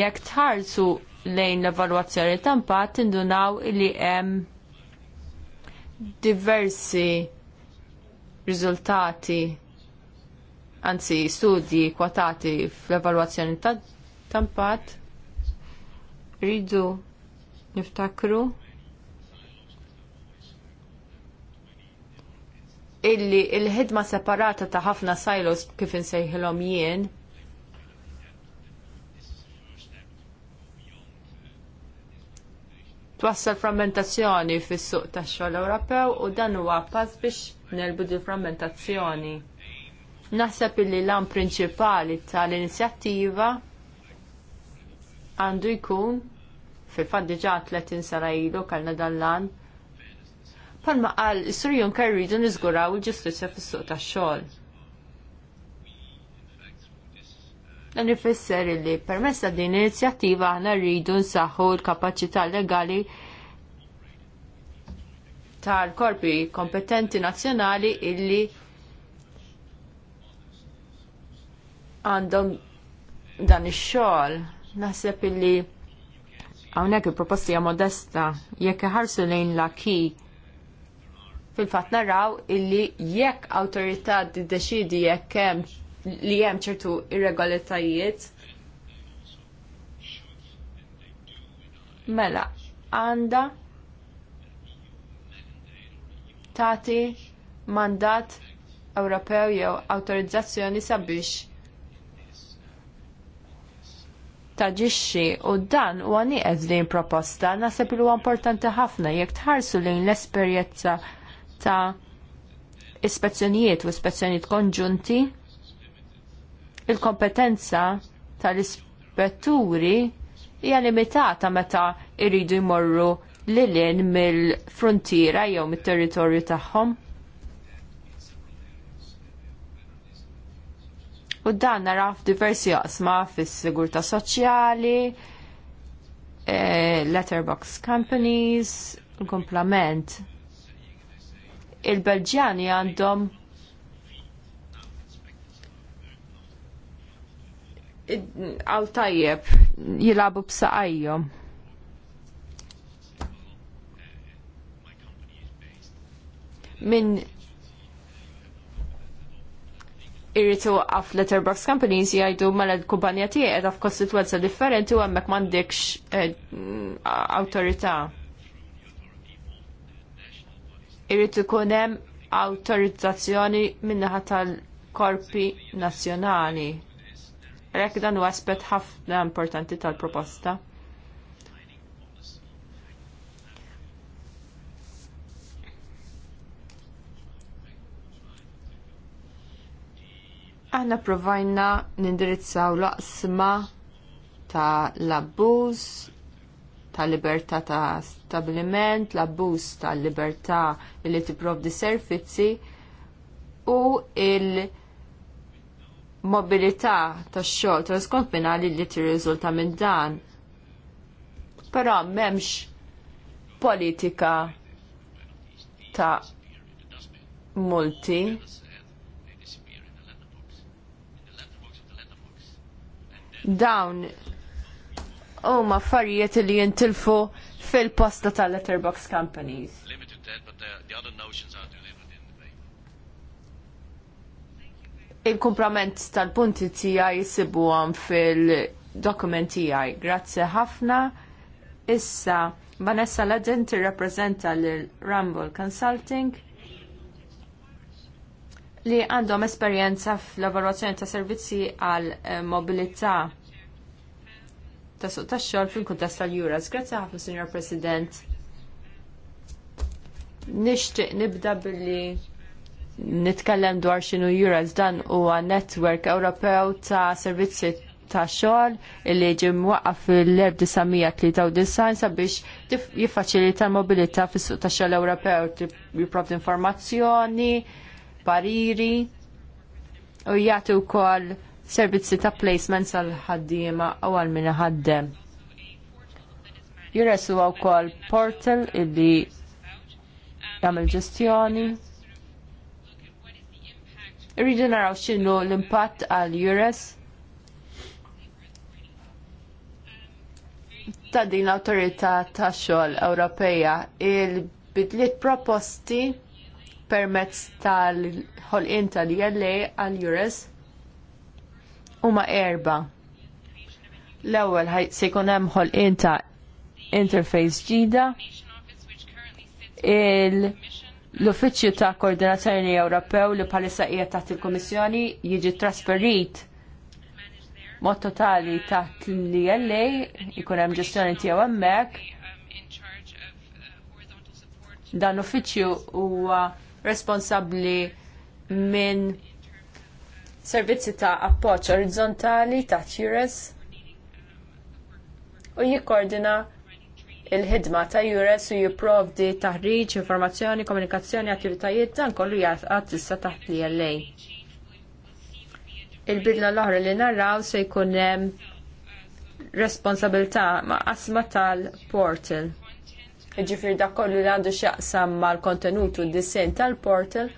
Jekk tħarsu lejn l-evalwazzjoni t'ampat impatt indunaw li hemm diversi riżultati anzi studji kwatati fl-evalwazzjoni ta' impatt niftakru illi il-ħidma separata ta' ħafna silos kif insejħilhom jien twassal frammentazzjoni fis-suq tax-xogħol Ewropew u dan huwa pass biex nelbu di frammentazzjoni. Naħseb illi l-an prinċipali tal-inizjattiva għandu jkun fil-fatt diġà 30 sena ilu kellna dan l-an. Palma qal is-Sur Juncker rridu niżguraw il-ġustizzja fis-suq tax-xogħol Dan ifisser li permessa din l-inizjattiva aħna rridu nsaħħu l-kapaċità legali tal-korpi kompetenti nazzjonali illi għandhom dan ix-xogħol. Naħseb illi hawnhekk il-proposti hija modesta jekk iħarsu lejn l-aki fil-fatt naraw illi jekk awtorità tiddeċidi jekk hemm li hemm ċertu irregolaritajiet. Mela, għanda tati mandat Ewropew jew awtorizzazzjoni sabiex taġixxi u dan huwa nieqes lejn proposta naħseb li huwa importanti ħafna jekk tħarsu lejn l-esperjenza ta' ispezzjonijiet u ispezzjonijiet konġunti il-kompetenza tal-ispetturi hija limitata meta jridu jmorru lilin mill-frontiera jew mit-territorju tagħhom. U dan nara f'diversi jaqsma fis-sigurtà soċjali, eh, letterbox companies, il-komplament. Il-Belġjani għandhom għal tajjeb jilabu b'saqajjom. Min irritu għaf letterbox companies jgħidu mela l-kumpanija tiegħi f'kost f'kostitwenza differenti u hemmhekk mandekx eh, awtorità. Irritu ikun hemm awtorizzazzjoni min-naħa tal-korpi nazzjonali. Rek dan u aspet ħafna importanti tal-proposta. Aħna provajna nindirizzaw laqsma ta' l-abbuż, ta' libertà ta' stabilment, l-abbuż ta' libertà li tipprovdi servizzi u il- mobilità tax-xogħol tal-skont li tirriżulta minn dan. Però m'hemmx politika ta' multi. Dawn huma affarijiet li jintilfu fil-posta tal-letterbox companies. il-kumprament tal-punti tiegħi jisibu fil-dokument tiegħi. Grazzi ħafna. Issa, Vanessa Ledin tirrappreżenta lil Rumble Consulting li għandhom esperjenza fl-evaluazzjoni ta' servizzi għal eh, mobilità ta' suq ta' xogħol fil-kuntest tal-Juras. Grazzi ħafna, Signor President. Nixtieq nibda billi nitkellem dwar xinu Euros dan huwa netwerk Ewropew ta' servizzi ta' xogħol illi ġi mwaqqaf fil-1993 sabiex jiffaċilita l-mobilità fis-suq ta' xogħol Ewropew jipprovdi informazzjoni, pariri u jagħti wkoll servizzi ta' placement għal ħaddiema u għal min ħaddem. Jures huwa wkoll portal illi jagħmel ġestjoni Irridu naraw x'inhu l-impatt għal Jures ta' din l-Awtorità tax-xogħol Ewropeja il-bidliet proposti permezz tal-ħolqien tal-ILA għal Jures huma erba. L-ewwel se jkun hemm ħolqien ta' interface ġida. il l-Uffiċċju ta' Koordinazzjoni Ewropew li bħalissa qiegħed taħt il-Kummissjoni jiġi trasferit mod totali taħt l-ILA, ikun hemm ġestjoni tiegħu hemmhekk. Dan uffiċċju huwa responsabbli minn servizzi ta' appoġġ orizzontali ta' Ures u jikkoordina il-ħidma ta' jures u jipprovdi taħriġ, informazzjoni, komunikazzjoni, attivitajiet dan kollu jgħat issa taħt li għallej. Il-bidla l-oħra li narraw se jkun responsabilità ma' asma tal-portal. Ġifir da kollu li għandu xaqsam mal kontenutu d-disen tal-portal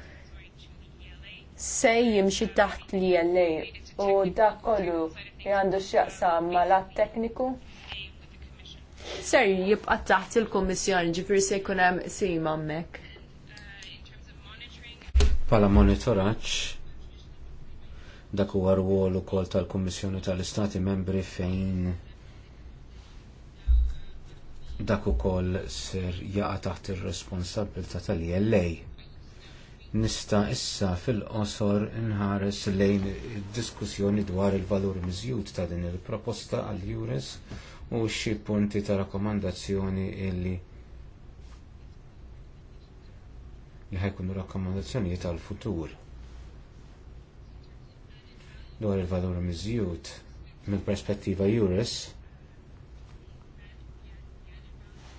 se jimxi taħt li għallej u da kollu li għandu xaqsam mal-att tekniku ser jibqa' taħt il-Kummissjoni ġifieri se jkun hemm sim hemmhekk. Pala monitoraġġ dak huwa rwol ukoll tal-Kummissjoni tal-Istati Membri fejn dak ukoll ser jaqa' taħt ir-responsabilità tal-ILA. Nista issa fil-qosor inħares lejn id-diskussjoni dwar il-valur miżjud ta' din il-proposta għal juris u xi punti ta' rakkomandazzjoni illi li ħajkunu rakkomandazzjoni tal-futur dwar il-valur miżjud mill-perspettiva Juris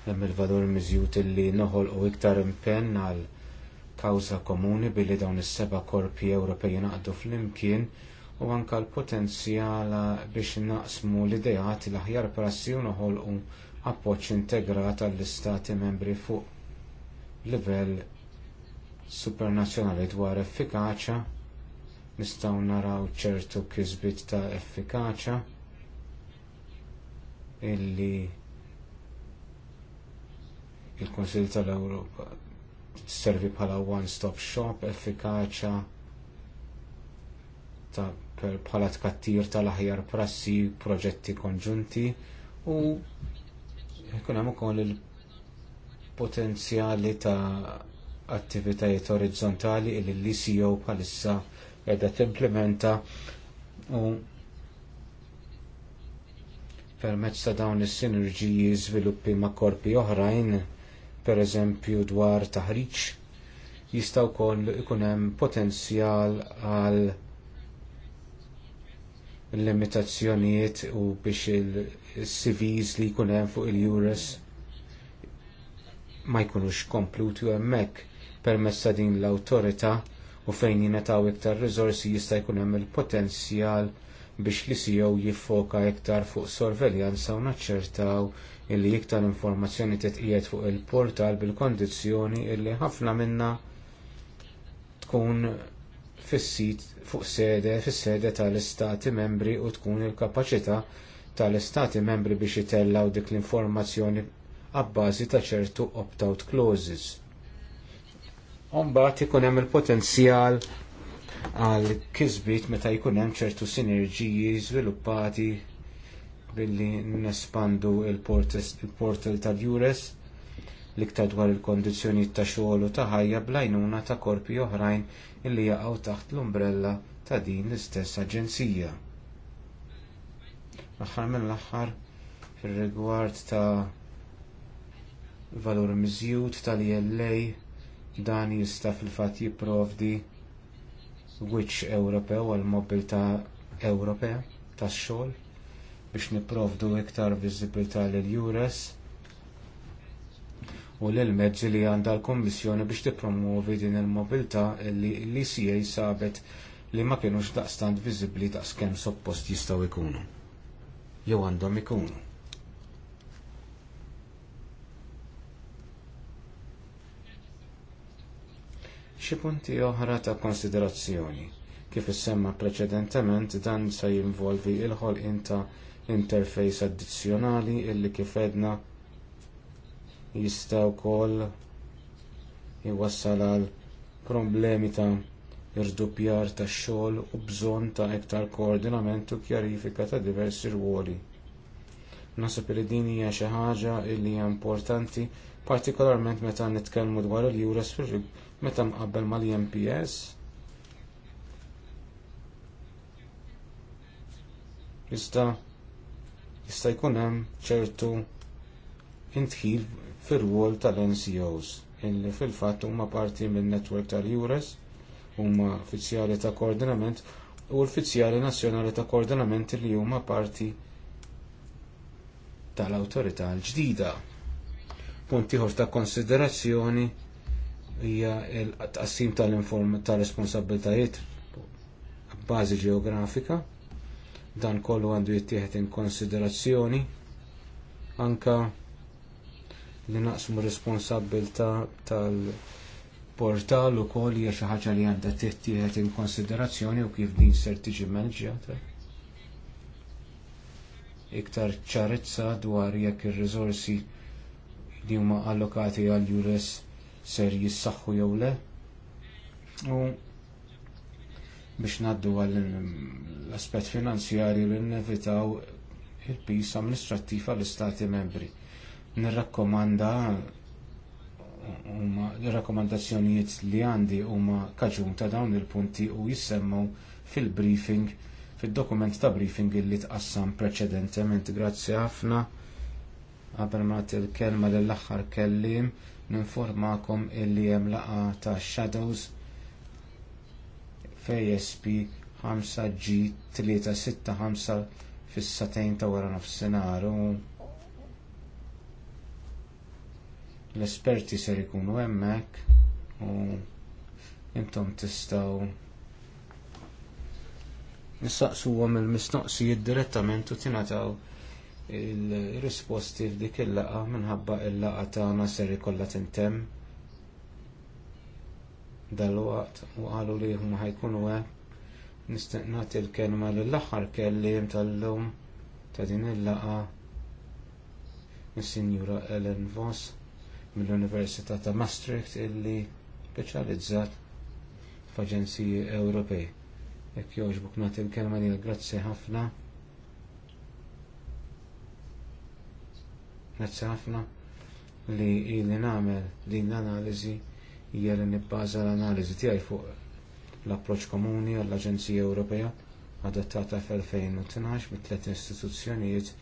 hemm il-valur miżjud illi u iktar impenn għal kawża komuni billi dawn is-seba' korpi Ewropej naqdu flimkien u anke l-potenzjala biex naqsmu l-idejat l-aħjar prassi u noħolqu appoġġ integrat għall-istati membri fuq livell supernazzjonali dwar effikaċja nistgħu naraw ċertu kisbiet ta' effikaċa illi il kunsill tal-Ewropa servi bħala one-stop shop effikaċa ta' bħala tkattir tal-aħjar prassi proġetti konġunti u jkun hemm ukoll il-potenzjali ta' attivitajiet orizzontali li l-ICO bħalissa qiegħda timplementa u permezz ta' dawn is-sinerġiji żviluppi ma' korpi oħrajn, pereżempju dwar taħriġ, jista' wkoll ikun hemm potenzjal għal l-limitazzjonijiet u biex il-CVs li jkun hemm fuq il-Jures ma jkunux kompluti u hemmhekk permezz ta' din l-awtorità u fejn jingħataw iktar riżorsi jista' jkun hemm il-potenzjal biex li sijow e jiffoka iktar fuq sorveljanza u naċċertaw illi iktar informazzjoni titqiet fuq il-portal bil-kondizzjoni illi ħafna minnha tkun fis-sit fuq sede fis-sede tal-istati membri u tkun il-kapaċità tal-istati membri biex jitellaw dik l-informazzjoni abbażi ta' ċertu opt-out clauses. Umbat ikun hemm il-potenzjal għal kisbiet meta jkun hemm ċertu sinerġiji żviluppati billi nespandu il-portal tal-Jures l-iktar dwar il kondizzjonijiet ta' xogħol u ta' ħajja blajnuna ta' korpi oħrajn illi jaqgħu taħt l-umbrella ta' din l-istess aġenzija. L-aħħar mill-aħħar fir-rigward ta' valur miżjud tal-ILA dan jista' fil-fatt jipprovdi wiċċ Ewropew għal ta' Ewropea tax-xogħol biex nipprovdu iktar viżibilità lil jures u l-mezzi li għandha l-Kommissjoni biex tippromuovi din il-mobilità li l-ECA sabet li ma kienux daqstant viżibbli ta' skem suppost jistgħu jkunu. Jew għandhom ikunu. Xi punti oħra ta' konsiderazzjoni. Kif issemma preċedentement dan se jinvolvi l ħolqien ta' interfejs addizzjonali illi kif edna jista' wkoll jwassal għal problemi ta' irdupjar tax xogħol u bżonn ta' iktar koordinament u kjarifika ta' diversi ruoli. Nasib li din hija xi ħaġa li hija importanti partikolarment meta nitkellmu dwar il-Juras meta mqabbel mal-MPS. Jista' jista' jkun hemm ċertu intħil fil rwol tal-NCOs illi fil-fatt huma parti minn netwerk tal-Jures huma uffiċjali ta' koordinament u l-uffiċjali nazzjonali ta' koordinament li huma parti tal-awtorità l-ġdida. Punt ieħor ta' konsiderazzjoni hija l-tqassim tal-inform tal-responsabbiltajiet b'bażi ġeografika dan kollu għandu jittieħed in konsiderazzjoni anka li naqsmu responsabilta tal-portal u kol hija xi ħaġa li għandha tittieħed in konsiderazzjoni u kif din ser tiġi maneġġjata. Iktar ċarezza dwar jekk ir-riżorsi li huma allokati għal jures ser jissaħħu jew le. U biex naddu għall l-aspet finanzjari li nevitaw il-pis amministrattiv għall istati membri nirrakkomanda huma rakkomandazzjonijiet li għandi huma kaġun ta' dawn il-punti u jissemmu fil-briefing fil-dokument ta' briefing li tqassam preċedentement. Grazzi ħafna qabel ma il-kelma lill-aħħar kelliem ninformakom illi hemm laqgħa ta' Shadows FSP 5G 365 fis-satejn ta' wara nofsinhar u l-esperti ser ikunu hemmhekk u intom tistgħu nistaqsuhom il-mistoqsijiet direttament u tingħataw il-risposti f'dik il laqgħa minħabba il laqgħa tagħna ser ikollha tintemm dalwaqt u qalu li huma ħajkunu hekk nistaq nagħti l-kelma lill-aħħar kelliem tal-lum ta' din il laqgħa is-Sinjura Ellen Voss mill-Università ta' Maastricht illi speċjalizzat f'aġenziji Ewropej. Jekk jogħġbuk nagħti l-kelma li grazzi ħafna. Grazzi ħafna li ili nagħmel din l-analiżi hija li nibbaża l-analiżi tiegħi fuq l-approċċ komuni għall-Aġenzija Ewropea adattata f'2012 mit tliet istituzzjonijiet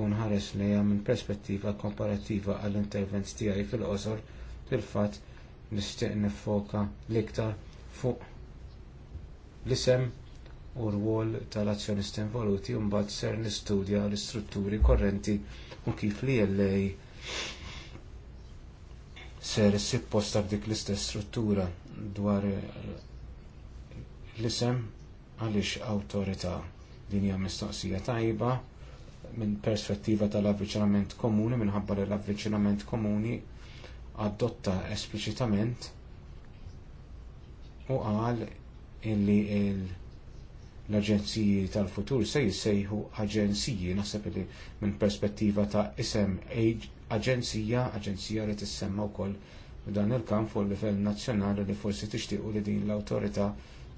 u nħares li minn perspettiva komparattiva għall-intervent tiegħi fil-qosor fil-fatt nistieq nifoka l-iktar fuq l-isem u r tal-azzjonisti involuti u mbagħad ser nistudja l-istrutturi korrenti u kif li lej ser sipposta f'dik l-istess struttura dwar l-isem għaliex awtorità din hija mistoqsija tajba minn perspettiva tal-avviċinament komuni minħabba li l-avviċinament komuni adotta espliċitament u qal illi l-aġenziji tal-futur se jissejħu aġenziji naħseb li minn perspettiva ta' isem aġenzija, aġenzija li tissemma wkoll f'dan il-kamp fuq livell nazzjonali li forsi tixtiequ li din l-awtorità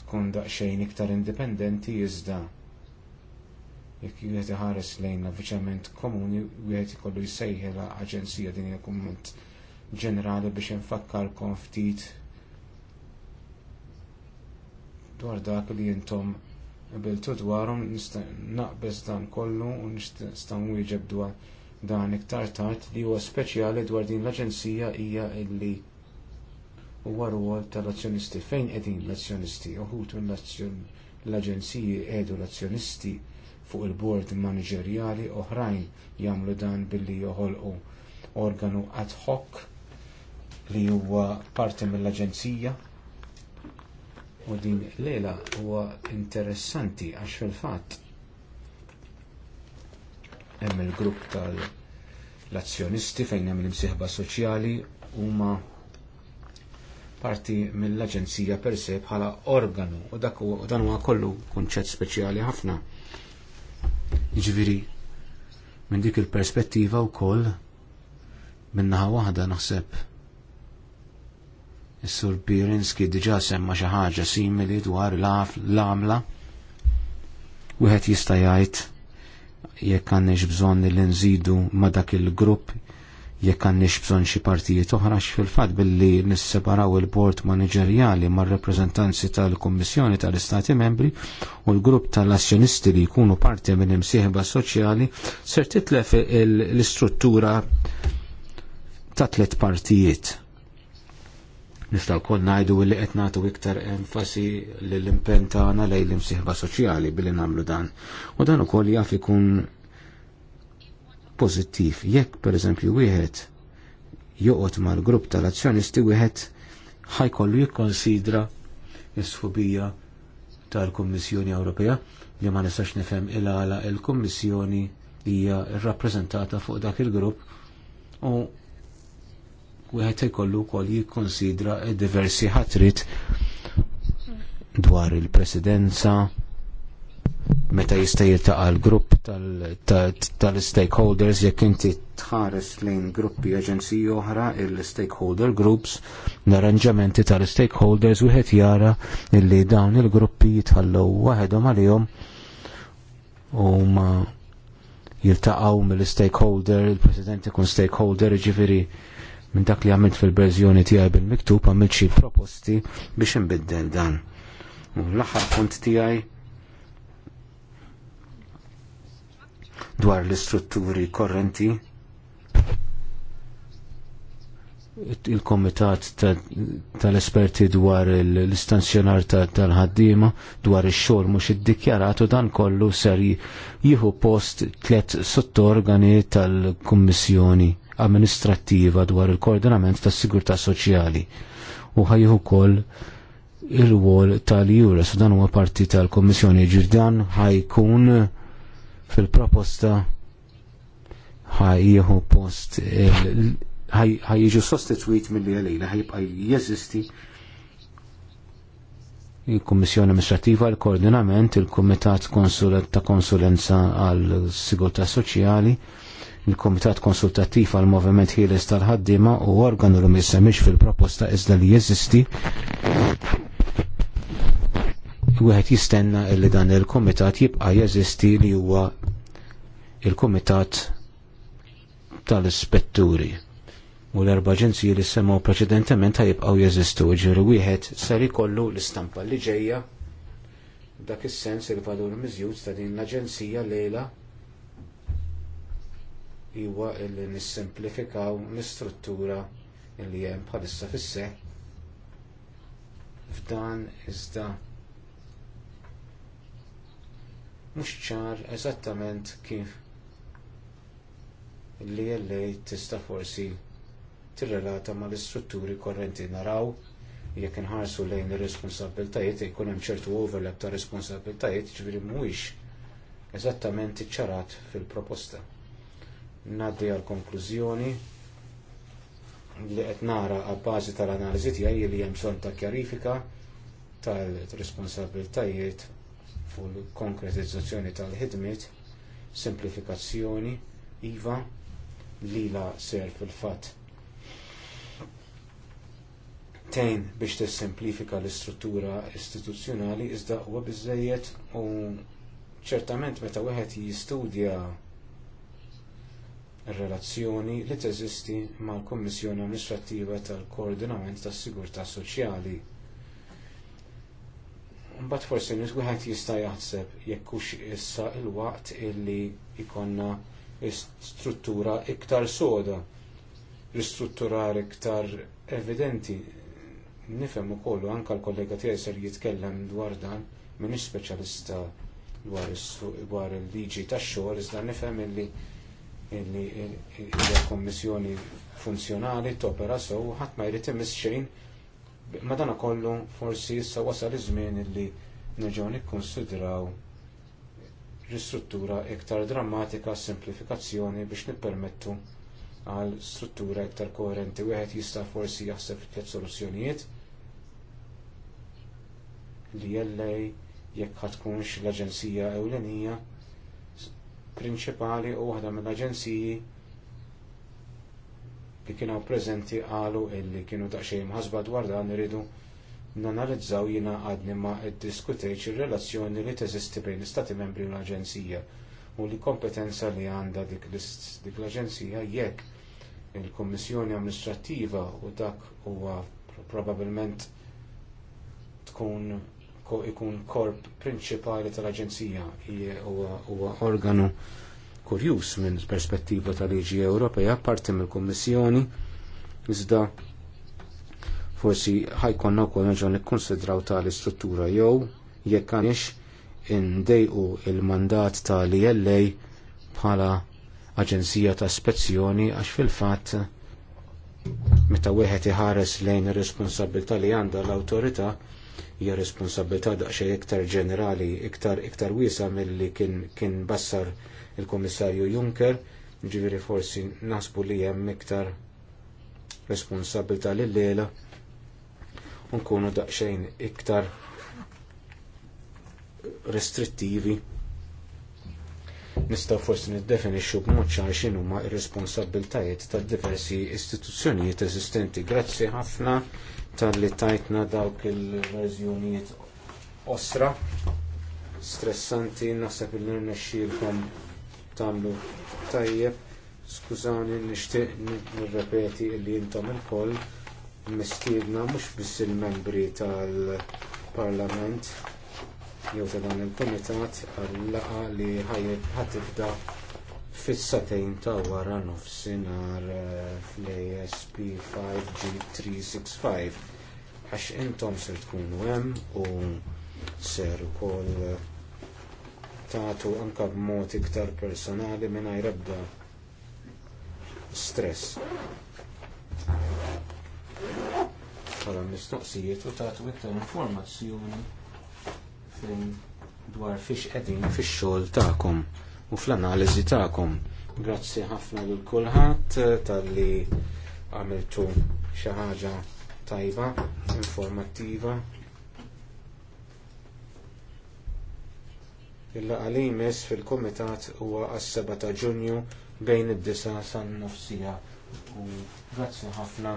tkun daqsxejn iktar indipendenti iżda jekk wieħed iħares lejn avviċament komuni wieħed ikollu l aġenzija din il kumment ġenerali biex infakkarkom ftit dwar dak li intom biltu dwarhom naqbes dan kollu u nistan nwieġeb dwar dan iktar tard li huwa speċjali dwar din l-aġenzija hija illi huwa rwol tal-azzjonisti fejn qegħdin l-azzjonisti uħutu l-azzjonisti l-aġenziji qiegħdu l-azzjonisti fuq il-bord maniġerjali oħrajn jagħmlu dan billi joħolqu organu ad hoc li huwa parti mill-aġenzija u din lejla huwa interessanti għax fil-fatt hemm il-grupp tal-azzjonisti fejn hemm l-imsieħba soċjali huma parti mill-aġenzija per se bħala organu u dan huwa kollu kunċett speċjali ħafna Jiġifieri minn dik il-perspettiva wkoll minnaħa waħda naħseb. Is-Sur Birinski diġà semma xi ħaġa simili dwar l-għamla. Wieħed jista' jgħid jekk għandniex bżonn li nżidu ma' dak il-grupp jekk għandix bżonn xi partijiet oħra fil-fatt billi nisseparaw il-bord manageriali mar-reprezentanzi tal-Kummissjoni tal-Istati Membri u l-grupp tal-azzjonisti li jkunu parti minn imsieħba soċjali ser titlef l-istruttura ta' tliet partijiet. Nistaw kol ngħidu li qed nagħtu iktar enfasi lill impenta għana lejn l-imsieħba soċjali billi nagħmlu dan. U dan ukoll jaf ikun Pozittiv. Jekk pereżempju wieħed joqgħod mal-grupp tal-azzjonisti wieħed ħajkollu jikkonsidra s-fobija tal-Kummissjoni Ewropea li ma nistax nifhem il għala il-Kummissjoni hija rrappreżentata fuq dak il-grupp u wieħed ikollu wkoll jikkonsidra diversi ħatrit dwar il-presidenza, meta jista' jiltaqa' l-grupp tal-stakeholders jekk inti tħares lejn gruppi aġenziji oħra il-stakeholder groups l-arranġamenti tal-stakeholders wieħed jara illi dawn il-gruppi jitħallew waħedhom għalihom u ma jiltaqgħu mill-stakeholder, il-president ikun stakeholder ġifieri minn dak li għamilt fil-verżjoni tiegħi bil-miktub għamilt xi proposti biex inbiddel dan. l-aħħar punt tiegħi dwar l-istrutturi korrenti il-komitat tal-esperti dwar l-istanzjonar tal-ħaddima dwar ix-xogħol mhux iddikjarat u dan kollu ser jieħu post tliet sottorgani tal-Kummissjoni amministrattiva dwar il-koordinament tas-sigurtà soċjali u ħajju wkoll il-wol tal jura u dan huwa parti tal-Kummissjoni ġirdan ħajkun fil-proposta ħajjieħu post eh, ħajjiġu sostituit mill-li għalila ħajibqa jeżisti il-Kummissjoni Amministrativa, il-Koordinament, il-Kumitat ta' Konsulenza għal Sigurtà Soċjali, il-Kumitat Konsultativ għal Moviment Hieles tal-ħaddiema u organu l-missa fil-proposta iżda li jeżisti wieħed jistenna li dan il-komitat jibqa' jeżisti li huwa il-komitat tal-ispetturi. U l-erba' ġenzi li semmaw preċedentement ħajibqgħu jeżistu, ġiru wieħed ser ikollu l-istampa li ġejja dak is-sens il-valur miżjud ta' din l-aġenzija lejla huwa li nissimplifikaw l-istruttura li hemm bħalissa fis-seħħ f'dan iżda mhux ċar eżattament kif li jellej tista' forsi tirrelata mal-istrutturi korrenti naraw jekk inħarsu lejn ir-responsabbiltajiet ikun hemm ċertu overlap ta' responsabbiltajiet ġifieri mhuwiex eżattament iċċarat fil-proposta. Ngħaddi għal konklużjoni li qed nara għabbażi tal-analiżi tiegħi li hemm bżonn ta' kjarifika tal-responsabbiltajiet fuq l-konkretizzazzjoni tal-ħidmiet, simplifikazzjoni, iva, lila ser fil-fatt. Tejn biex tissimplifika l-istruttura istituzzjonali iżda u biżżejjed u ċertament meta wieħed jistudja r-relazzjoni li teżisti mal-Kummissjoni Amministrattiva tal-Koordinament tas-Sigurtà Soċjali Mbagħad forsi wieħed jista' jaħseb jekk hux issa il-waqt illi jkollna struttura iktar soda, ristrutturar iktar evidenti. Nifhem ukoll anke l-kollega tiegħi ser jitkellem dwar dan m'hiex speċjalista dwar il-liġi tax-xogħol iżda nifhem illi illi il-kommissjoni funzjonali topera sew ħadd ma jrid imiss xejn madana kollu forsi issa wasal iż-żmien illi nerġgħu nikkonsidraw ristruttura iktar drammatika simplifikazzjoni biex nippermettu għal struttura iktar u Wieħed jista' forsi jaħseb li tliet soluzzjonijiet li jellej jekk ħatkunx l-Aġenzija Ewlenija prinċipali u waħda mill-aġenziji li kienu preżenti qalu illi kienu daqsxejn ħasba dwar dan iridu nanalizzaw jiena għadni ma id-diskutejċ ir-relazzjoni li teżisti bejn l-Istati membri u l-Aġenzija u li kompetenza li għandha dik l-Aġenzija jekk il-Kummissjoni Amministrattiva u dak huwa probabbilment tkun ikun korp prinċipali tal-Aġenzija huwa organu kurjus minn perspettiva tal-Liġi Ewropea parti mill-Kummissjoni iżda forsi ħajkonna wkoll nerġgħu nikkonsidraw tali struttura jew jekk għanix indejqu il-mandat li jellej bħala aġenzija ta' spezzjoni għax fil-fatt meta wieħed iħares lejn ir-responsabilità li għandha l-awtorità hija responsabilità daqsxejn iktar ġenerali, iktar iktar wiesa milli kien kien bassar il-Komissarju Juncker, ġiviri forsi nasbu li hemm iktar responsabilta li l-lela unkunu daqxejn iktar restrittivi nistaw forsi niddefinixxu b'mod ċar x'inhu huma r-responsabbiltajiet tad-diversi istituzzjonijiet eżistenti. Grazzi ħafna talli tajtna dawk il-verżjonijiet osra stressanti naħseb il nirnexxielkom tagħmlu tajjeb. Skużani nixtieq nirrepeti li intom il-koll mistiedna mhux biss il-membri tal-Parlament jew ta' dan il-Kumitat għal laqgħa li ħatibda fis-satejn ta' wara nofsinhar eh, fl-ASP 5G365 għax intom se tkunu hemm u ser ukoll tagħtu anke b'mod iktar personali mingħajr ebda stress. Bħala mistoqsijiet u tagħtu iktar informazzjoni fejn dwar fiex qegħdin fix-xogħol tagħkom u fl-analiżi tagħkom. Grazzi ħafna lil kulħadd talli għamiltu xi ħaġa tajba, informattiva. il laqgħa li jmiss fil-Kumitat huwa għas-7 ta' Ġunju bejn id-disa san nofsija u grazzi ħafna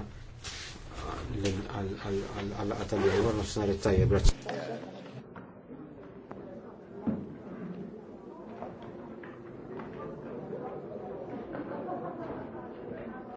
għal-għal tal għal għal-għal għal-għal għal